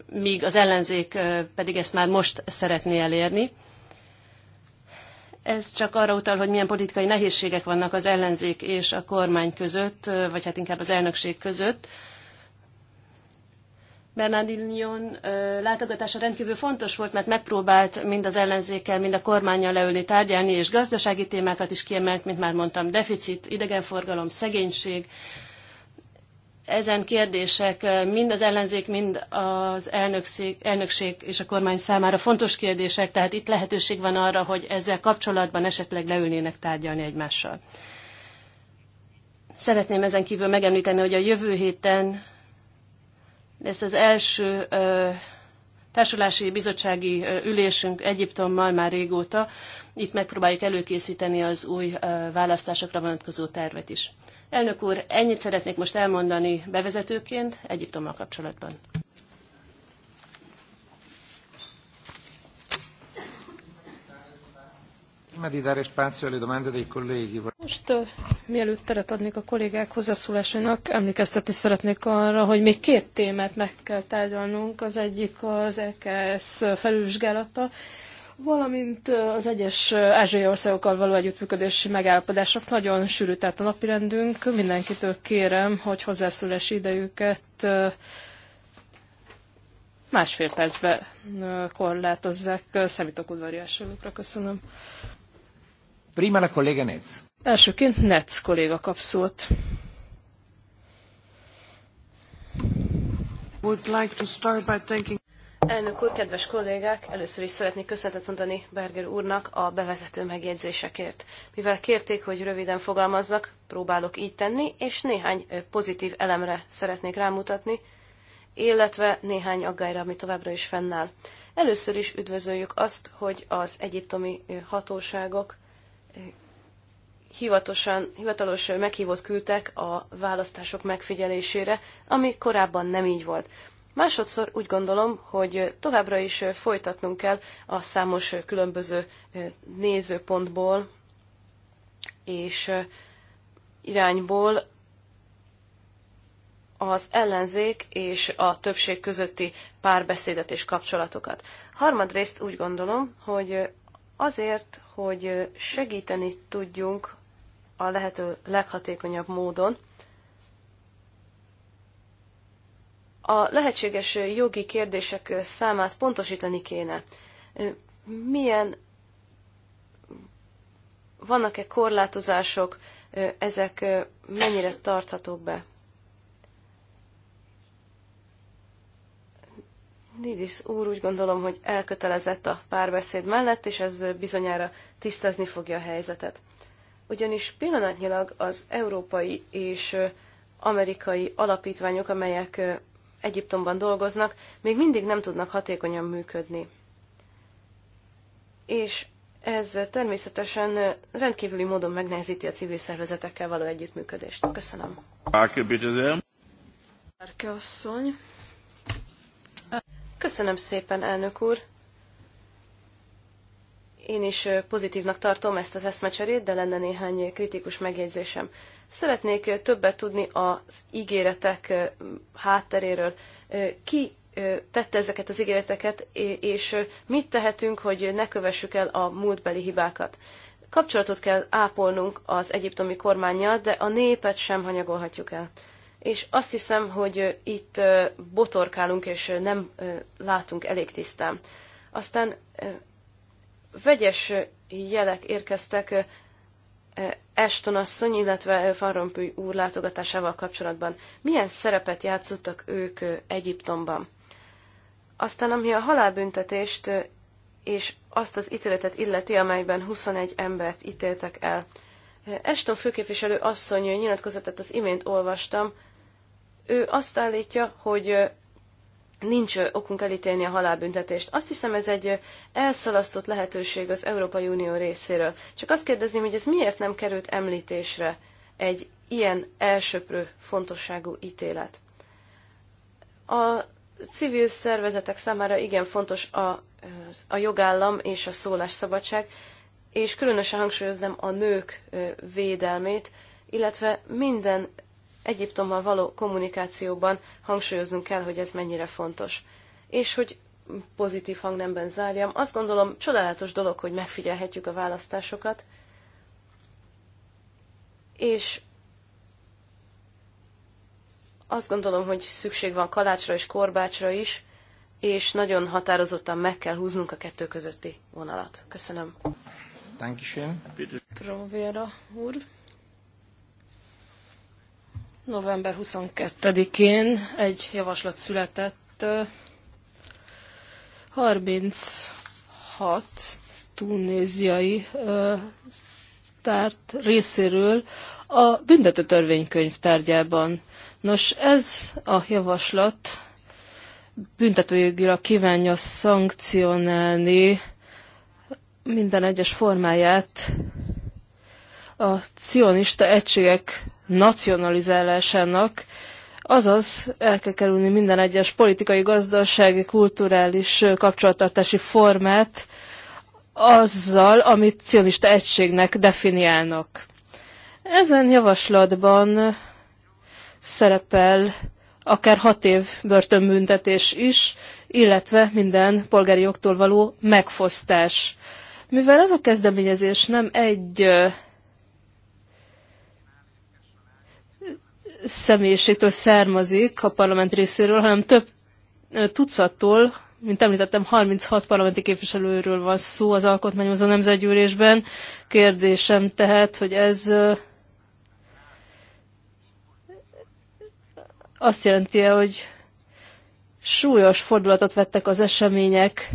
míg az ellenzék pedig ezt már most szeretné elérni. Ez csak arra utal, hogy milyen politikai nehézségek vannak az ellenzék és a kormány között, vagy hát inkább az elnökség között Bernardinion látogatása rendkívül fontos volt, mert megpróbált mind az ellenzékkel, mind a kormányjal leülni, tárgyalni, és gazdasági témákat is kiemelt, mint már mondtam, deficit, idegenforgalom, szegénység. Ezen kérdések mind az ellenzék, mind az elnökség, elnökség és a kormány számára fontos kérdések, tehát itt lehetőség van arra, hogy ezzel kapcsolatban esetleg leülnének tárgyalni egymással. Szeretném ezen kívül megemlíteni, hogy a jövő héten ez az első társulási bizottsági ülésünk Egyiptommal már régóta. Itt megpróbáljuk előkészíteni az új választásokra vonatkozó tervet is. Elnök úr, ennyit szeretnék most elmondani bevezetőként Egyiptommal kapcsolatban. Most, mielőtt teret adnék a kollégák hozzászólásainak, emlékeztetni szeretnék arra, hogy még két témát meg kell tárgyalnunk. Az egyik az EKS felülvizsgálata, valamint az egyes ázsiai országokkal való együttműködési megállapodások nagyon sűrű, tehát a napirendünk. Mindenkitől kérem, hogy hozzászólási idejüket másfél percbe korlátozzák. Számítok udvariasságukra. Köszönöm. Prima la collega Netz. Elsőként Netz kolléga kap szót. Would like to start by thanking... Elnök úr, kedves kollégák! Először is szeretnék köszönetet mondani Berger úrnak a bevezető megjegyzésekért. Mivel kérték, hogy röviden fogalmazzak, próbálok így tenni, és néhány pozitív elemre szeretnék rámutatni, illetve néhány aggályra, ami továbbra is fennáll. Először is üdvözöljük azt, hogy az egyiptomi hatóságok hivatosan, hivatalos meghívót küldtek a választások megfigyelésére, ami korábban nem így volt. Másodszor úgy gondolom, hogy továbbra is folytatnunk kell a számos különböző nézőpontból és irányból az ellenzék és a többség közötti párbeszédet és kapcsolatokat. Harmadrészt úgy gondolom, hogy azért, hogy segíteni tudjunk a lehető leghatékonyabb módon a lehetséges jogi kérdések számát pontosítani kéne. Milyen vannak-e korlátozások, ezek mennyire tarthatók be? Nidis úr úgy gondolom, hogy elkötelezett a párbeszéd mellett, és ez bizonyára tisztázni fogja a helyzetet. Ugyanis pillanatnyilag az európai és amerikai alapítványok, amelyek Egyiptomban dolgoznak, még mindig nem tudnak hatékonyan működni. És ez természetesen rendkívüli módon megnehezíti a civil szervezetekkel való együttműködést. Köszönöm. Árke asszony. Köszönöm szépen, elnök úr. Én is pozitívnak tartom ezt az eszmecserét, de lenne néhány kritikus megjegyzésem. Szeretnék többet tudni az ígéretek hátteréről. Ki tette ezeket az ígéreteket, és mit tehetünk, hogy ne kövessük el a múltbeli hibákat. Kapcsolatot kell ápolnunk az egyiptomi kormányjal, de a népet sem hanyagolhatjuk el és azt hiszem, hogy itt botorkálunk, és nem látunk elég tisztán. Aztán vegyes jelek érkeztek Eston asszony, illetve Van Rompuy úr látogatásával kapcsolatban. Milyen szerepet játszottak ők Egyiptomban? Aztán ami a halálbüntetést és azt az ítéletet illeti, amelyben 21 embert ítéltek el. Eston főképviselő asszony nyilatkozatát az imént olvastam, ő azt állítja, hogy nincs okunk elítélni a halálbüntetést. Azt hiszem, ez egy elszalasztott lehetőség az Európai Unió részéről. Csak azt kérdezném, hogy ez miért nem került említésre egy ilyen elsöprő fontosságú ítélet. A civil szervezetek számára igen fontos a, a jogállam és a szólásszabadság, és különösen hangsúlyoznám a nők védelmét, illetve minden Egyiptommal való kommunikációban hangsúlyoznunk kell, hogy ez mennyire fontos. És hogy pozitív hangnemben zárjam, azt gondolom csodálatos dolog, hogy megfigyelhetjük a választásokat, és azt gondolom, hogy szükség van kalácsra és korbácsra is, és nagyon határozottan meg kell húznunk a kettő közötti vonalat. Köszönöm. Dankeschön. Bitte. Provera úr november 22-én egy javaslat született 36 tunéziai párt részéről a büntető törvénykönyv tárgyában. Nos, ez a javaslat büntetőjogira kívánja szankcionálni minden egyes formáját a cionista egységek nacionalizálásának, azaz el kell kerülni minden egyes politikai, gazdasági, kulturális kapcsolattartási formát azzal, amit cionista egységnek definiálnak. Ezen javaslatban szerepel akár hat év börtönbüntetés is, illetve minden polgári jogtól való megfosztás. Mivel ez a kezdeményezés nem egy személyiségtől származik a parlament részéről, hanem több tucattól, mint említettem, 36 parlamenti képviselőről van szó az alkotmányozó nemzetgyűlésben. Kérdésem tehát, hogy ez azt jelenti -e, hogy súlyos fordulatot vettek az események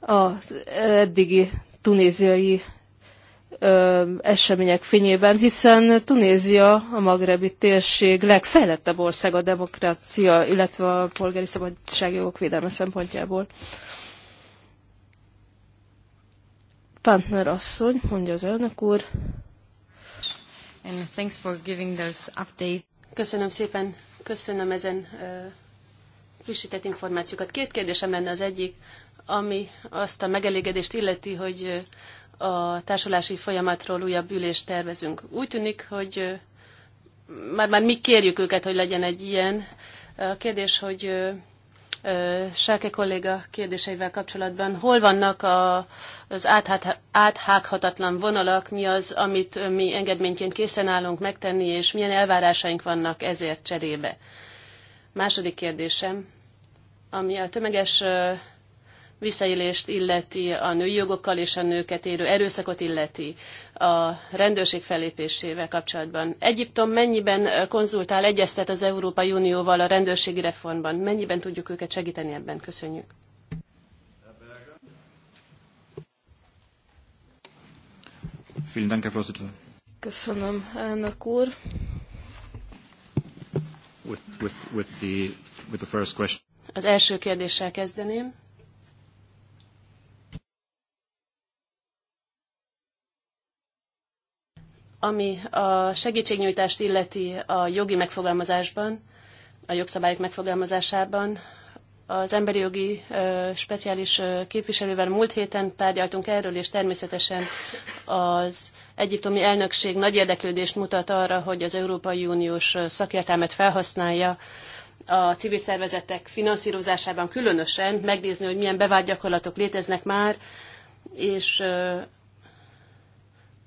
az eddigi tunéziai ö, események fényében, hiszen Tunézia a magrebi térség legfejlettebb ország a demokrácia, illetve a polgári szabadságjogok védelme szempontjából. Pantner asszony, mondja az elnök úr. And thanks for giving those update. Köszönöm szépen, köszönöm ezen uh, információkat. Két kérdésem lenne az egyik, ami azt a megelégedést illeti, hogy a társulási folyamatról újabb ülést tervezünk. Úgy tűnik, hogy már-már mi kérjük őket, hogy legyen egy ilyen. A kérdés, hogy Sáke kolléga kérdéseivel kapcsolatban, hol vannak a, az áthághatatlan vonalak, mi az, amit mi engedményként készen állunk megtenni, és milyen elvárásaink vannak ezért cserébe? Második kérdésem, ami a tömeges visszaélést illeti, a női jogokkal és a nőket érő erőszakot illeti a rendőrség fellépésével kapcsolatban. Egyiptom mennyiben konzultál, egyeztet az Európai Unióval a rendőrségi reformban? Mennyiben tudjuk őket segíteni ebben? Köszönjük. Köszönöm, elnök úr. With, with, with the, with the first question. Az első kérdéssel kezdeném. Ami a segítségnyújtást illeti a jogi megfogalmazásban, a jogszabályok megfogalmazásában, az emberi jogi ö, speciális ö, képviselővel múlt héten tárgyaltunk erről, és természetesen az egyiptomi elnökség nagy érdeklődést mutat arra, hogy az Európai Uniós szakértelmet felhasználja a civil szervezetek finanszírozásában különösen, megnézni, hogy milyen bevált gyakorlatok léteznek már, és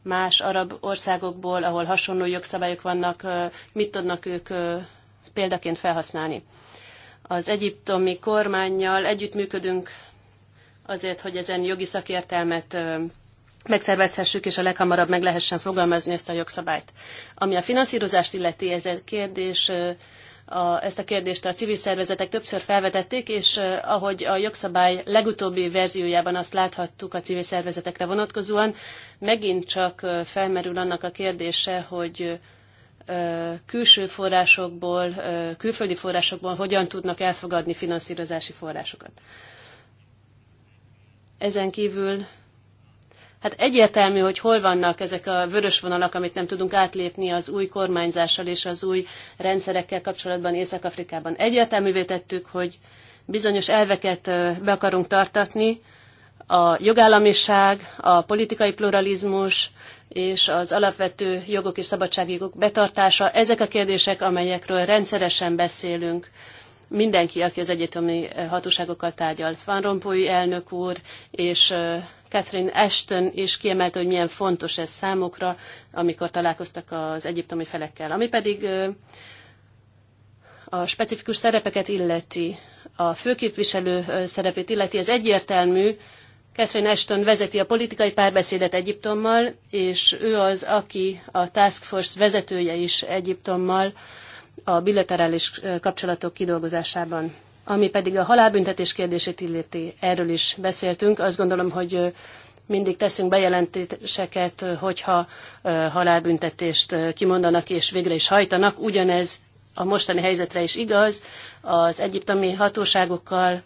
más arab országokból, ahol hasonló jogszabályok vannak, mit tudnak ők példaként felhasználni. Az egyiptomi kormányjal együttműködünk azért, hogy ezen jogi szakértelmet megszervezhessük, és a leghamarabb meg lehessen fogalmazni ezt a jogszabályt. Ami a finanszírozást illeti, ez egy kérdés a, ezt a kérdést a civil szervezetek többször felvetették, és ahogy a jogszabály legutóbbi verziójában azt láthattuk a civil szervezetekre vonatkozóan, megint csak felmerül annak a kérdése, hogy külső forrásokból, külföldi forrásokból hogyan tudnak elfogadni finanszírozási forrásokat. Ezen kívül Hát egyértelmű, hogy hol vannak ezek a vörös vonalak, amit nem tudunk átlépni az új kormányzással és az új rendszerekkel kapcsolatban Észak-Afrikában. Egyértelművé tettük, hogy bizonyos elveket be akarunk tartatni, a jogállamiság, a politikai pluralizmus és az alapvető jogok és szabadságjogok betartása, ezek a kérdések, amelyekről rendszeresen beszélünk mindenki, aki az egyetemi hatóságokkal tárgyal, Van Rompuy elnök úr és Catherine Ashton is kiemelte, hogy milyen fontos ez számukra, amikor találkoztak az egyiptomi felekkel. Ami pedig a specifikus szerepeket illeti, a főképviselő szerepét illeti, ez egyértelmű, Catherine Ashton vezeti a politikai párbeszédet Egyiptommal, és ő az, aki a Task Force vezetője is Egyiptommal a bilaterális kapcsolatok kidolgozásában. Ami pedig a halálbüntetés kérdését illeti, erről is beszéltünk. Azt gondolom, hogy mindig teszünk bejelentéseket, hogyha halálbüntetést kimondanak és végre is hajtanak. Ugyanez a mostani helyzetre is igaz. Az egyiptomi hatóságokkal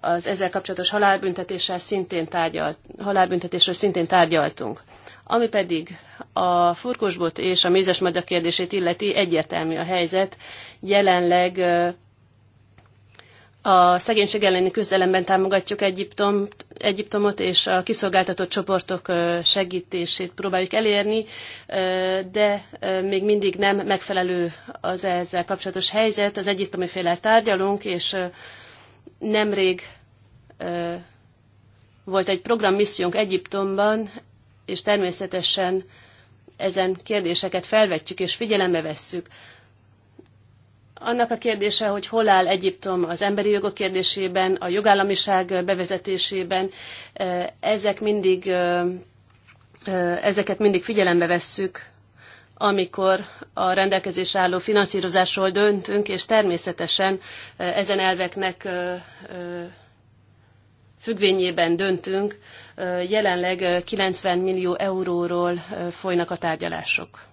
az ezzel kapcsolatos halálbüntetéssel szintén tárgyalt, halálbüntetésről szintén tárgyaltunk. Ami pedig a furkosbot és a mézes kérdését illeti, egyértelmű a helyzet. Jelenleg a szegénység elleni küzdelemben támogatjuk Egyiptom, Egyiptomot, és a kiszolgáltatott csoportok segítését próbáljuk elérni, de még mindig nem megfelelő az ezzel kapcsolatos helyzet. Az egyiptomi félel tárgyalunk, és nemrég volt egy programmissziónk Egyiptomban, és természetesen ezen kérdéseket felvetjük és figyelembe vesszük. Annak a kérdése, hogy hol áll Egyiptom az emberi jogok kérdésében, a jogállamiság bevezetésében, eh, ezek mindig, eh, eh, ezeket mindig figyelembe vesszük, amikor a rendelkezés álló finanszírozásról döntünk, és természetesen ezen elveknek függvényében döntünk. Jelenleg 90 millió euróról folynak a tárgyalások.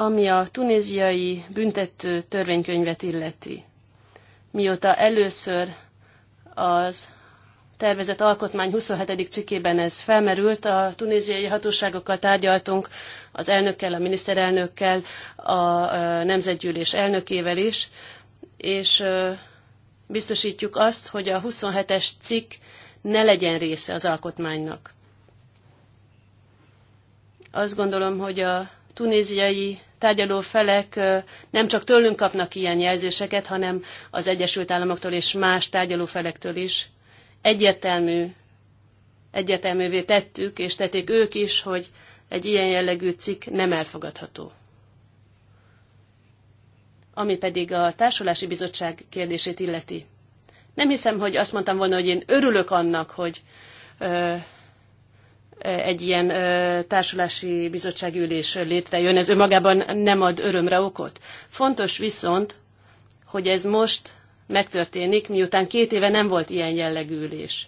ami a tunéziai büntető törvénykönyvet illeti. Mióta először az tervezett alkotmány 27. cikkében ez felmerült. A tunéziai hatóságokkal tárgyaltunk, az elnökkel, a miniszterelnökkel, a nemzetgyűlés elnökével is, és biztosítjuk azt, hogy a 27-es cikk ne legyen része az alkotmánynak. Azt gondolom, hogy a tunéziai tárgyaló felek nem csak tőlünk kapnak ilyen jelzéseket, hanem az Egyesült Államoktól és más tárgyaló felektől is. Egyértelmű, egyértelművé tettük, és tették ők is, hogy egy ilyen jellegű cikk nem elfogadható. Ami pedig a Társulási Bizottság kérdését illeti. Nem hiszem, hogy azt mondtam volna, hogy én örülök annak, hogy egy ilyen társulási bizottsági ülés létrejön, ez önmagában nem ad örömre okot. Fontos viszont, hogy ez most megtörténik, miután két éve nem volt ilyen jellegű ülés.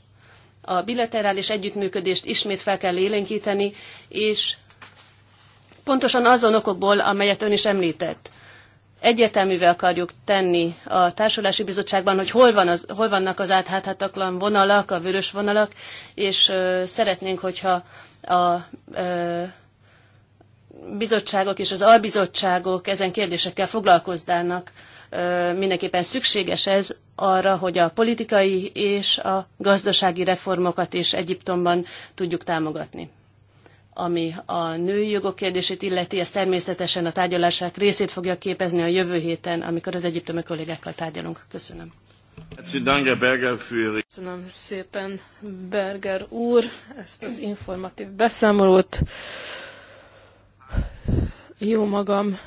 A bilaterális együttműködést ismét fel kell élénkíteni, és pontosan azon okokból, amelyet ön is említett egyértelművé akarjuk tenni a társulási bizottságban, hogy hol, van az, hol vannak az átháthatatlan vonalak, a vörös vonalak, és ö, szeretnénk, hogyha a ö, bizottságok és az albizottságok ezen kérdésekkel foglalkoznának. Ö, mindenképpen szükséges ez arra, hogy a politikai és a gazdasági reformokat is Egyiptomban tudjuk támogatni ami a női jogok kérdését illeti, ez természetesen a tárgyalások részét fogja képezni a jövő héten, amikor az egyiptomi kollégákkal tárgyalunk. Köszönöm. Köszönöm szépen, Berger úr, ezt az informatív beszámolót. Jó magam.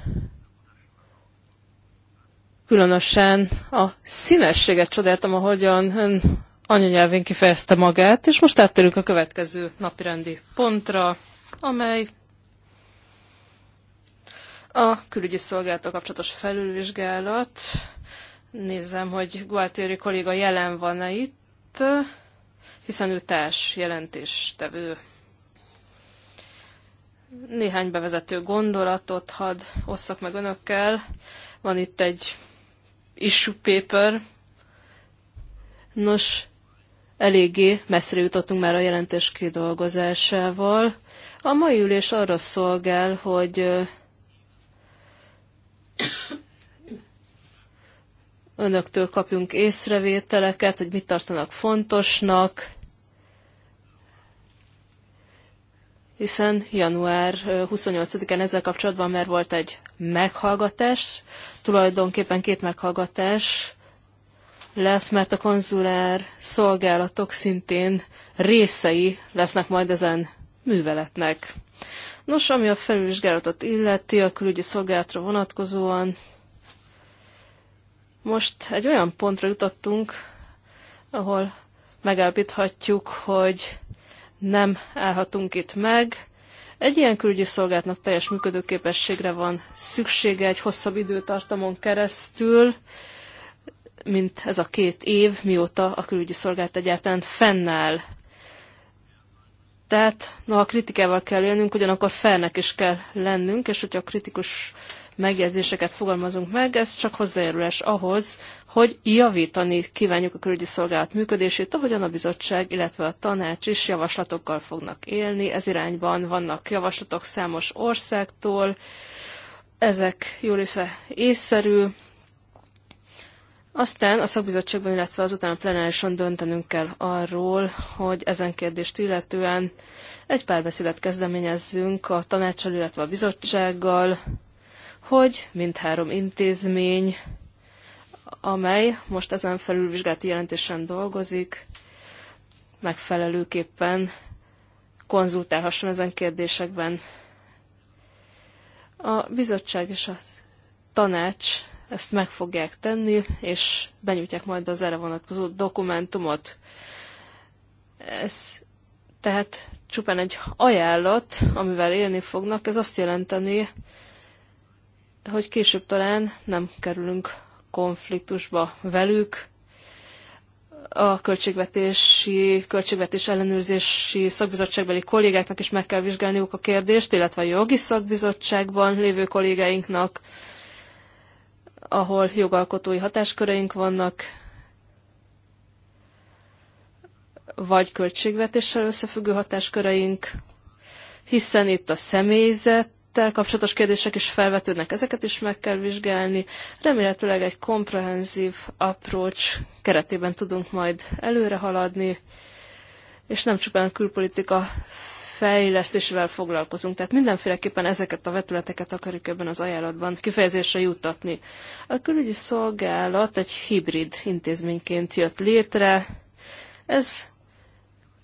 Különösen a színességet csodáltam, ahogyan ön anyanyelvén kifejezte magát, és most áttérünk a következő napirendi pontra amely a külügyi szolgálata kapcsolatos felülvizsgálat. Nézem, hogy Gualtéri kolléga jelen van-e itt, hiszen ő társ jelentéstevő. Néhány bevezető gondolatot hadd osszak meg önökkel. Van itt egy issue paper. Nos, eléggé messzire jutottunk már a jelentés kidolgozásával. A mai ülés arra szolgál, hogy önöktől kapjunk észrevételeket, hogy mit tartanak fontosnak, hiszen január 28-án ezzel kapcsolatban már volt egy meghallgatás, tulajdonképpen két meghallgatás, lesz, mert a konzulár szolgálatok szintén részei lesznek majd ezen műveletnek. Nos, ami a felvizsgálatot illeti, a külügyi szolgálatra vonatkozóan, most egy olyan pontra jutottunk, ahol megállapíthatjuk, hogy nem állhatunk itt meg. Egy ilyen külügyi szolgálatnak teljes működőképességre van szüksége egy hosszabb időtartamon keresztül, mint ez a két év, mióta a külügyi szolgált egyáltalán fennáll. Tehát, na, a kritikával kell élnünk, ugyanakkor felnek is kell lennünk, és hogyha a kritikus megjegyzéseket fogalmazunk meg, ez csak hozzájárulás ahhoz, hogy javítani kívánjuk a külügyi szolgálat működését, ahogyan a bizottság, illetve a tanács is javaslatokkal fognak élni. Ez irányban vannak javaslatok számos országtól, ezek jó része észszerű, aztán a szakbizottságban, illetve azután a plenárison döntenünk kell arról, hogy ezen kérdést illetően egy párbeszédet kezdeményezzünk a tanácsal, illetve a bizottsággal, hogy mindhárom intézmény, amely most ezen felülvizsgálati jelentésen dolgozik, megfelelőképpen konzultálhasson ezen kérdésekben. A bizottság és a tanács ezt meg fogják tenni, és benyújtják majd az erre vonatkozó dokumentumot. Ez tehát csupán egy ajánlat, amivel élni fognak, ez azt jelenteni, hogy később talán nem kerülünk konfliktusba velük, a költségvetési, költségvetés ellenőrzési szakbizottságbeli kollégáknak is meg kell vizsgálniuk a kérdést, illetve a jogi szakbizottságban lévő kollégáinknak, ahol jogalkotói hatásköreink vannak, vagy költségvetéssel összefüggő hatásköreink, hiszen itt a személyzettel kapcsolatos kérdések is felvetődnek, ezeket is meg kell vizsgálni. Remélhetőleg egy komprehenzív approach keretében tudunk majd előre haladni, és nem csupán a külpolitika fejlesztésével foglalkozunk. Tehát mindenféleképpen ezeket a vetületeket akarjuk ebben az ajánlatban kifejezésre juttatni. A külügyi szolgálat egy hibrid intézményként jött létre. Ez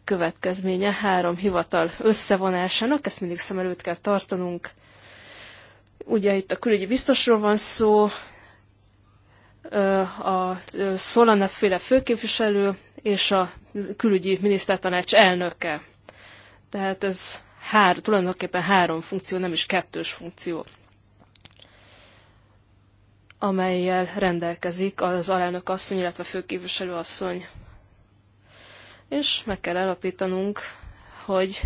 következménye három hivatal összevonásának, ezt mindig szem előtt kell tartanunk. Ugye itt a külügyi biztosról van szó, a Szolana féle főképviselő és a külügyi minisztertanács elnöke. Tehát ez hár, tulajdonképpen három funkció, nem is kettős funkció, amelyel rendelkezik az alelnök asszony, illetve főképviselő asszony. És meg kell elapítanunk, hogy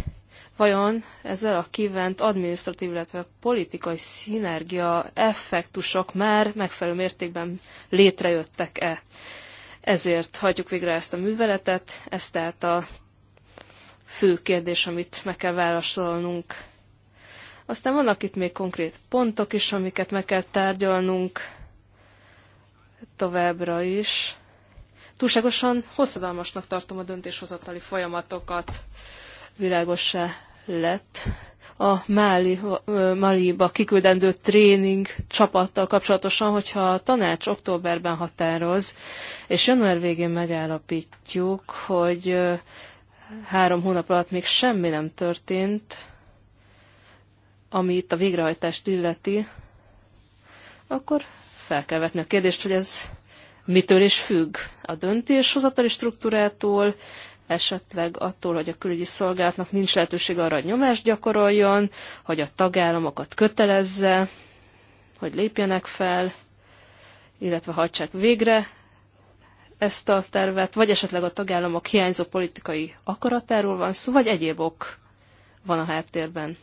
vajon ezzel a kívánt adminisztratív, illetve politikai szinergia effektusok már megfelelő mértékben létrejöttek-e. Ezért hagyjuk végre ezt a műveletet, ez tehát a fő kérdés, amit meg kell válaszolnunk. Aztán vannak itt még konkrét pontok is, amiket meg kell tárgyalnunk továbbra is. Túlságosan hosszadalmasnak tartom a döntéshozatali folyamatokat. Világossá lett a Máli, Maliba kiküldendő tréning csapattal kapcsolatosan, hogyha a tanács októberben határoz, és január végén megállapítjuk, hogy három hónap alatt még semmi nem történt, ami itt a végrehajtást illeti, akkor fel kell vetni a kérdést, hogy ez mitől is függ a döntéshozatali struktúrától, esetleg attól, hogy a külügyi szolgálatnak nincs lehetőség arra, hogy nyomást gyakoroljon, hogy a tagállamokat kötelezze, hogy lépjenek fel, illetve hajtsák végre ezt a tervet, vagy esetleg a tagállamok hiányzó politikai akaratáról van szó, vagy egyéb ok van a háttérben.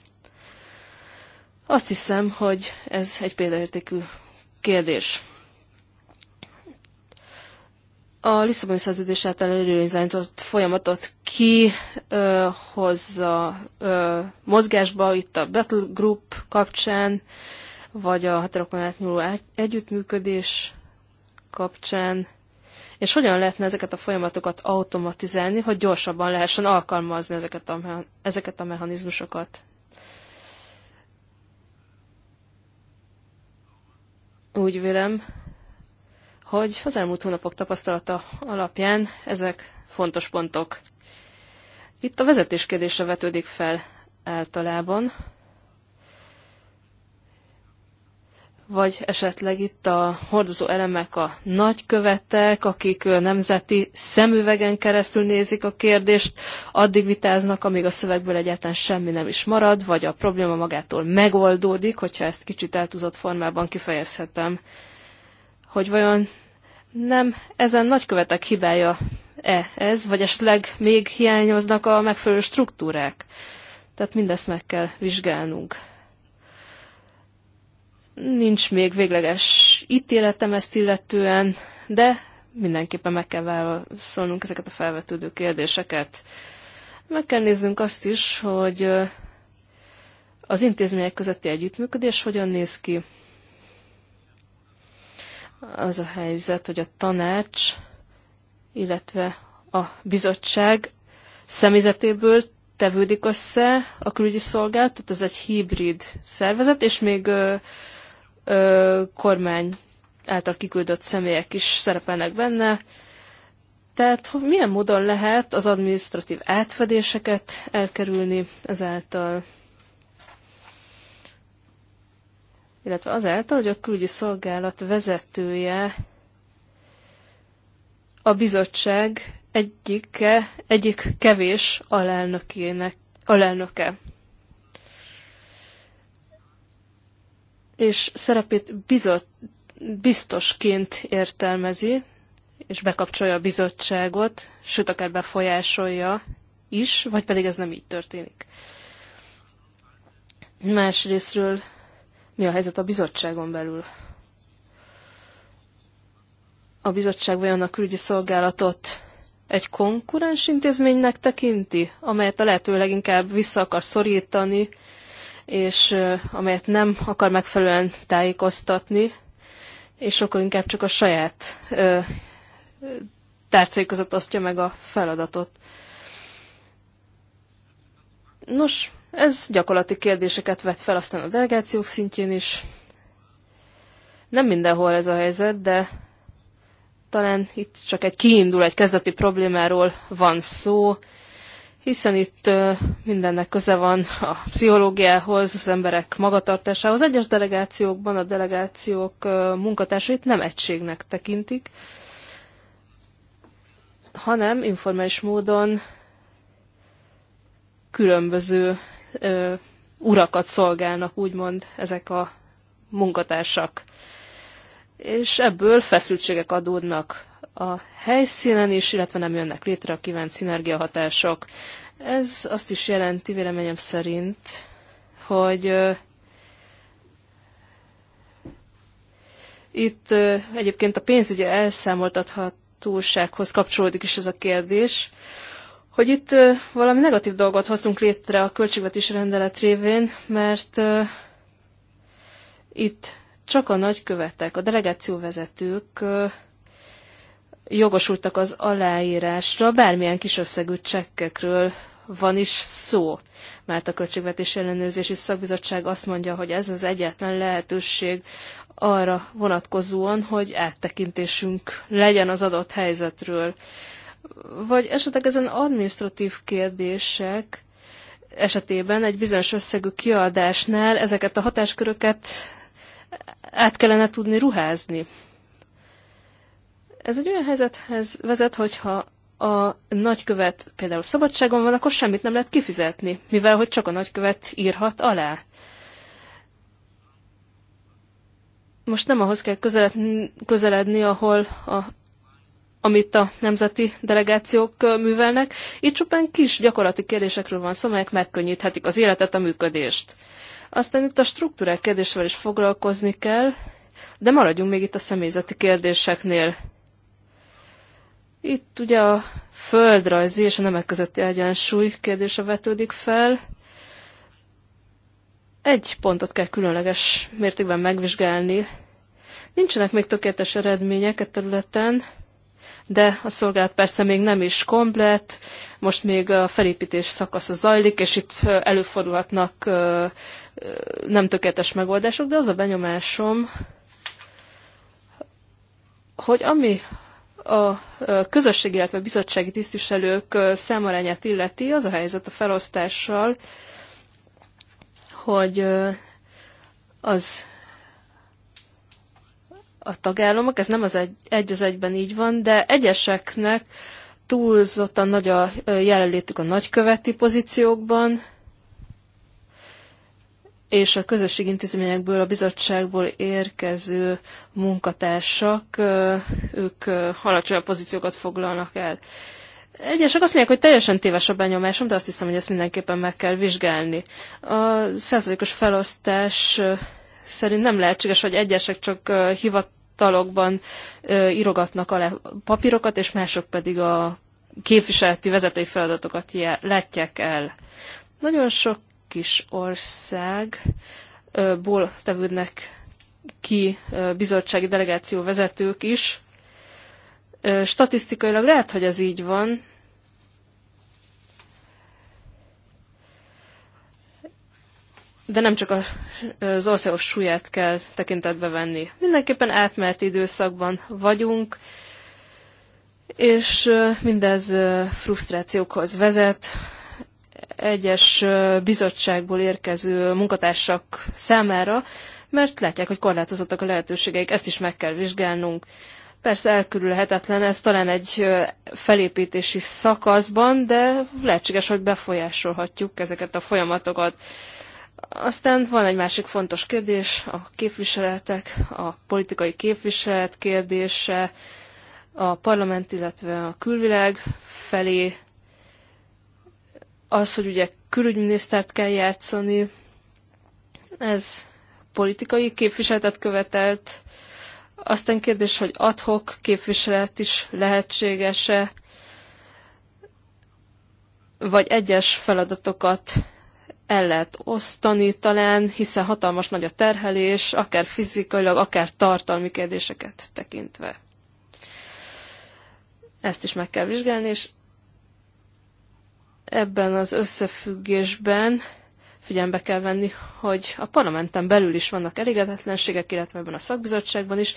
Azt hiszem, hogy ez egy példaértékű kérdés. A Lisszaboni szerződés által előrizányított folyamatot ki ö, hozza ö, mozgásba itt a Battle Group kapcsán, vagy a határokon átnyúló együttműködés kapcsán és hogyan lehetne ezeket a folyamatokat automatizálni, hogy gyorsabban lehessen alkalmazni ezeket a, ezeket a mechanizmusokat. Úgy vélem, hogy az elmúlt hónapok tapasztalata alapján ezek fontos pontok. Itt a vezetés kérdése vetődik fel általában, vagy esetleg itt a hordozó elemek a nagykövetek, akik nemzeti szemüvegen keresztül nézik a kérdést, addig vitáznak, amíg a szövegből egyáltalán semmi nem is marad, vagy a probléma magától megoldódik, hogyha ezt kicsit eltúzott formában kifejezhetem, hogy vajon nem ezen nagykövetek hibája e ez, vagy esetleg még hiányoznak a megfelelő struktúrák. Tehát mindezt meg kell vizsgálnunk. Nincs még végleges ítéletem ezt illetően, de mindenképpen meg kell válaszolnunk ezeket a felvetődő kérdéseket. Meg kell néznünk azt is, hogy az intézmények közötti együttműködés hogyan néz ki. Az a helyzet, hogy a tanács, illetve a bizottság személyzetéből tevődik össze a külügyi szolgált, tehát ez egy hibrid szervezet, és még kormány által kiküldött személyek is szerepelnek benne. Tehát milyen módon lehet az administratív átfedéseket elkerülni ezáltal, illetve azáltal, hogy a külügyi szolgálat vezetője a bizottság egyike, egyik kevés alelnökének, alelnöke. és szerepét bizot, biztosként értelmezi, és bekapcsolja a bizottságot, sőt, akár befolyásolja is, vagy pedig ez nem így történik. Másrésztről mi a helyzet a bizottságon belül? A bizottság vajon a külügyi szolgálatot egy konkurens intézménynek tekinti, amelyet a lehető leginkább vissza akar szorítani, és amelyet nem akar megfelelően tájékoztatni, és sokkal inkább csak a saját tárcai között osztja meg a feladatot. Nos, ez gyakorlati kérdéseket vet fel aztán a delegációk szintjén is. Nem mindenhol ez a helyzet, de talán itt csak egy kiindul, egy kezdeti problémáról van szó, hiszen itt mindennek köze van a pszichológiához, az emberek magatartásához. Egyes delegációkban a delegációk munkatársait nem egységnek tekintik, hanem informális módon különböző ö, urakat szolgálnak, úgymond ezek a munkatársak. És ebből feszültségek adódnak a helyszínen is, illetve nem jönnek létre a kívánt szinergiahatások. Ez azt is jelenti véleményem szerint, hogy itt egyébként a pénzügyi elszámoltathatósághoz kapcsolódik is ez a kérdés, hogy itt valami negatív dolgot hoztunk létre a költségvetési rendelet révén, mert itt csak a nagykövetek, a delegációvezetők vezetők jogosultak az aláírásra, bármilyen kis összegű csekkekről van is szó, mert a Költségvetés Ellenőrzési Szakbizottság azt mondja, hogy ez az egyetlen lehetőség arra vonatkozóan, hogy áttekintésünk legyen az adott helyzetről. Vagy esetleg ezen administratív kérdések esetében egy bizonyos összegű kiadásnál ezeket a hatásköröket át kellene tudni ruházni. Ez egy olyan helyzethez vezet, hogyha a nagykövet például szabadságon van, akkor semmit nem lehet kifizetni, mivel hogy csak a nagykövet írhat alá. Most nem ahhoz kell közeledni, ahol a amit a nemzeti delegációk művelnek. Itt csupán kis gyakorlati kérdésekről van szó, melyek megkönnyíthetik az életet, a működést. Aztán itt a struktúrák kérdésével is foglalkozni kell, de maradjunk még itt a személyzeti kérdéseknél. Itt ugye a földrajzi és a nemek közötti egyensúly kérdése vetődik fel. Egy pontot kell különleges mértékben megvizsgálni. Nincsenek még tökéletes eredmények a e területen, de a szolgálat persze még nem is komplet, most még a felépítés szakasza zajlik, és itt előfordulhatnak nem tökéletes megoldások, de az a benyomásom, hogy ami a közösség, illetve a bizottsági tisztviselők számarányát illeti, az a helyzet a felosztással, hogy az a tagállamok, ez nem az egy, egy az egyben így van, de egyeseknek túlzottan nagy a jelenlétük a nagyköveti pozíciókban, és a közösség intézményekből, a bizottságból érkező munkatársak, ők alacsonyabb pozíciókat foglalnak el. Egyesek azt mondják, hogy teljesen téves a benyomásom, de azt hiszem, hogy ezt mindenképpen meg kell vizsgálni. A százalékos felosztás szerint nem lehetséges, hogy egyesek csak hivatalokban írogatnak alá papírokat, és mások pedig a képviseleti vezetői feladatokat látják el. Nagyon sok kis országból tevődnek ki bizottsági delegáció vezetők is. Statisztikailag lehet, hogy ez így van, de nem csak az országos súlyát kell tekintetbe venni. Mindenképpen átmeneti időszakban vagyunk, és mindez frusztrációkhoz vezet, egyes bizottságból érkező munkatársak számára, mert látják, hogy korlátozottak a lehetőségeik, ezt is meg kell vizsgálnunk. Persze elkerülhetetlen, ez talán egy felépítési szakaszban, de lehetséges, hogy befolyásolhatjuk ezeket a folyamatokat. Aztán van egy másik fontos kérdés, a képviseletek, a politikai képviselet kérdése, a parlament, illetve a külvilág felé az, hogy ugye külügyminisztert kell játszani, ez politikai képviseletet követelt. Aztán kérdés, hogy adhok képviselet is lehetséges-e, vagy egyes feladatokat el lehet osztani talán, hiszen hatalmas nagy a terhelés, akár fizikailag, akár tartalmi kérdéseket tekintve. Ezt is meg kell vizsgálni, és Ebben az összefüggésben figyelembe kell venni, hogy a parlamenten belül is vannak elégedetlenségek, illetve ebben a szakbizottságban is,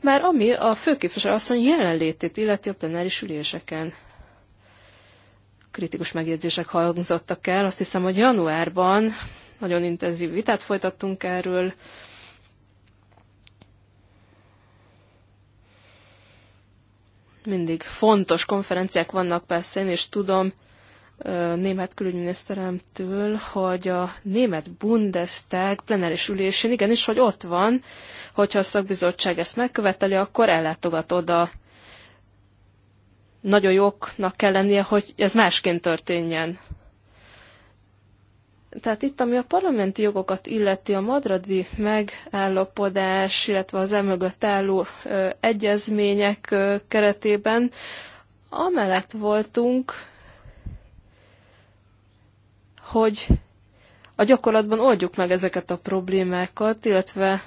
már ami a főképviselő asszony jelenlétét illeti a plenáris üléseken. Kritikus megjegyzések hangzottak el. Azt hiszem, hogy januárban nagyon intenzív vitát folytattunk erről. Mindig fontos konferenciák vannak, persze én is tudom, német külügyminiszteremtől, hogy a német Bundestag plenáris ülésén igenis, hogy ott van, hogyha a szakbizottság ezt megköveteli, akkor ellátogat oda. Nagyon jóknak kell lennie, hogy ez másként történjen. Tehát itt, ami a parlamenti jogokat illeti, a madradi megállapodás, illetve az emögött álló ö, egyezmények ö, keretében, amellett voltunk, hogy a gyakorlatban oldjuk meg ezeket a problémákat, illetve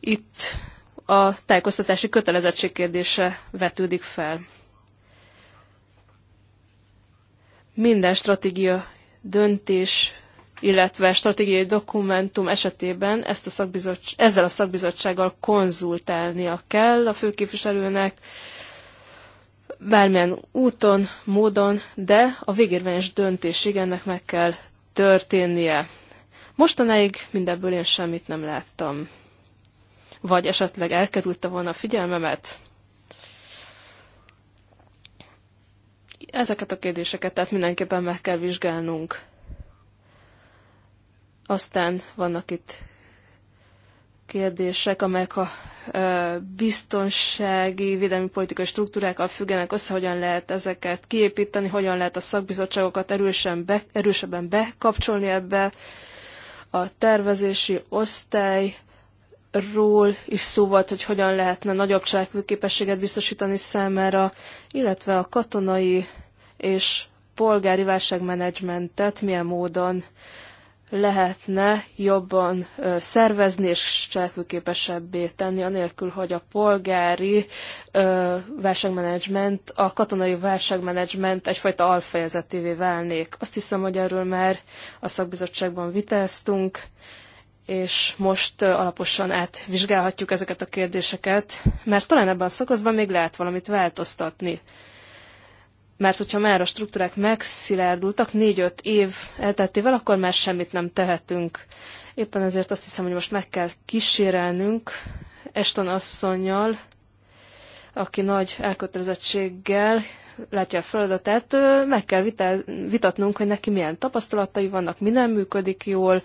itt a tájékoztatási kötelezettség kérdése vetődik fel. Minden stratégia döntés, illetve stratégiai dokumentum esetében ezt a ezzel a szakbizottsággal konzultálnia kell a főképviselőnek, bármilyen úton, módon, de a végérvényes döntésig ennek meg kell történnie. Mostanáig mindebből én semmit nem láttam. Vagy esetleg elkerülte volna a figyelmemet? Ezeket a kérdéseket tehát mindenképpen meg kell vizsgálnunk. Aztán vannak itt kérdések, amelyek a biztonsági, védelmi politikai struktúrákkal függenek össze, hogyan lehet ezeket kiépíteni, hogyan lehet a szakbizottságokat erősen be, erősebben bekapcsolni ebbe. A tervezési osztályról is szó volt, hogy hogyan lehetne nagyobb cselekvőképességet biztosítani számára, illetve a katonai és polgári válságmenedzsmentet milyen módon lehetne jobban szervezni és cselekvőképesebbé tenni, anélkül, hogy a polgári válságmenedzsment, a katonai válságmenedzsment egyfajta alfejezetévé válnék. Azt hiszem, hogy erről már a szakbizottságban vitáztunk, és most alaposan átvizsgálhatjuk ezeket a kérdéseket, mert talán ebben a szakaszban még lehet valamit változtatni mert hogyha már a struktúrák megszilárdultak négy-öt év elteltével, akkor már semmit nem tehetünk. Éppen ezért azt hiszem, hogy most meg kell kísérelnünk Eston asszonynal, aki nagy elkötelezettséggel látja a feladatát, meg kell vitatnunk, hogy neki milyen tapasztalatai vannak, mi nem működik jól,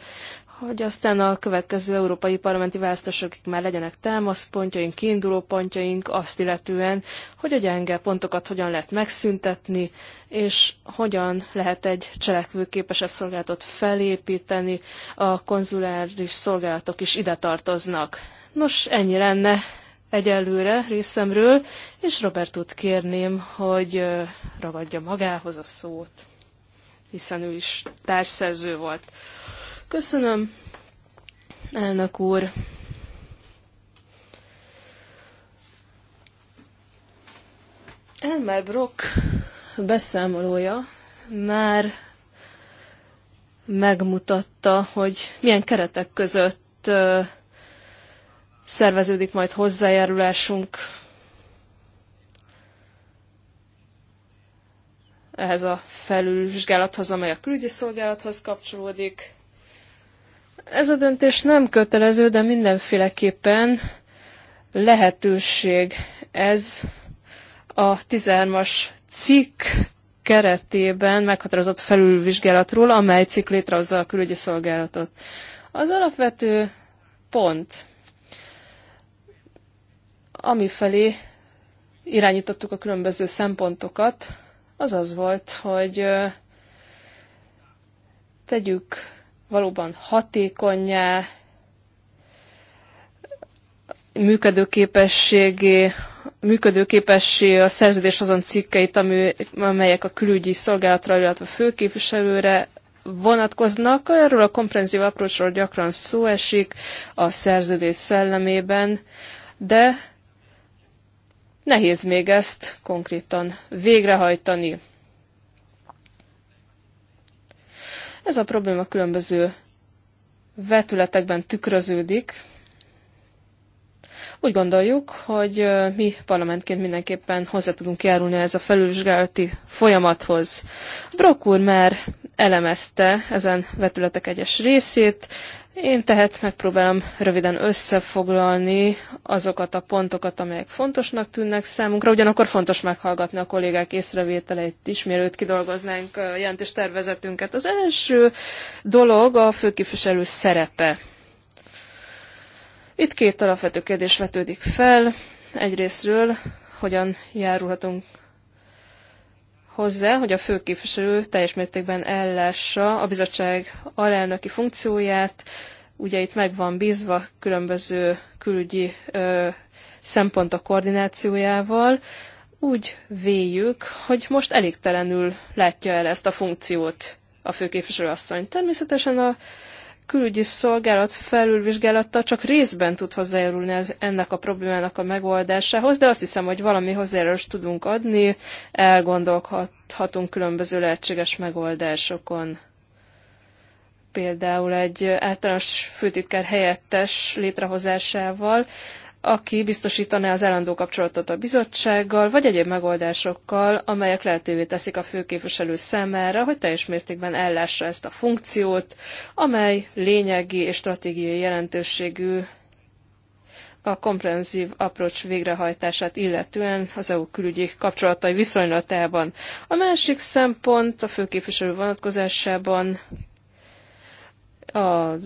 hogy aztán a következő európai parlamenti választásokig már legyenek támaszpontjaink, kiindulópontjaink azt illetően, hogy a gyenge pontokat hogyan lehet megszüntetni, és hogyan lehet egy cselekvőképesebb szolgálatot felépíteni, a konzuláris szolgálatok is ide tartoznak. Nos, ennyi lenne egyelőre részemről, és Robertot kérném, hogy ragadja magához a szót, hiszen ő is társszerző volt. Köszönöm, elnök úr. Elmer Brock beszámolója már megmutatta, hogy milyen keretek között szerveződik majd hozzájárulásunk ehhez a felülvizsgálathoz, amely a külügyi szolgálathoz kapcsolódik. Ez a döntés nem kötelező, de mindenféleképpen lehetőség ez a 13-as cikk keretében meghatározott felülvizsgálatról, amely cikk létrehozza a külügyi szolgálatot. Az alapvető pont, felé irányítottuk a különböző szempontokat, az az volt, hogy tegyük valóban hatékonyá, működőképességé, működőképessé a szerződés azon cikkeit, amelyek a külügyi szolgálatra, illetve a főképviselőre vonatkoznak. Erről a komprehenzív approachról gyakran szó esik a szerződés szellemében, de nehéz még ezt konkrétan végrehajtani. Ez a probléma különböző vetületekben tükröződik. Úgy gondoljuk, hogy mi parlamentként mindenképpen hozzá tudunk járulni ez a felülvizsgálati folyamathoz. Brok már elemezte ezen vetületek egyes részét, én tehát megpróbálom röviden összefoglalni azokat a pontokat, amelyek fontosnak tűnnek számunkra, ugyanakkor fontos meghallgatni a kollégák észrevételeit is, mielőtt kidolgoznánk jelentés tervezetünket. Az első dolog a főképviselő szerepe. Itt két alapvető kérdés vetődik fel. Egyrésztről, hogyan járulhatunk hozzá, hogy a főképviselő teljes mértékben ellássa a bizottság alelnöki funkcióját. Ugye itt meg van bízva különböző külügyi ö, szempontok koordinációjával. Úgy véljük, hogy most elégtelenül látja el ezt a funkciót a főképviselő asszony. Természetesen a külügyi szolgálat felülvizsgálata csak részben tud hozzájárulni ennek a problémának a megoldásához, de azt hiszem, hogy valami hozzájárulást tudunk adni, elgondolhatunk különböző lehetséges megoldásokon. Például egy általános főtitkár helyettes létrehozásával, aki biztosítaná az állandó kapcsolatot a bizottsággal, vagy egyéb megoldásokkal, amelyek lehetővé teszik a főképviselő számára, hogy teljes mértékben ellássa ezt a funkciót, amely lényegi és stratégiai jelentőségű a komprehenzív approach végrehajtását illetően az EU külügyi kapcsolatai viszonylatában. A másik szempont a főképviselő vonatkozásában a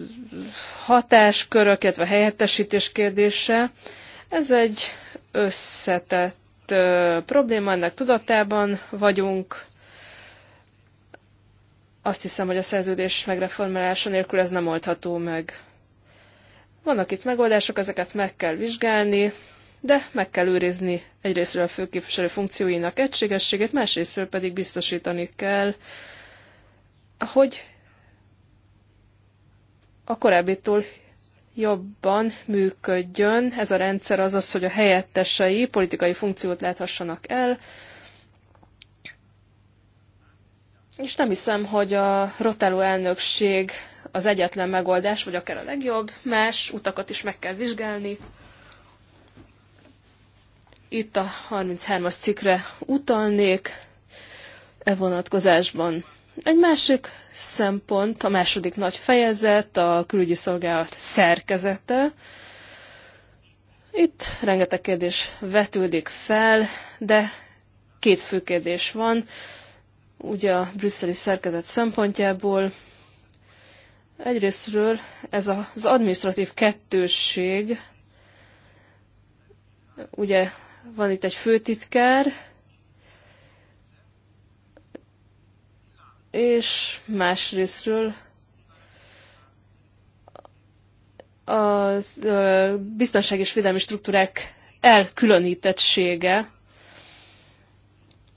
hatáskörök, illetve a helyettesítés kérdése. Ez egy összetett ö, probléma, ennek tudatában vagyunk. Azt hiszem, hogy a szerződés megreformálása nélkül ez nem oldható meg. Vannak itt megoldások, ezeket meg kell vizsgálni, de meg kell őrizni egyrésztről a főképviselő funkcióinak egységességét, másrésztről pedig biztosítani kell, hogy a korábbitól jobban működjön ez a rendszer, azaz, az, hogy a helyettesei politikai funkciót láthassanak el, és nem hiszem, hogy a rotáló elnökség az egyetlen megoldás, vagy akár a legjobb, más utakat is meg kell vizsgálni. Itt a 33-as cikkre utalnék e vonatkozásban. Egy másik szempont, a második nagy fejezet, a külügyi szolgálat szerkezete. Itt rengeteg kérdés vetődik fel, de két fő kérdés van. Ugye a brüsszeli szerkezet szempontjából egyrésztről ez az administratív kettősség, ugye van itt egy főtitkár, és másrésztről a biztonság és védelmi struktúrák elkülönítettsége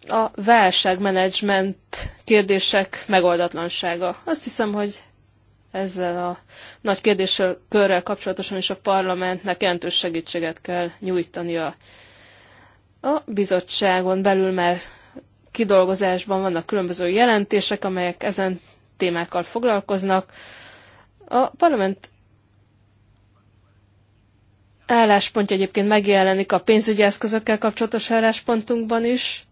a válságmenedzsment kérdések megoldatlansága. Azt hiszem, hogy ezzel a nagy kérdéssel körrel kapcsolatosan is a parlamentnek jelentős segítséget kell nyújtania. A bizottságon belül már kidolgozásban vannak különböző jelentések, amelyek ezen témákkal foglalkoznak. A parlament álláspontja egyébként megjelenik a pénzügyi eszközökkel kapcsolatos álláspontunkban is,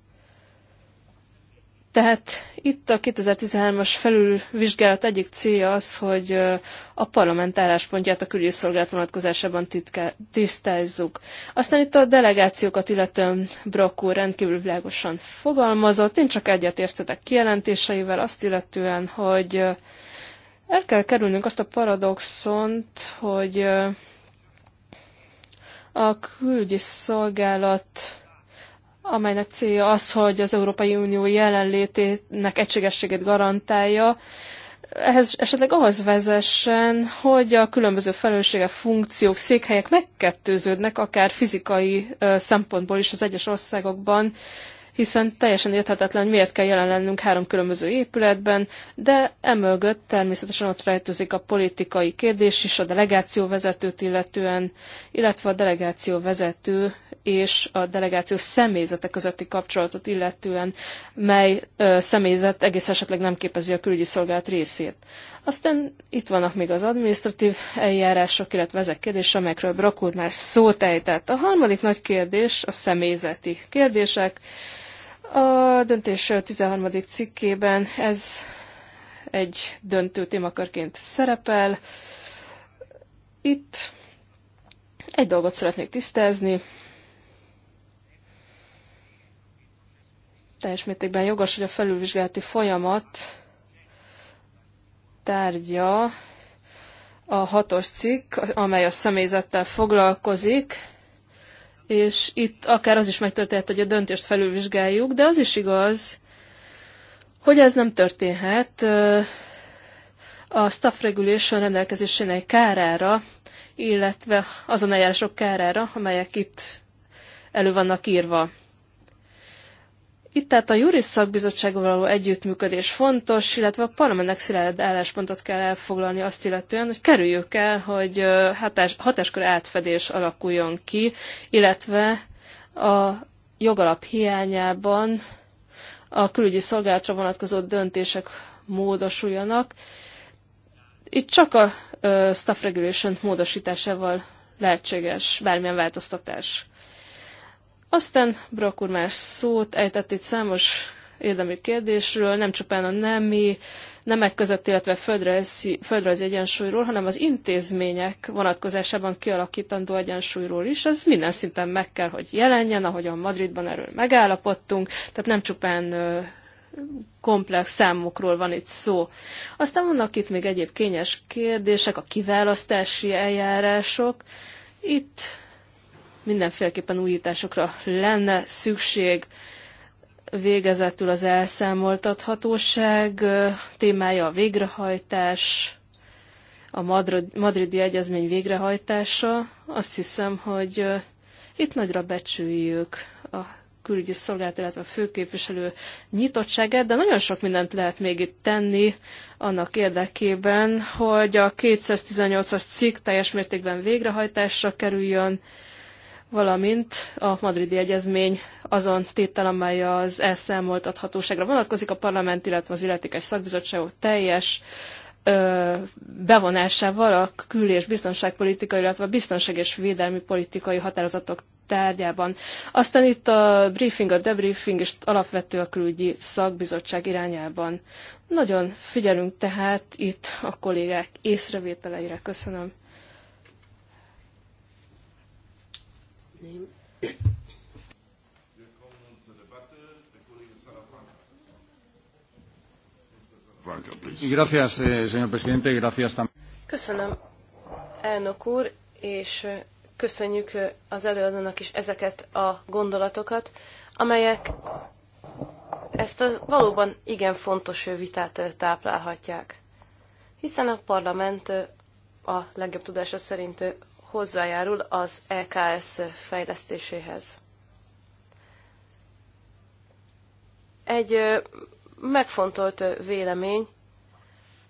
tehát itt a 2013-as felülvizsgálat egyik célja az, hogy a parlament álláspontját a külügyi szolgálat vonatkozásában titká- tisztázzuk. Aztán itt a delegációkat illetően Brock úr rendkívül világosan fogalmazott, én csak egyetértetek kijelentéseivel azt illetően, hogy el kell kerülnünk azt a paradoxont, hogy a külügyi szolgálat amelynek célja az, hogy az Európai Unió jelenlétének egységességét garantálja, ehhez esetleg ahhoz vezessen, hogy a különböző felelősségek, funkciók, székhelyek megkettőződnek, akár fizikai szempontból is az egyes országokban, hiszen teljesen érthetetlen, hogy miért kell jelen lennünk három különböző épületben, de emögött természetesen ott rejtőzik a politikai kérdés is, a delegáció vezetőt illetően, illetve a delegáció vezető és a delegáció személyzete közötti kapcsolatot illetően, mely személyzet egész esetleg nem képezi a külügyi szolgálat részét. Aztán itt vannak még az administratív eljárások, illetve ezek kérdése, amelyekről Brok úr már szót ejtett. A harmadik nagy kérdés a személyzeti kérdések. A döntés 13. cikkében ez egy döntő témakörként szerepel. Itt egy dolgot szeretnék tisztázni, teljes mértékben jogos, hogy a felülvizsgálati folyamat tárgya a hatos cikk, amely a személyzettel foglalkozik, és itt akár az is megtörténhet, hogy a döntést felülvizsgáljuk, de az is igaz, hogy ez nem történhet a staff regulation rendelkezésének kárára, illetve azon eljárások kárára, amelyek itt elő vannak írva. Itt tehát a juri szakbizottsággal való együttműködés fontos, illetve a parlamentnek szilárd álláspontot kell elfoglalni azt illetően, hogy kerüljük el, hogy hatás, hatáskör átfedés alakuljon ki, illetve a jogalap hiányában a külügyi szolgálatra vonatkozó döntések módosuljanak. Itt csak a staff regulation módosításával lehetséges bármilyen változtatás. Aztán Brock úr már szót ejtett itt számos érdemi kérdésről, nem csupán a nemi, nemek között, illetve földrajzi, földrajzi egyensúlyról, hanem az intézmények vonatkozásában kialakítandó egyensúlyról is. Ez minden szinten meg kell, hogy jelenjen, ahogyan Madridban erről megállapodtunk, tehát nem csupán komplex számokról van itt szó. Aztán vannak itt még egyéb kényes kérdések, a kiválasztási eljárások. Itt mindenféleképpen újításokra lenne szükség. Végezetül az elszámoltathatóság témája a végrehajtás, a madridi egyezmény végrehajtása. Azt hiszem, hogy itt nagyra becsüljük a külügyi szolgálat, illetve a főképviselő nyitottságát, de nagyon sok mindent lehet még itt tenni annak érdekében, hogy a 218-as cikk teljes mértékben végrehajtásra kerüljön, valamint a madridi egyezmény azon tétel, amely az elszámoltathatóságra vonatkozik, a parlament, illetve az illetékes szakbizottságok teljes ö, bevonásával a kül- és biztonságpolitikai, illetve a biztonság és védelmi politikai határozatok tárgyában. Aztán itt a briefing, a debriefing és alapvető a külügyi szakbizottság irányában. Nagyon figyelünk tehát itt a kollégák észrevételeire. Köszönöm. szeretném eh, Köszönöm, elnök úr, és eh, köszönjük eh, az előadónak is ezeket a gondolatokat, amelyek ezt a valóban igen fontos vitát táplálhatják. Hiszen a parlament a legjobb tudása szerint hozzájárul az EKS fejlesztéséhez. Egy megfontolt vélemény,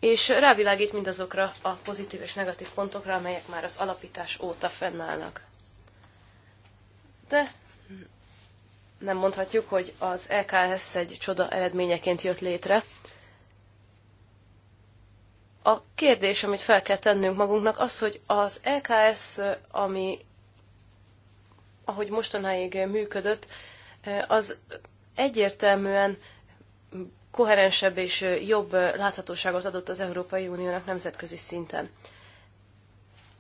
és rávilágít mindazokra a pozitív és negatív pontokra, amelyek már az alapítás óta fennállnak. De nem mondhatjuk, hogy az EKS egy csoda eredményeként jött létre, a kérdés, amit fel kell tennünk magunknak, az, hogy az LKS, ami ahogy mostanáig működött, az egyértelműen koherensebb és jobb láthatóságot adott az Európai Uniónak nemzetközi szinten.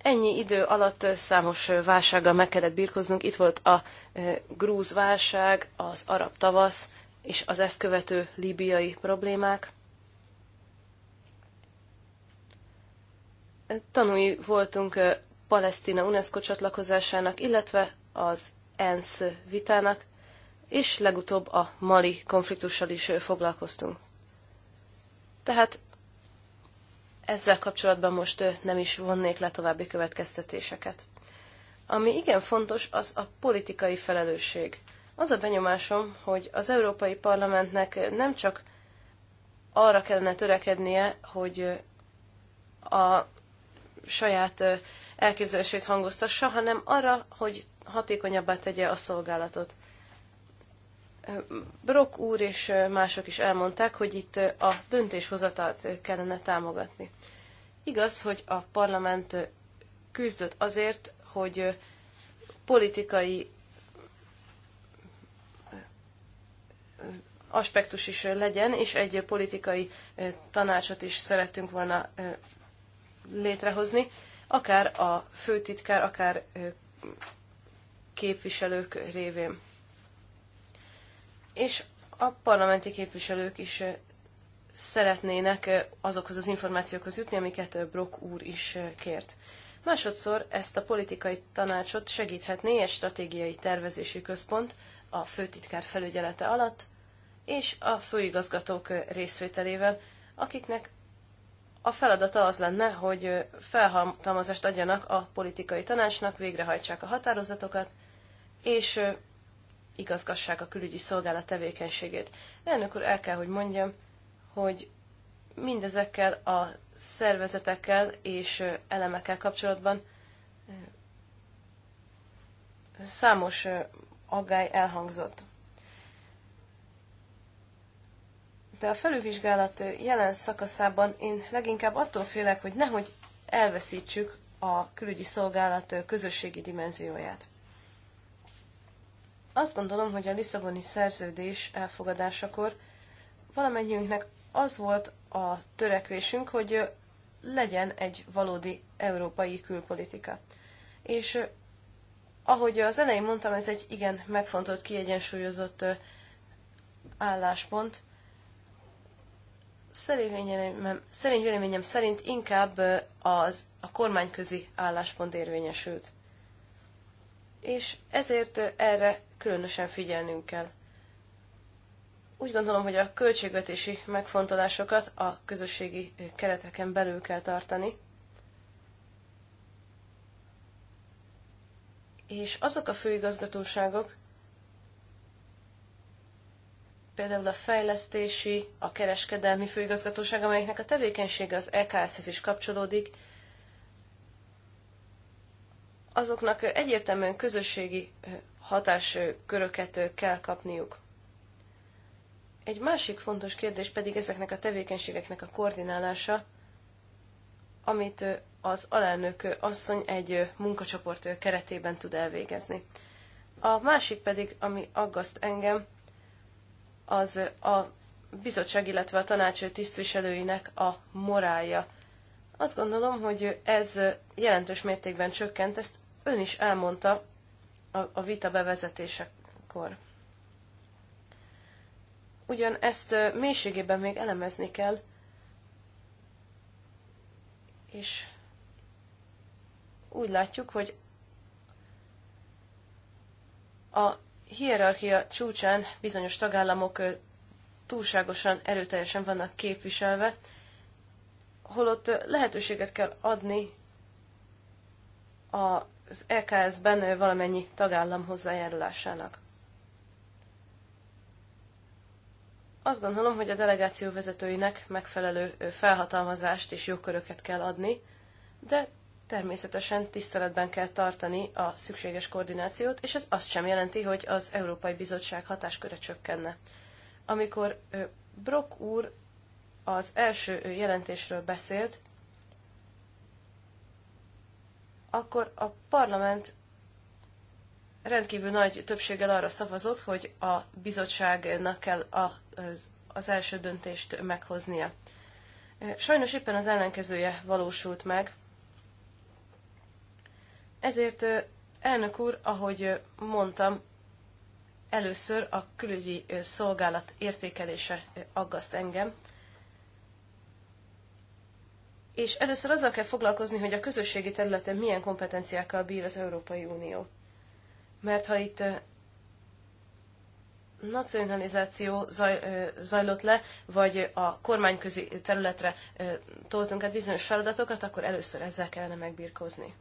Ennyi idő alatt számos válsággal meg kellett birkoznunk. Itt volt a e, grúz válság, az arab tavasz és az ezt követő líbiai problémák. tanúi voltunk Palesztina UNESCO csatlakozásának, illetve az ENSZ vitának, és legutóbb a mali konfliktussal is foglalkoztunk. Tehát ezzel kapcsolatban most nem is vonnék le további következtetéseket. Ami igen fontos, az a politikai felelősség. Az a benyomásom, hogy az Európai Parlamentnek nem csak arra kellene törekednie, hogy a saját elképzelését hangoztassa, hanem arra, hogy hatékonyabbá tegye a szolgálatot. Brock úr és mások is elmondták, hogy itt a döntéshozatát kellene támogatni. Igaz, hogy a parlament küzdött azért, hogy politikai aspektus is legyen, és egy politikai tanácsot is szerettünk volna létrehozni, akár a főtitkár, akár képviselők révén. És a parlamenti képviselők is szeretnének azokhoz az információkhoz jutni, amiket Brock úr is kért. Másodszor ezt a politikai tanácsot segíthetné egy stratégiai tervezési központ a főtitkár felügyelete alatt, és a főigazgatók részvételével, akiknek a feladata az lenne, hogy felhatalmazást adjanak a politikai tanácsnak, végrehajtsák a határozatokat, és igazgassák a külügyi szolgálat tevékenységét. Elnök úr, el kell, hogy mondjam, hogy mindezekkel a szervezetekkel és elemekkel kapcsolatban számos aggály elhangzott. de a felülvizsgálat jelen szakaszában én leginkább attól félek, hogy nehogy elveszítsük a külügyi szolgálat közösségi dimenzióját. Azt gondolom, hogy a Lisszaboni szerződés elfogadásakor valamennyiünknek az volt a törekvésünk, hogy legyen egy valódi európai külpolitika. És eh, ahogy az elején mondtam, ez egy igen megfontolt, kiegyensúlyozott eh, álláspont, Szerény véleményem, szerény véleményem szerint inkább az a kormányközi álláspont érvényesült. És ezért erre különösen figyelnünk kell. Úgy gondolom, hogy a költségvetési megfontolásokat a közösségi kereteken belül kell tartani, és azok a főigazgatóságok, például a fejlesztési, a kereskedelmi főigazgatóság, amelyeknek a tevékenysége az EKS-hez is kapcsolódik, azoknak egyértelműen közösségi hatásköröket kell kapniuk. Egy másik fontos kérdés pedig ezeknek a tevékenységeknek a koordinálása, amit az alelnök asszony egy munkacsoport keretében tud elvégezni. A másik pedig, ami aggaszt engem, az a bizottság, illetve a tanács tisztviselőinek a morálja. Azt gondolom, hogy ez jelentős mértékben csökkent, ezt ön is elmondta a, a vita bevezetésekor. Ugyan ezt mélységében még elemezni kell, és úgy látjuk, hogy a hierarchia csúcsán bizonyos tagállamok túlságosan erőteljesen vannak képviselve, holott lehetőséget kell adni az EKS-ben valamennyi tagállam hozzájárulásának. Azt gondolom, hogy a delegáció vezetőinek megfelelő felhatalmazást és jogköröket kell adni, de természetesen tiszteletben kell tartani a szükséges koordinációt, és ez azt sem jelenti, hogy az Európai Bizottság hatásköre csökkenne. Amikor Brock úr az első jelentésről beszélt, akkor a parlament rendkívül nagy többséggel arra szavazott, hogy a bizottságnak kell az, az első döntést meghoznia. Sajnos éppen az ellenkezője valósult meg, ezért, elnök úr, ahogy mondtam, először a külügyi szolgálat értékelése aggaszt engem, és először azzal kell foglalkozni, hogy a közösségi területen milyen kompetenciákkal bír az Európai Unió. Mert ha itt nacionalizáció zaj, zajlott le, vagy a kormányközi területre toltunk át bizonyos feladatokat, akkor először ezzel kellene megbírkozni.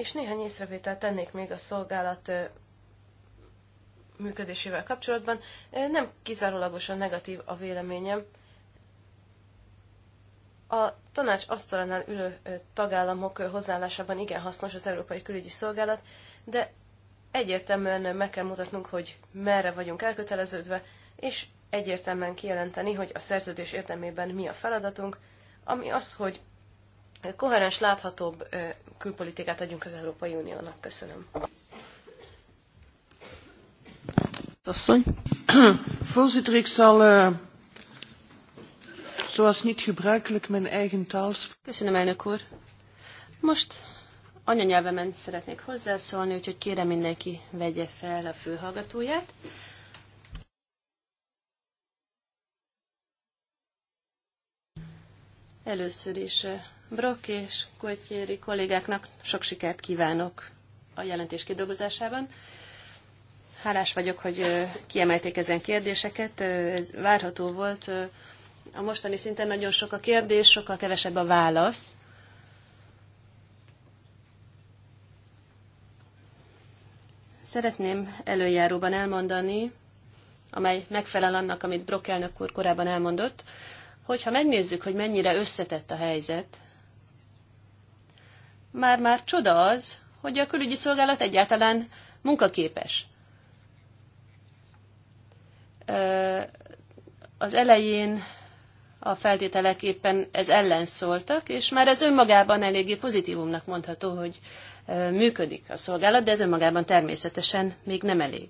És néhány észrevételt tennék még a szolgálat működésével kapcsolatban. Nem kizárólagosan negatív a véleményem. A tanács asztalánál ülő tagállamok hozzáállásában igen hasznos az Európai Külügyi Szolgálat, de egyértelműen meg kell mutatnunk, hogy merre vagyunk elköteleződve, és egyértelműen kijelenteni, hogy a szerződés értelmében mi a feladatunk, ami az, hogy koherens, láthatóbb külpolitikát adjunk az Európai Uniónak. Köszönöm. Asszony. Voorzitter, ik zal eh, zoals niet gebruikelijk mijn eigen taal Köszönöm, elnök úr. Most anyanyelvemen szeretnék hozzászólni, úgyhogy kérem mindenki vegye fel a főhallgatóját. Először is eh, Brock és Koltyéri kollégáknak sok sikert kívánok a jelentés kidolgozásában. Hálás vagyok, hogy kiemelték ezen kérdéseket. Ez várható volt. A mostani szinten nagyon sok a kérdés, sokkal kevesebb a válasz. Szeretném előjáróban elmondani, amely megfelel annak, amit Brock elnök úr korábban elmondott, hogyha megnézzük, hogy mennyire összetett a helyzet, már-már csoda az, hogy a külügyi szolgálat egyáltalán munkaképes. Az elején a feltételek éppen ez ellen szóltak, és már ez önmagában eléggé pozitívumnak mondható, hogy működik a szolgálat, de ez önmagában természetesen még nem elég.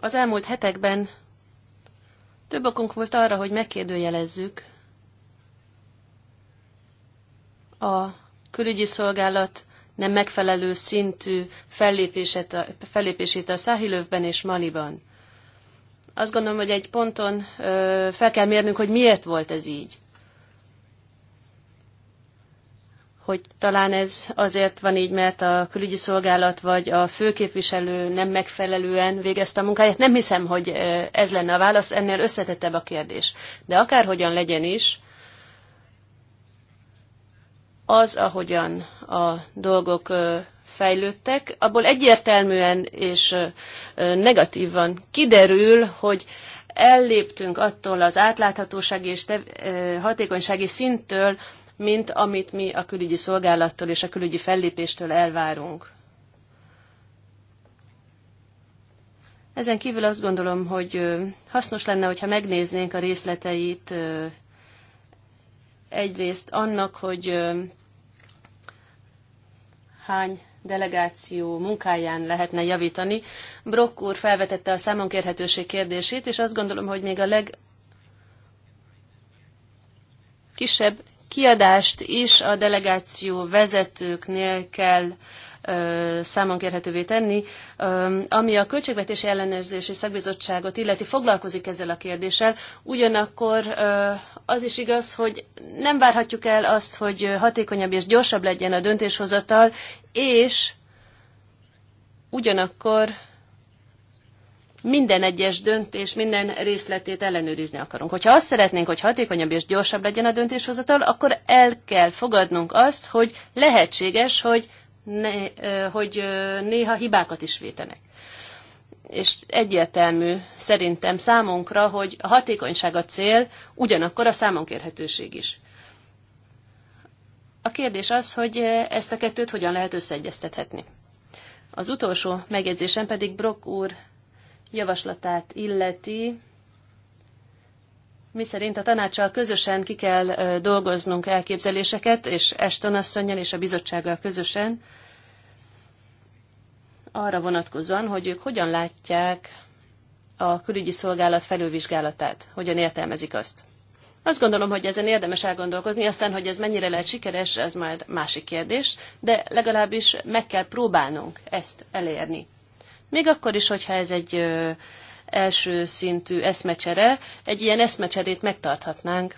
Az elmúlt hetekben több okunk volt arra, hogy megkérdőjelezzük a külügyi szolgálat nem megfelelő szintű fellépését a Száhilövben és Maliban. Azt gondolom, hogy egy ponton fel kell mérnünk, hogy miért volt ez így. Hogy talán ez azért van így, mert a külügyi szolgálat vagy a főképviselő nem megfelelően végezte a munkáját. Nem hiszem, hogy ez lenne a válasz, ennél összetettebb a kérdés. De akárhogyan legyen is, az, ahogyan a dolgok fejlődtek, abból egyértelműen és negatívan kiderül, hogy elléptünk attól az átláthatósági és hatékonysági szinttől, mint amit mi a külügyi szolgálattól és a külügyi fellépéstől elvárunk. Ezen kívül azt gondolom, hogy hasznos lenne, hogyha megnéznénk a részleteit egyrészt annak, hogy hány delegáció munkáján lehetne javítani. Brock úr felvetette a számon kérhetőség kérdését, és azt gondolom, hogy még a legkisebb kiadást is a delegáció vezetőknél kell számon kérhetővé tenni. Ami a Költségvetési Ellenőrzési Szakbizottságot illeti, foglalkozik ezzel a kérdéssel, ugyanakkor az is igaz, hogy nem várhatjuk el azt, hogy hatékonyabb és gyorsabb legyen a döntéshozatal, és ugyanakkor minden egyes döntés, minden részletét ellenőrizni akarunk. Hogyha azt szeretnénk, hogy hatékonyabb és gyorsabb legyen a döntéshozatal, akkor el kell fogadnunk azt, hogy lehetséges, hogy, ne, hogy néha hibákat is vétenek és egyértelmű szerintem számunkra, hogy a hatékonyság a cél, ugyanakkor a számonkérhetőség is. A kérdés az, hogy ezt a kettőt hogyan lehet összeegyeztethetni. Az utolsó megjegyzésem pedig Brock úr javaslatát illeti, Mi szerint a tanácssal közösen ki kell dolgoznunk elképzeléseket, és Eston asszonynal és a bizottsággal közösen, arra vonatkozóan, hogy ők hogyan látják a külügyi szolgálat felülvizsgálatát, hogyan értelmezik azt. Azt gondolom, hogy ezen érdemes elgondolkozni, aztán, hogy ez mennyire lehet sikeres, ez már másik kérdés, de legalábbis meg kell próbálnunk ezt elérni. Még akkor is, hogyha ez egy első szintű eszmecsere, egy ilyen eszmecserét megtarthatnánk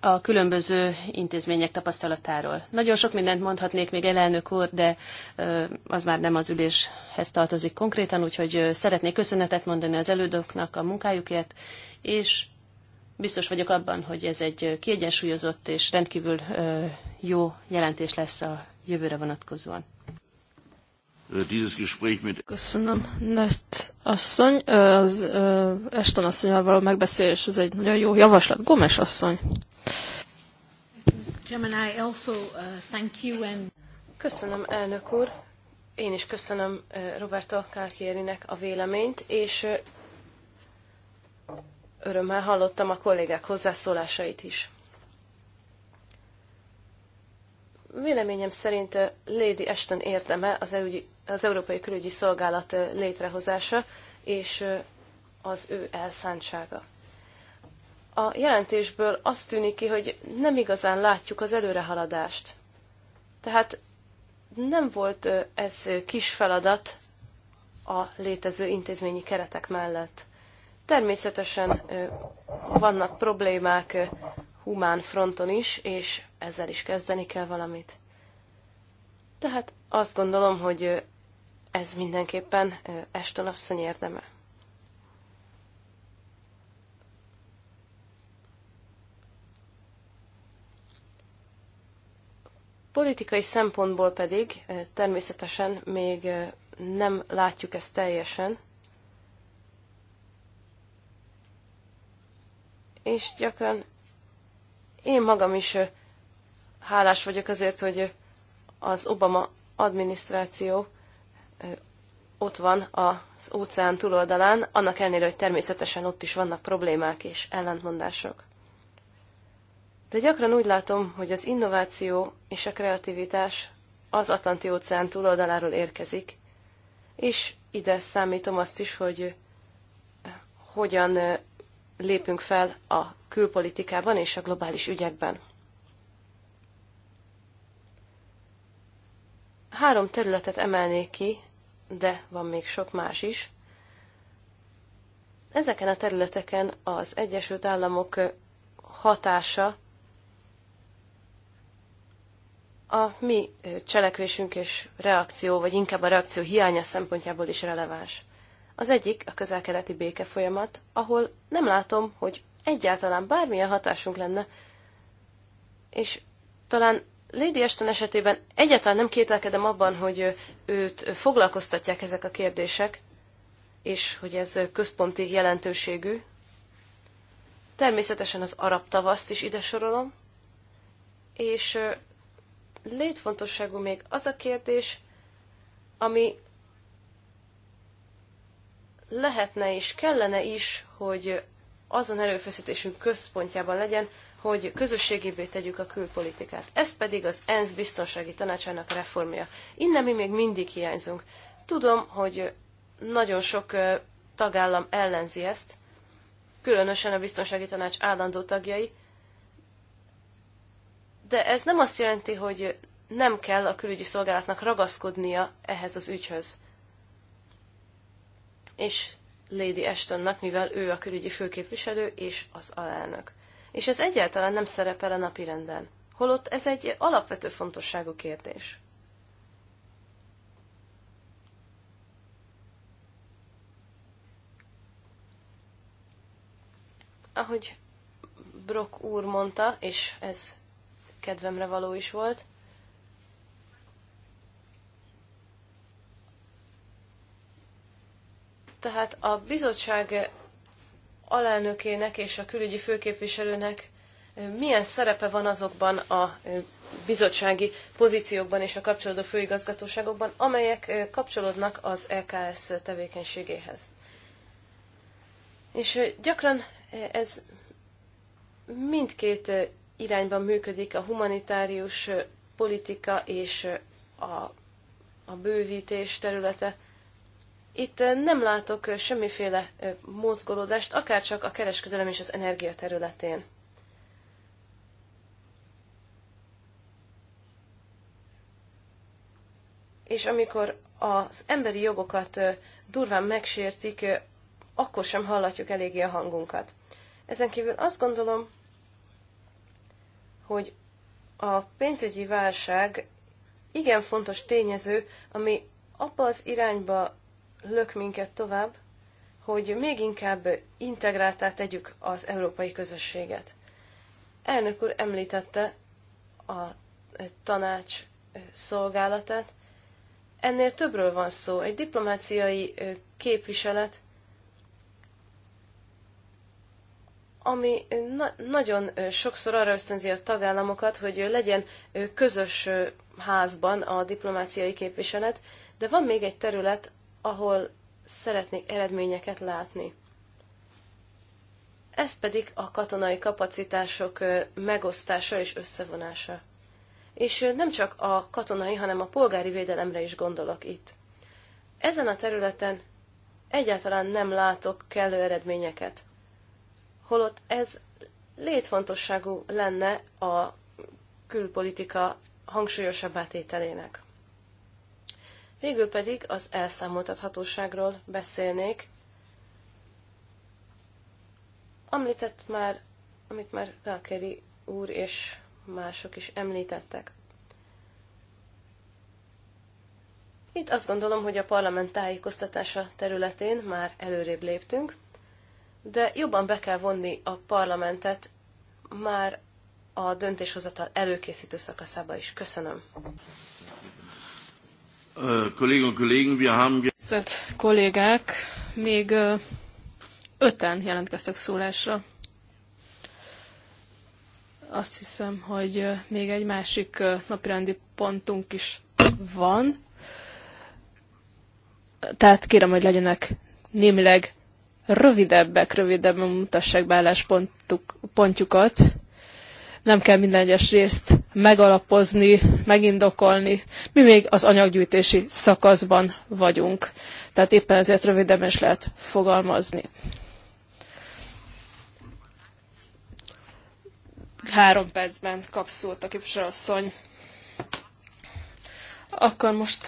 a különböző intézmények tapasztalatáról. Nagyon sok mindent mondhatnék még elelnök úr, de az már nem az üléshez tartozik konkrétan, úgyhogy szeretnék köszönetet mondani az elődöknek a munkájukért, és biztos vagyok abban, hogy ez egy kiegyensúlyozott és rendkívül jó jelentés lesz a jövőre vonatkozóan. Äh, dieses Gespräch mit... Köszönöm, asszony. Äh, az äh, Eston asszonyal való megbeszélés, ez egy nagyon jó javaslat. Gomes asszony. Uh, köszönöm, elnök úr. Én is köszönöm uh, Roberto Kálkierinek a véleményt, és uh, örömmel hallottam a kollégák hozzászólásait is. Véleményem szerint Lady Ashton érdeme az EU az Európai Külügyi Szolgálat létrehozása és az ő elszántsága. A jelentésből azt tűnik ki, hogy nem igazán látjuk az előrehaladást. Tehát nem volt ez kis feladat a létező intézményi keretek mellett. Természetesen vannak problémák humán fronton is, és ezzel is kezdeni kell valamit. Tehát azt gondolom, hogy ez mindenképpen Eston asszony érdeme. Politikai szempontból pedig természetesen még nem látjuk ezt teljesen, és gyakran én magam is hálás vagyok azért, hogy az Obama adminisztráció ott van az óceán túloldalán, annak ellenére, hogy természetesen ott is vannak problémák és ellentmondások. De gyakran úgy látom, hogy az innováció és a kreativitás az Atlanti óceán túloldaláról érkezik, és ide számítom azt is, hogy hogyan lépünk fel a külpolitikában és a globális ügyekben. Három területet emelnék ki, de van még sok más is. Ezeken a területeken az Egyesült Államok hatása a mi cselekvésünk és reakció, vagy inkább a reakció hiánya szempontjából is releváns. Az egyik a közelkeleti béke folyamat, ahol nem látom, hogy egyáltalán bármilyen hatásunk lenne, és talán Lady Ashton esetében egyáltalán nem kételkedem abban, hogy őt foglalkoztatják ezek a kérdések, és hogy ez központi jelentőségű. Természetesen az arab tavaszt is ide sorolom, és létfontosságú még az a kérdés, ami lehetne és kellene is, hogy azon erőfeszítésünk központjában legyen, hogy közösségévé tegyük a külpolitikát. Ez pedig az ENSZ biztonsági tanácsának reformja. Innen mi még mindig hiányzunk. Tudom, hogy nagyon sok tagállam ellenzi ezt, különösen a biztonsági tanács állandó tagjai, de ez nem azt jelenti, hogy nem kell a külügyi szolgálatnak ragaszkodnia ehhez az ügyhöz. És Lady Ashtonnak, mivel ő a külügyi főképviselő és az alelnök és ez egyáltalán nem szerepel a renden. Holott ez egy alapvető fontosságú kérdés. Ahogy Brock úr mondta, és ez kedvemre való is volt, tehát a bizottság alelnökének és a külügyi főképviselőnek milyen szerepe van azokban a bizottsági pozíciókban és a kapcsolódó főigazgatóságokban, amelyek kapcsolódnak az EKS tevékenységéhez. És gyakran ez mindkét irányban működik, a humanitárius politika és a, a bővítés területe. Itt nem látok semmiféle mozgolódást, akárcsak a kereskedelem és az energia területén. És amikor az emberi jogokat durván megsértik, akkor sem hallatjuk eléggé a hangunkat. Ezen kívül azt gondolom, hogy a pénzügyi válság igen fontos tényező, ami abba az irányba lök minket tovább, hogy még inkább integráltá tegyük az európai közösséget. Elnök úr említette a eh, tanács eh, szolgálatát. Ennél többről van szó. Egy diplomáciai eh, képviselet, ami na- nagyon sokszor arra ösztönzi a tagállamokat, hogy legyen közös házban a diplomáciai képviselet, de van még egy terület, ahol szeretnék eredményeket látni. Ez pedig a katonai kapacitások megosztása és összevonása. És nem csak a katonai, hanem a polgári védelemre is gondolok itt. Ezen a területen egyáltalán nem látok kellő eredményeket. Holott ez létfontosságú lenne a külpolitika hangsúlyosabb átételének. Végül pedig az elszámoltathatóságról beszélnék. Említett már, amit már Kákeri úr és mások is említettek. Itt azt gondolom, hogy a parlament tájékoztatása területén már előrébb léptünk, de jobban be kell vonni a parlamentet már a döntéshozatal előkészítő szakaszába is. Köszönöm. Tisztelt kollégák, még öten jelentkeztek szólásra. Azt hiszem, hogy még egy másik napirendi pontunk is van. Tehát kérem, hogy legyenek némileg rövidebbek, rövidebben mutassák be álláspontjukat nem kell minden egyes részt megalapozni, megindokolni. Mi még az anyaggyűjtési szakaszban vagyunk. Tehát éppen ezért röviden is lehet fogalmazni. Három percben kap szót a képviselőasszony. Akkor most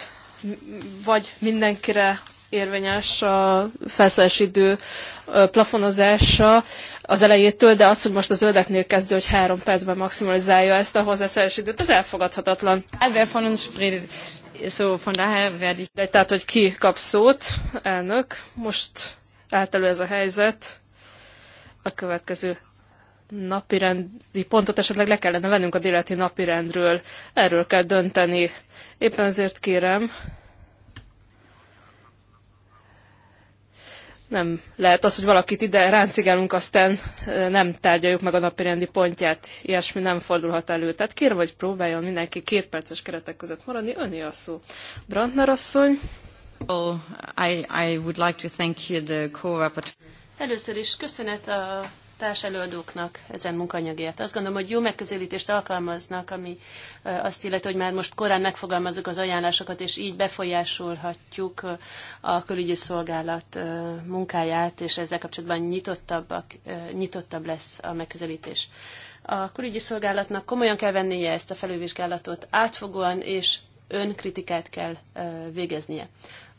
vagy mindenkire érvényes a felszállás idő plafonozása az elejétől, de az, hogy most a zöldeknél kezdő, hogy három percben maximalizálja ezt a hozzászállás időt, az elfogadhatatlan. De, tehát, hogy ki kap szót, elnök, most állt elő ez a helyzet. A következő napirendi pontot esetleg le kellene vennünk a déleti napirendről. Erről kell dönteni. Éppen ezért kérem, Nem lehet az, hogy valakit ide ráncigálunk, aztán nem tárgyaljuk meg a napirendi pontját. Ilyesmi nem fordulhat elő. Tehát kérem, hogy próbáljon mindenki két perces keretek között maradni. Öné a szó. Brandner asszony. Well, oh, I, I would like to thank you, the co Először is köszönet a előadóknak ezen munkanyagért. Azt gondolom, hogy jó megközelítést alkalmaznak, ami azt illeti, hogy már most korán megfogalmazzuk az ajánlásokat, és így befolyásolhatjuk a külügyi szolgálat munkáját, és ezzel kapcsolatban nyitottabbak, nyitottabb lesz a megközelítés. A külügyi szolgálatnak komolyan kell vennie ezt a felülvizsgálatot, átfogóan és önkritikát kell végeznie.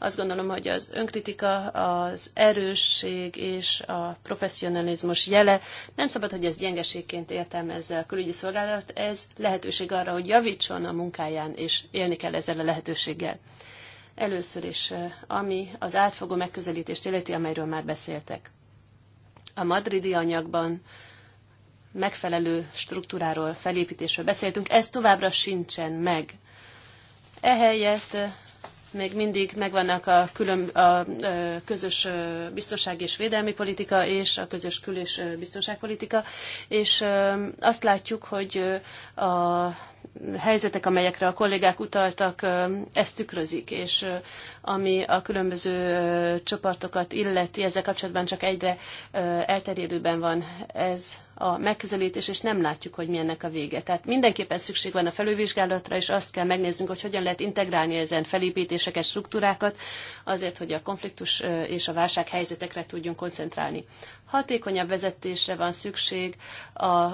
Azt gondolom, hogy az önkritika, az erősség és a professzionalizmus jele. Nem szabad, hogy ez gyengeségként értelmezze a külügyi szolgálat. Ez lehetőség arra, hogy javítson a munkáján, és élni kell ezzel a lehetőséggel. Először is, eh, ami az átfogó megközelítést illeti, amelyről már beszéltek. A madridi anyagban megfelelő struktúráról, felépítésről beszéltünk, ez továbbra sincsen meg. Ehelyett eh, még mindig megvannak a, külön, a közös biztonsági és védelmi politika és a közös kül- és biztonságpolitika, és azt látjuk, hogy a helyzetek, amelyekre a kollégák utaltak, ezt tükrözik, és ami a különböző csoportokat illeti, ezzel kapcsolatban csak egyre elterjedőben van ez a megközelítés, és nem látjuk, hogy milyennek a vége. Tehát mindenképpen szükség van a felülvizsgálatra, és azt kell megnéznünk, hogy hogyan lehet integrálni ezen felépítéseket, struktúrákat, azért, hogy a konfliktus és a válság helyzetekre tudjunk koncentrálni. Hatékonyabb vezetésre van szükség a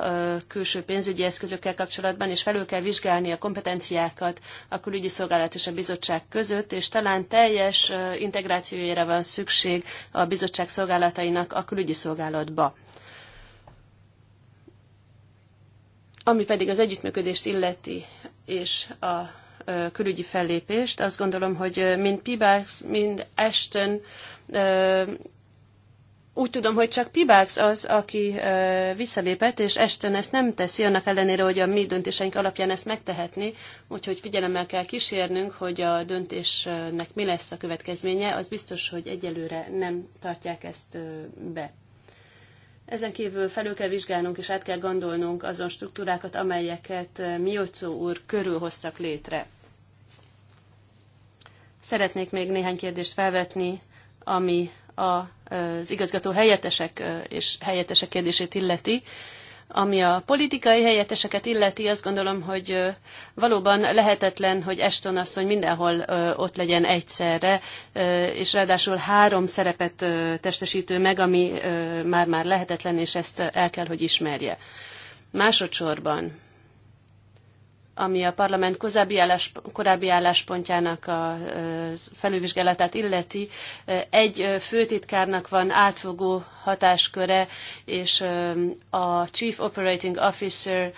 külső pénzügyi eszközökkel kapcsolatban, és felül kell vizsgálni a kompetenciákat a külügyi szolgálat és a bizottság között, és talán teljes integrációjára van szükség a bizottság szolgálatainak a külügyi szolgálatba. Ami pedig az együttműködést illeti, és a külügyi fellépést, azt gondolom, hogy mind Pibax, mind Ashton úgy tudom, hogy csak Pibax az, aki ö, visszalépett, és Esten ezt nem teszi, annak ellenére, hogy a mi döntéseink alapján ezt megtehetni, úgyhogy figyelemmel kell kísérnünk, hogy a döntésnek mi lesz a következménye, az biztos, hogy egyelőre nem tartják ezt ö, be. Ezen kívül felül kell vizsgálnunk és át kell gondolnunk azon struktúrákat, amelyeket Miocó úr körülhoztak létre. Szeretnék még néhány kérdést felvetni, ami a az igazgató helyettesek és helyettesek kérdését illeti, ami a politikai helyetteseket illeti, azt gondolom, hogy valóban lehetetlen, hogy Eston asszony mindenhol ott legyen egyszerre, és ráadásul három szerepet testesítő meg, ami már-már lehetetlen, és ezt el kell, hogy ismerje. Másodszorban ami a parlament korábbi, állás, korábbi álláspontjának a felülvizsgálatát illeti, egy főtitkárnak van átfogó hatásköre, és a Chief Operating Officer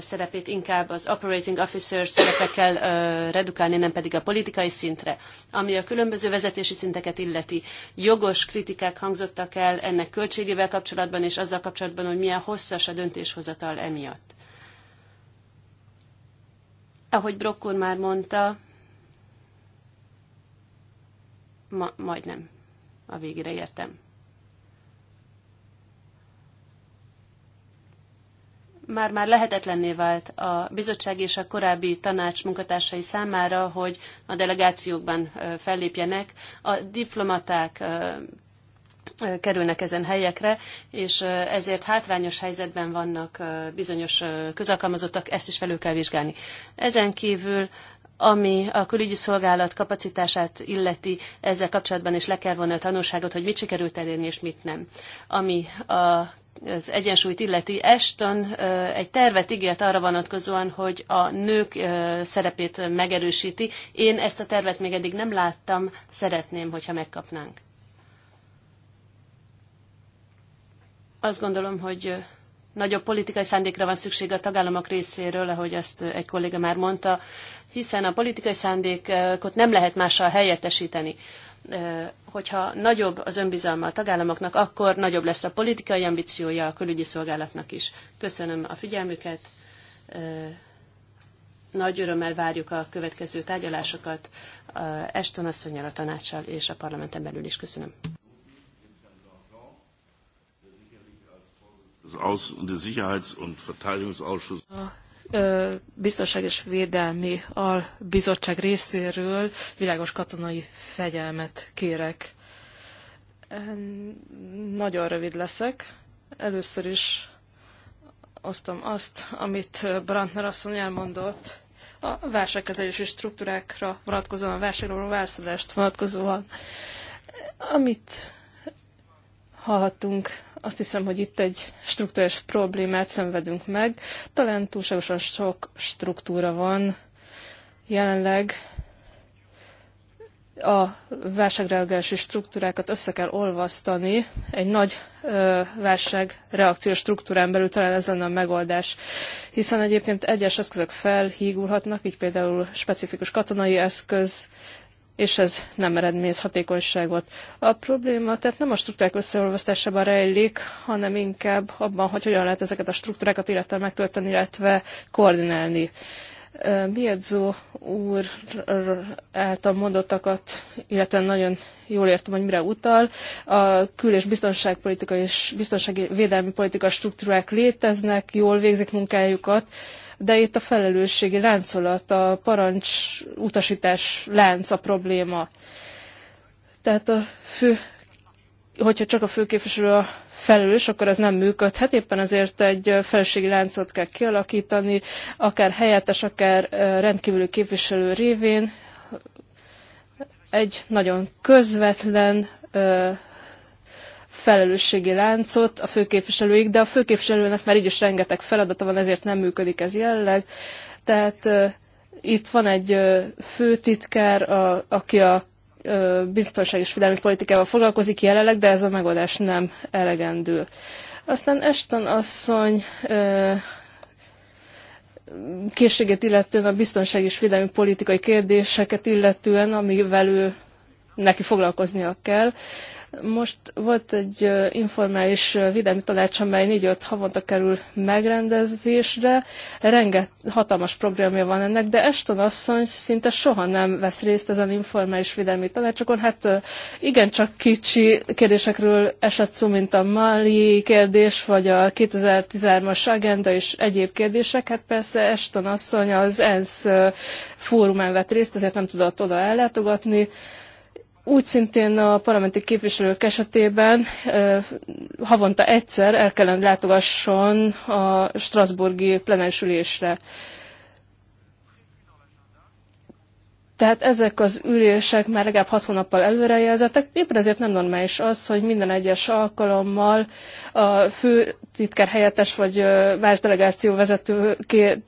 szerepét inkább az operating officer szerepe kell redukálni, nem pedig a politikai szintre. Ami a különböző vezetési szinteket illeti, jogos kritikák hangzottak el ennek költségével kapcsolatban, és azzal kapcsolatban, hogy milyen hosszas a döntéshozatal emiatt. Ahogy Brock úr már mondta, ma, majdnem a végére értem. már-már lehetetlenné vált a bizottság és a korábbi tanács munkatársai számára, hogy a delegációkban fellépjenek. A diplomaták kerülnek ezen helyekre, és ezért hátrányos helyzetben vannak bizonyos közalkalmazottak, ezt is felül kell vizsgálni. Ezen kívül ami a külügyi szolgálat kapacitását illeti, ezzel kapcsolatban is le kell vonni a tanulságot, hogy mit sikerült elérni és mit nem. Ami a az egyensúlyt illeti, Eston egy tervet ígért arra vonatkozóan, hogy a nők szerepét megerősíti. Én ezt a tervet még eddig nem láttam, szeretném, hogyha megkapnánk. Azt gondolom, hogy nagyobb politikai szándékra van szükség a tagállamok részéről, ahogy azt egy kolléga már mondta, hiszen a politikai szándékot nem lehet mással helyettesíteni. Hogyha nagyobb az önbizalma a tagállamoknak, akkor nagyobb lesz a politikai ambíciója a külügyi szolgálatnak is. Köszönöm a figyelmüket, nagy örömmel várjuk a következő tárgyalásokat Eston asszonyjal, a tanácssal és a parlamenten belül is. Köszönöm. az Aus- und der Sicherheits- und Verteidigungsausschuss. A biztonság és védelmi albizottság részéről világos katonai fegyelmet kérek. Nagyon rövid leszek. Először is osztom azt, amit Brandner asszony elmondott a válságkezelési struktúrákra vonatkozóan, a válságról válaszadást vonatkozóan, amit hallhattunk, azt hiszem, hogy itt egy struktúrás problémát szenvedünk meg. Talán túlságosan sok struktúra van jelenleg, a válságreagálási struktúrákat össze kell olvasztani. Egy nagy ö, válságreakciós struktúrán belül talán ez lenne a megoldás, hiszen egyébként egyes eszközök felhígulhatnak, így például specifikus katonai eszköz, és ez nem eredményez hatékonyságot. A probléma tehát nem a struktúrák összeolvasztásában rejlik, hanem inkább abban, hogy hogyan lehet ezeket a struktúrákat illetve megtölteni, illetve koordinálni. Biedzó úr által mondottakat, illetve nagyon jól értem, hogy mire utal. A kül- és biztonságpolitika és biztonsági védelmi politika struktúrák léteznek, jól végzik munkájukat, de itt a felelősségi láncolat, a parancs utasítás lánc a probléma. Tehát a fő hogyha csak a főképviselő a felelős, akkor ez nem működhet. Éppen ezért egy felségi láncot kell kialakítani, akár helyettes, akár rendkívüli képviselő révén. Egy nagyon közvetlen felelősségi láncot a főképviselőig, de a főképviselőnek már így is rengeteg feladata van, ezért nem működik ez jelleg. Tehát itt van egy főtitkár, a, aki a biztonság és védelmi politikával foglalkozik jelenleg, de ez a megoldás nem elegendő. Aztán Eston asszony készséget illetően a biztonság és védelmi politikai kérdéseket illetően, amivel ő neki foglalkoznia kell. Most volt egy informális védelmi tanács, amely 4-5 havonta kerül megrendezésre. Renget hatalmas programja van ennek, de Eston asszony szinte soha nem vesz részt ezen informális védelmi tanácsokon. Hát igen, csak kicsi kérdésekről esett szó, mint a Mali kérdés, vagy a 2013-as agenda és egyéb kérdések. Hát persze Eston asszony az ENSZ fórumán vett részt, ezért nem tudott oda ellátogatni úgy szintén a parlamenti képviselők esetében havonta egyszer el kellene látogasson a Strasburgi plenáris ülésre. Tehát ezek az ülések már legalább hat hónappal előrejelzettek, éppen ezért nem normális az, hogy minden egyes alkalommal a fő titkár helyettes vagy más delegáció vezető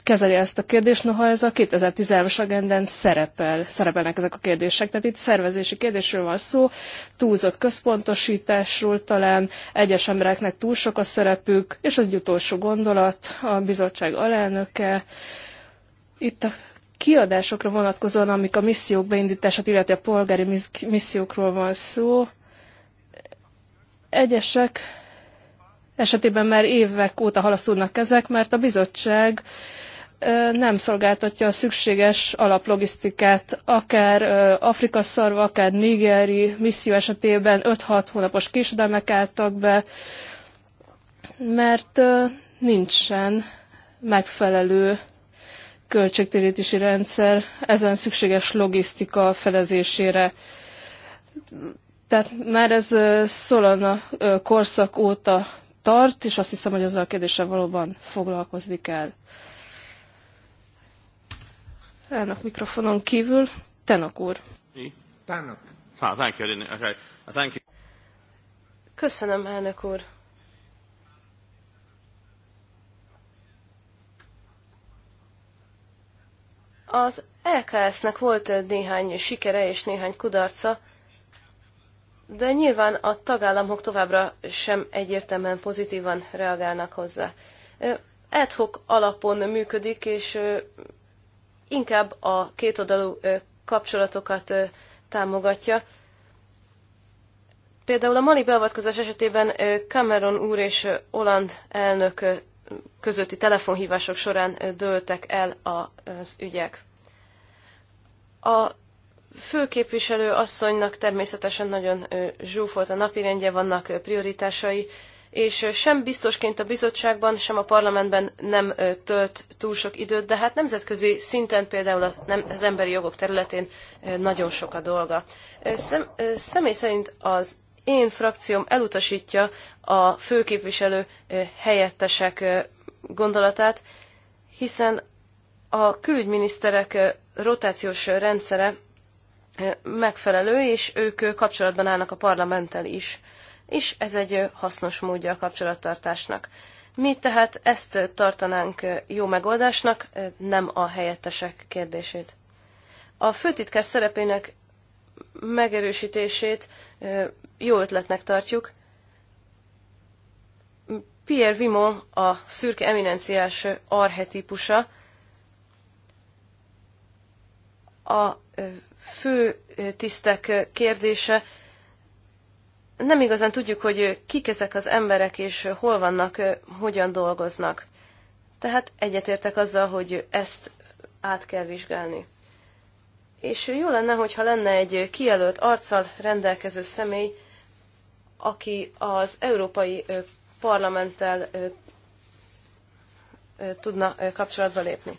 kezeli ezt a kérdést, noha ez a 2013-as agendán szerepel, szerepelnek ezek a kérdések. Tehát itt szervezési kérdésről van szó, túlzott központosításról talán, egyes embereknek túl sok a szerepük, és az egy utolsó gondolat, a bizottság alelnöke, itt a kiadásokra vonatkozóan, amik a missziók beindítását, illeti a polgári missziókról van szó, egyesek esetében már évek óta halasztódnak ezek, mert a bizottság nem szolgáltatja a szükséges alaplogisztikát, akár Afrika szarva, akár nigeri misszió esetében 5-6 hónapos késedelmek álltak be, mert nincsen megfelelő költségtérítési rendszer ezen szükséges logisztika felezésére. Tehát már ez Szolana korszak óta tart, és azt hiszem, hogy ezzel a kérdéssel valóban foglalkozni kell. Elnök mikrofonon kívül, Tenok úr. Tenok. Ah, Köszönöm, elnök úr. Az LKS-nek volt néhány sikere és néhány kudarca, de nyilván a tagállamok továbbra sem egyértelműen pozitívan reagálnak hozzá. Edhok alapon működik, és inkább a kétoldalú kapcsolatokat támogatja. Például a mali beavatkozás esetében Cameron úr és Holland elnök közötti telefonhívások során dőltek el az ügyek. A főképviselő asszonynak természetesen nagyon zsúfolt a napirendje, vannak prioritásai, és sem biztosként a bizottságban, sem a parlamentben nem tölt túl sok időt, de hát nemzetközi szinten például az emberi jogok területén nagyon sok a dolga. Szem, személy szerint az én frakcióm elutasítja a főképviselő helyettesek gondolatát, hiszen a külügyminiszterek rotációs rendszere megfelelő, és ők kapcsolatban állnak a parlamenttel is, és ez egy hasznos módja a kapcsolattartásnak. Mi tehát ezt tartanánk jó megoldásnak, nem a helyettesek kérdését. A főtitkár szerepének megerősítését jó ötletnek tartjuk. Pierre Vimon a szürke eminenciás arhetípusa, a fő tisztek kérdése, nem igazán tudjuk, hogy kik ezek az emberek, és hol vannak, hogyan dolgoznak. Tehát egyetértek azzal, hogy ezt át kell vizsgálni és jó lenne, hogyha lenne egy kijelölt arccal rendelkező személy, aki az Európai Parlamenttel tudna kapcsolatba lépni.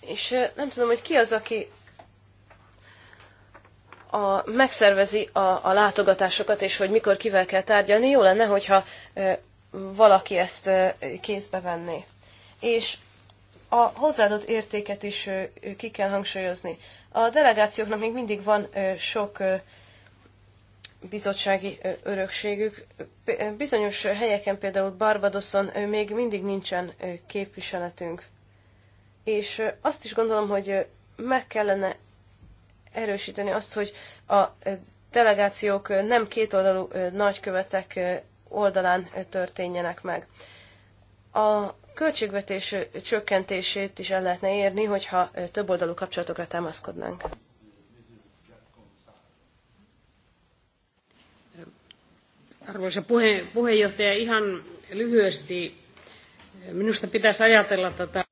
És nem tudom, hogy ki az, aki a, megszervezi a, a látogatásokat, és hogy mikor kivel kell tárgyalni. Jó lenne, hogyha valaki ezt kézbe venné és a hozzáadott értéket is ki kell hangsúlyozni. A delegációknak még mindig van sok bizottsági örökségük. Bizonyos helyeken, például Barbadoson még mindig nincsen képviseletünk. És azt is gondolom, hogy meg kellene erősíteni azt, hogy a delegációk nem kétoldalú nagykövetek oldalán történjenek meg. A költségvetés csökkentését is el lehetne érni, hogyha több oldalú kapcsolatokra támaszkodnánk. Arvoisa puhe, puheenjohtaja, ihan lyhyesti. Minusta pitäisi ajatella tätä.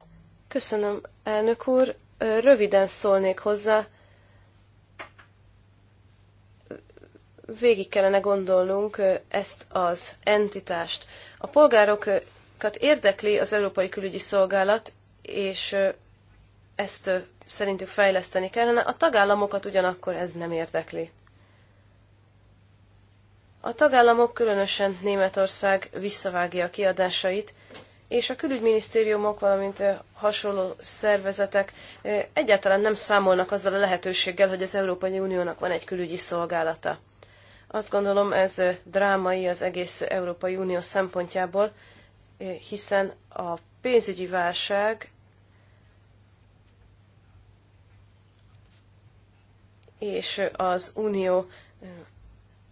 Köszönöm, elnök úr. Röviden szólnék hozzá. Végig kellene gondolnunk ezt az entitást. A polgárok kollégákat érdekli az Európai Külügyi Szolgálat, és ezt szerintük fejleszteni kellene, a tagállamokat ugyanakkor ez nem érdekli. A tagállamok, különösen Németország visszavágja a kiadásait, és a külügyminisztériumok, valamint hasonló szervezetek egyáltalán nem számolnak azzal a lehetőséggel, hogy az Európai Uniónak van egy külügyi szolgálata. Azt gondolom, ez drámai az egész Európai Unió szempontjából, hiszen a pénzügyi válság és az unió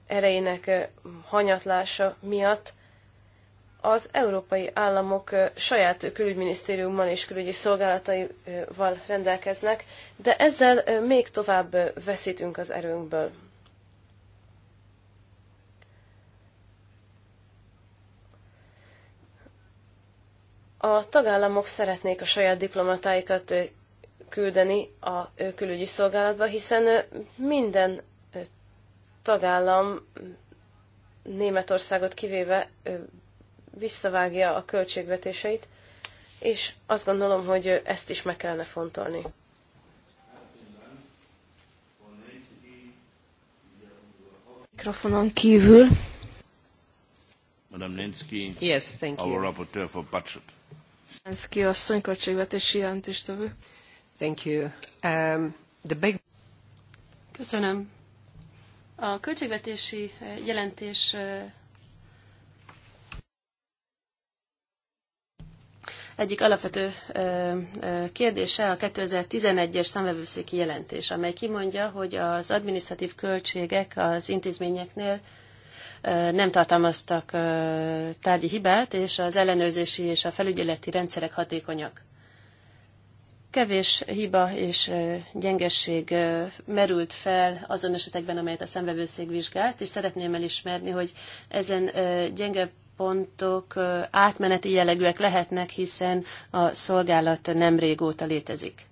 erejének hanyatlása miatt az európai államok saját külügyminisztériummal és külügyi szolgálataival rendelkeznek, de ezzel még tovább veszítünk az erőnkből. A tagállamok szeretnék a saját diplomatáikat küldeni a külügyi szolgálatba, hiszen minden tagállam Németországot kivéve visszavágja a költségvetéseit, és azt gondolom, hogy ezt is meg kellene fontolni. Mikrofonon kívül. Madame Nensky, yes, thank you. our rapporteur for budget asszony, költségvetési jelentéstevő. Thank you. Um, the big... Köszönöm. A költségvetési eh, jelentés eh, egyik alapvető eh, kérdése a 2011-es számvevőszéki jelentés, amely kimondja, hogy az adminisztratív költségek az intézményeknél nem tartalmaztak tárgyi hibát, és az ellenőrzési és a felügyeleti rendszerek hatékonyak. Kevés hiba és gyengesség merült fel azon esetekben, amelyet a szemvevőszék vizsgált, és szeretném elismerni, hogy ezen gyenge pontok átmeneti jellegűek lehetnek, hiszen a szolgálat nem régóta létezik.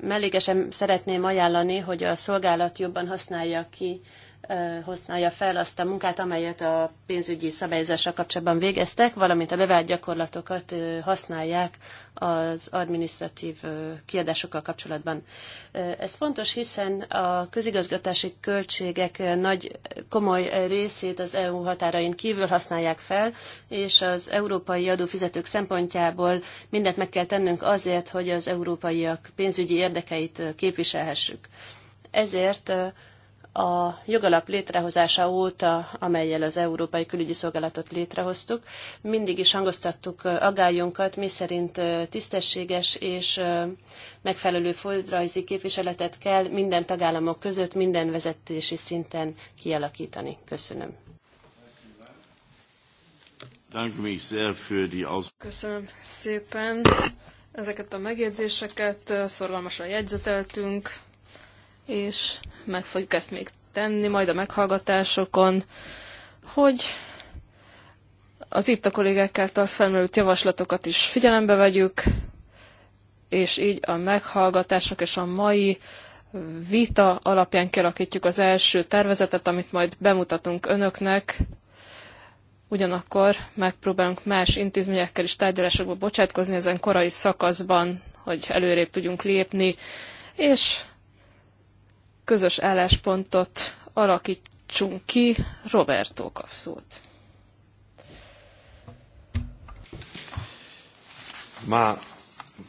Mellékesen szeretném ajánlani, hogy a szolgálat jobban használja ki használja fel azt a munkát, amelyet a pénzügyi szabályozással kapcsolatban végeztek, valamint a bevált gyakorlatokat használják az administratív kiadásokkal kapcsolatban. Ez fontos, hiszen a közigazgatási költségek nagy komoly részét az EU határain kívül használják fel, és az európai adófizetők szempontjából mindent meg kell tennünk azért, hogy az európaiak pénzügyi érdekeit képviselhessük. Ezért a jogalap létrehozása óta, amelyel az Európai Külügyi Szolgálatot létrehoztuk, mindig is hangoztattuk agályunkat, mi szerint tisztességes és megfelelő földrajzi képviseletet kell minden tagállamok között, minden vezetési szinten kialakítani. Köszönöm. Köszönöm szépen ezeket a megjegyzéseket, szorgalmasan jegyzeteltünk és meg fogjuk ezt még tenni majd a meghallgatásokon, hogy az itt a kollégákkal felmerült javaslatokat is figyelembe vegyük, és így a meghallgatások és a mai vita alapján kialakítjuk az első tervezetet, amit majd bemutatunk önöknek, ugyanakkor megpróbálunk más intézményekkel is tárgyalásokba bocsátkozni ezen korai szakaszban, hogy előrébb tudjunk lépni, és közös álláspontot alakítsunk ki. Roberto kap szót. Ma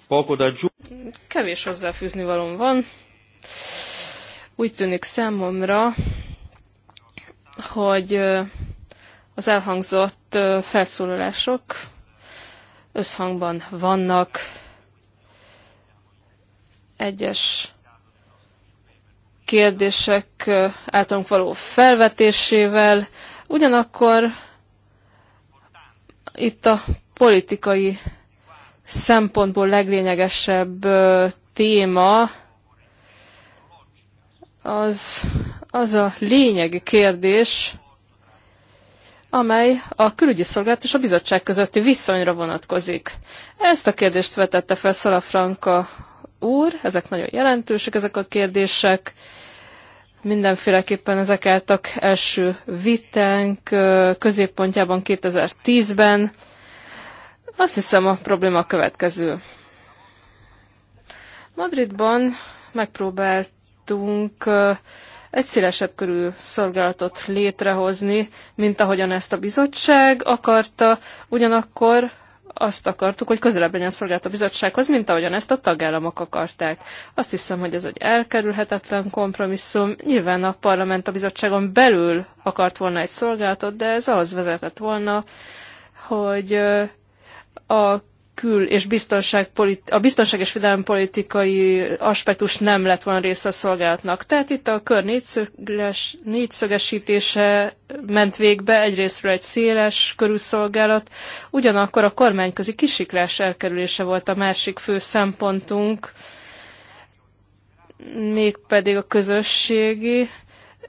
poco da Kevés hozzáfűzni valom van. Úgy tűnik számomra, hogy az elhangzott felszólalások összhangban vannak egyes kérdések általunk való felvetésével, ugyanakkor itt a politikai szempontból leglényegesebb téma az, az a lényegi kérdés, amely a külügyi szolgálat és a bizottság közötti viszonyra vonatkozik. Ezt a kérdést vetette fel Szalafranka úr, ezek nagyon jelentősek, ezek a kérdések. Mindenféleképpen ezek álltak első vitánk középpontjában 2010-ben. Azt hiszem a probléma a következő. Madridban megpróbáltunk egy szélesebb körű szolgálatot létrehozni, mint ahogyan ezt a bizottság akarta, ugyanakkor azt akartuk, hogy közelebb legyen szolgált a bizottsághoz, mint ahogyan ezt a tagállamok akarták. Azt hiszem, hogy ez egy elkerülhetetlen kompromisszum. Nyilván a parlament a bizottságon belül akart volna egy szolgálatot, de ez ahhoz vezetett volna, hogy a kül- és biztonságpoliti- a biztonság és politikai aspektus nem lett volna része a szolgálatnak. Tehát itt a kör négyszöges, négyszögesítése ment végbe, egyrésztről egy széles körülszolgálat, ugyanakkor a kormányközi kisiklás elkerülése volt a másik fő szempontunk, mégpedig a közösségi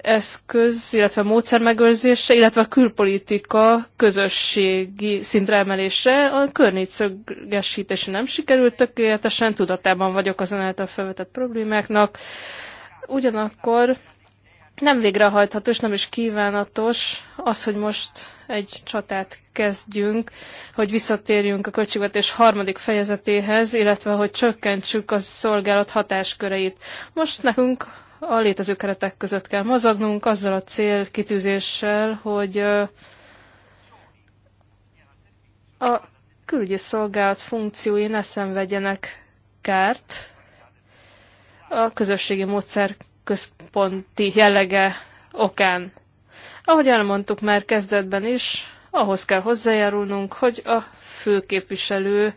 eszköz, illetve módszer megőrzése, illetve a külpolitika közösségi szintre emelése a környékszögesítése nem sikerült tökéletesen, tudatában vagyok azon által felvetett problémáknak. Ugyanakkor nem végrehajtható és nem is kívánatos az, hogy most egy csatát kezdjünk, hogy visszatérjünk a költségvetés harmadik fejezetéhez, illetve hogy csökkentsük a szolgálat hatásköreit. Most nekünk a létező keretek között kell mozognunk, azzal a célkitűzéssel, hogy a külügyi szolgálat funkciói ne szenvedjenek kárt, a közösségi módszer központi jellege okán. Ahogy elmondtuk már kezdetben is, ahhoz kell hozzájárulnunk, hogy a főképviselő,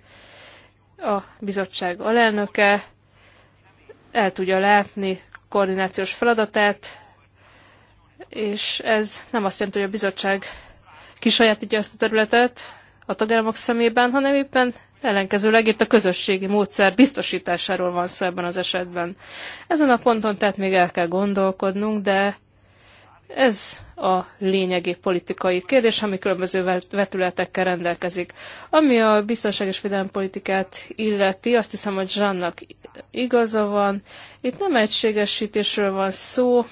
a bizottság alelnöke el tudja látni koordinációs feladatát, és ez nem azt jelenti, hogy a bizottság kisajátítja ezt a területet a tagállamok szemében, hanem éppen ellenkezőleg itt a közösségi módszer biztosításáról van szó ebben az esetben. Ezen a ponton tehát még el kell gondolkodnunk, de ez a lényegi politikai kérdés, ami különböző vetületekkel rendelkezik. Ami a biztonság és politikát illeti, azt hiszem, hogy Zsannak igaza van. Itt nem egységesítésről van szó,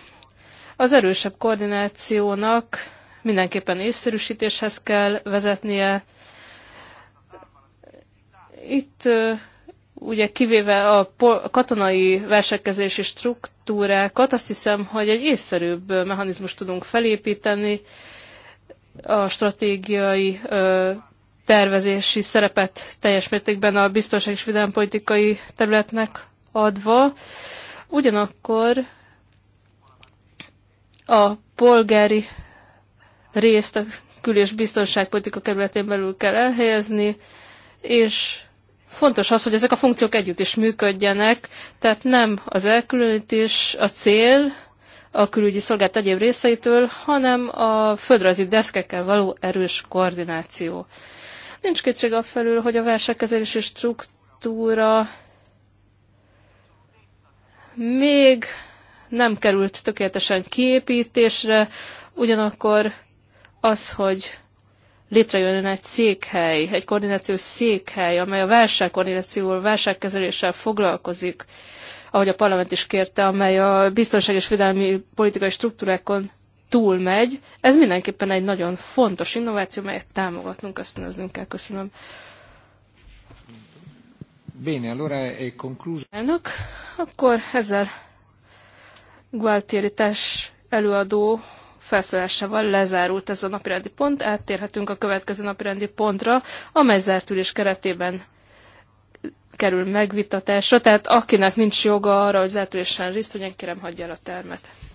az erősebb koordinációnak mindenképpen észszerűsítéshez kell vezetnie. Itt ugye kivéve a katonai versekezési struktúrákat, azt hiszem, hogy egy észszerűbb mechanizmust tudunk felépíteni, a stratégiai tervezési szerepet teljes mértékben a biztonság és vidámpolitikai területnek adva. Ugyanakkor a polgári részt a kül- és biztonságpolitika kerületén belül kell elhelyezni, és Fontos az, hogy ezek a funkciók együtt is működjenek, tehát nem az elkülönítés a cél a külügyi szolgált egyéb részeitől, hanem a földrajzi deszkekkel való erős koordináció. Nincs kétség a felül, hogy a válságkezelési struktúra még nem került tökéletesen kiépítésre, ugyanakkor az, hogy létrejön egy székhely, egy koordinációs székhely, amely a válságkoordinációval, válságkezeléssel foglalkozik, ahogy a parlament is kérte, amely a biztonság és védelmi politikai struktúrákon túlmegy. Ez mindenképpen egy nagyon fontos innováció, melyet támogatnunk, ösztönöznünk kell. Köszönöm. Bene, allora è concluso. Elnök, akkor ezzel Gualtieri előadó felszólásával lezárult ez a napirendi pont, áttérhetünk a következő napirendi pontra, amely zárt ülés keretében kerül megvitatásra, tehát akinek nincs joga arra, hogy zárt ülésen részt vegyen, kérem hagyja el a termet.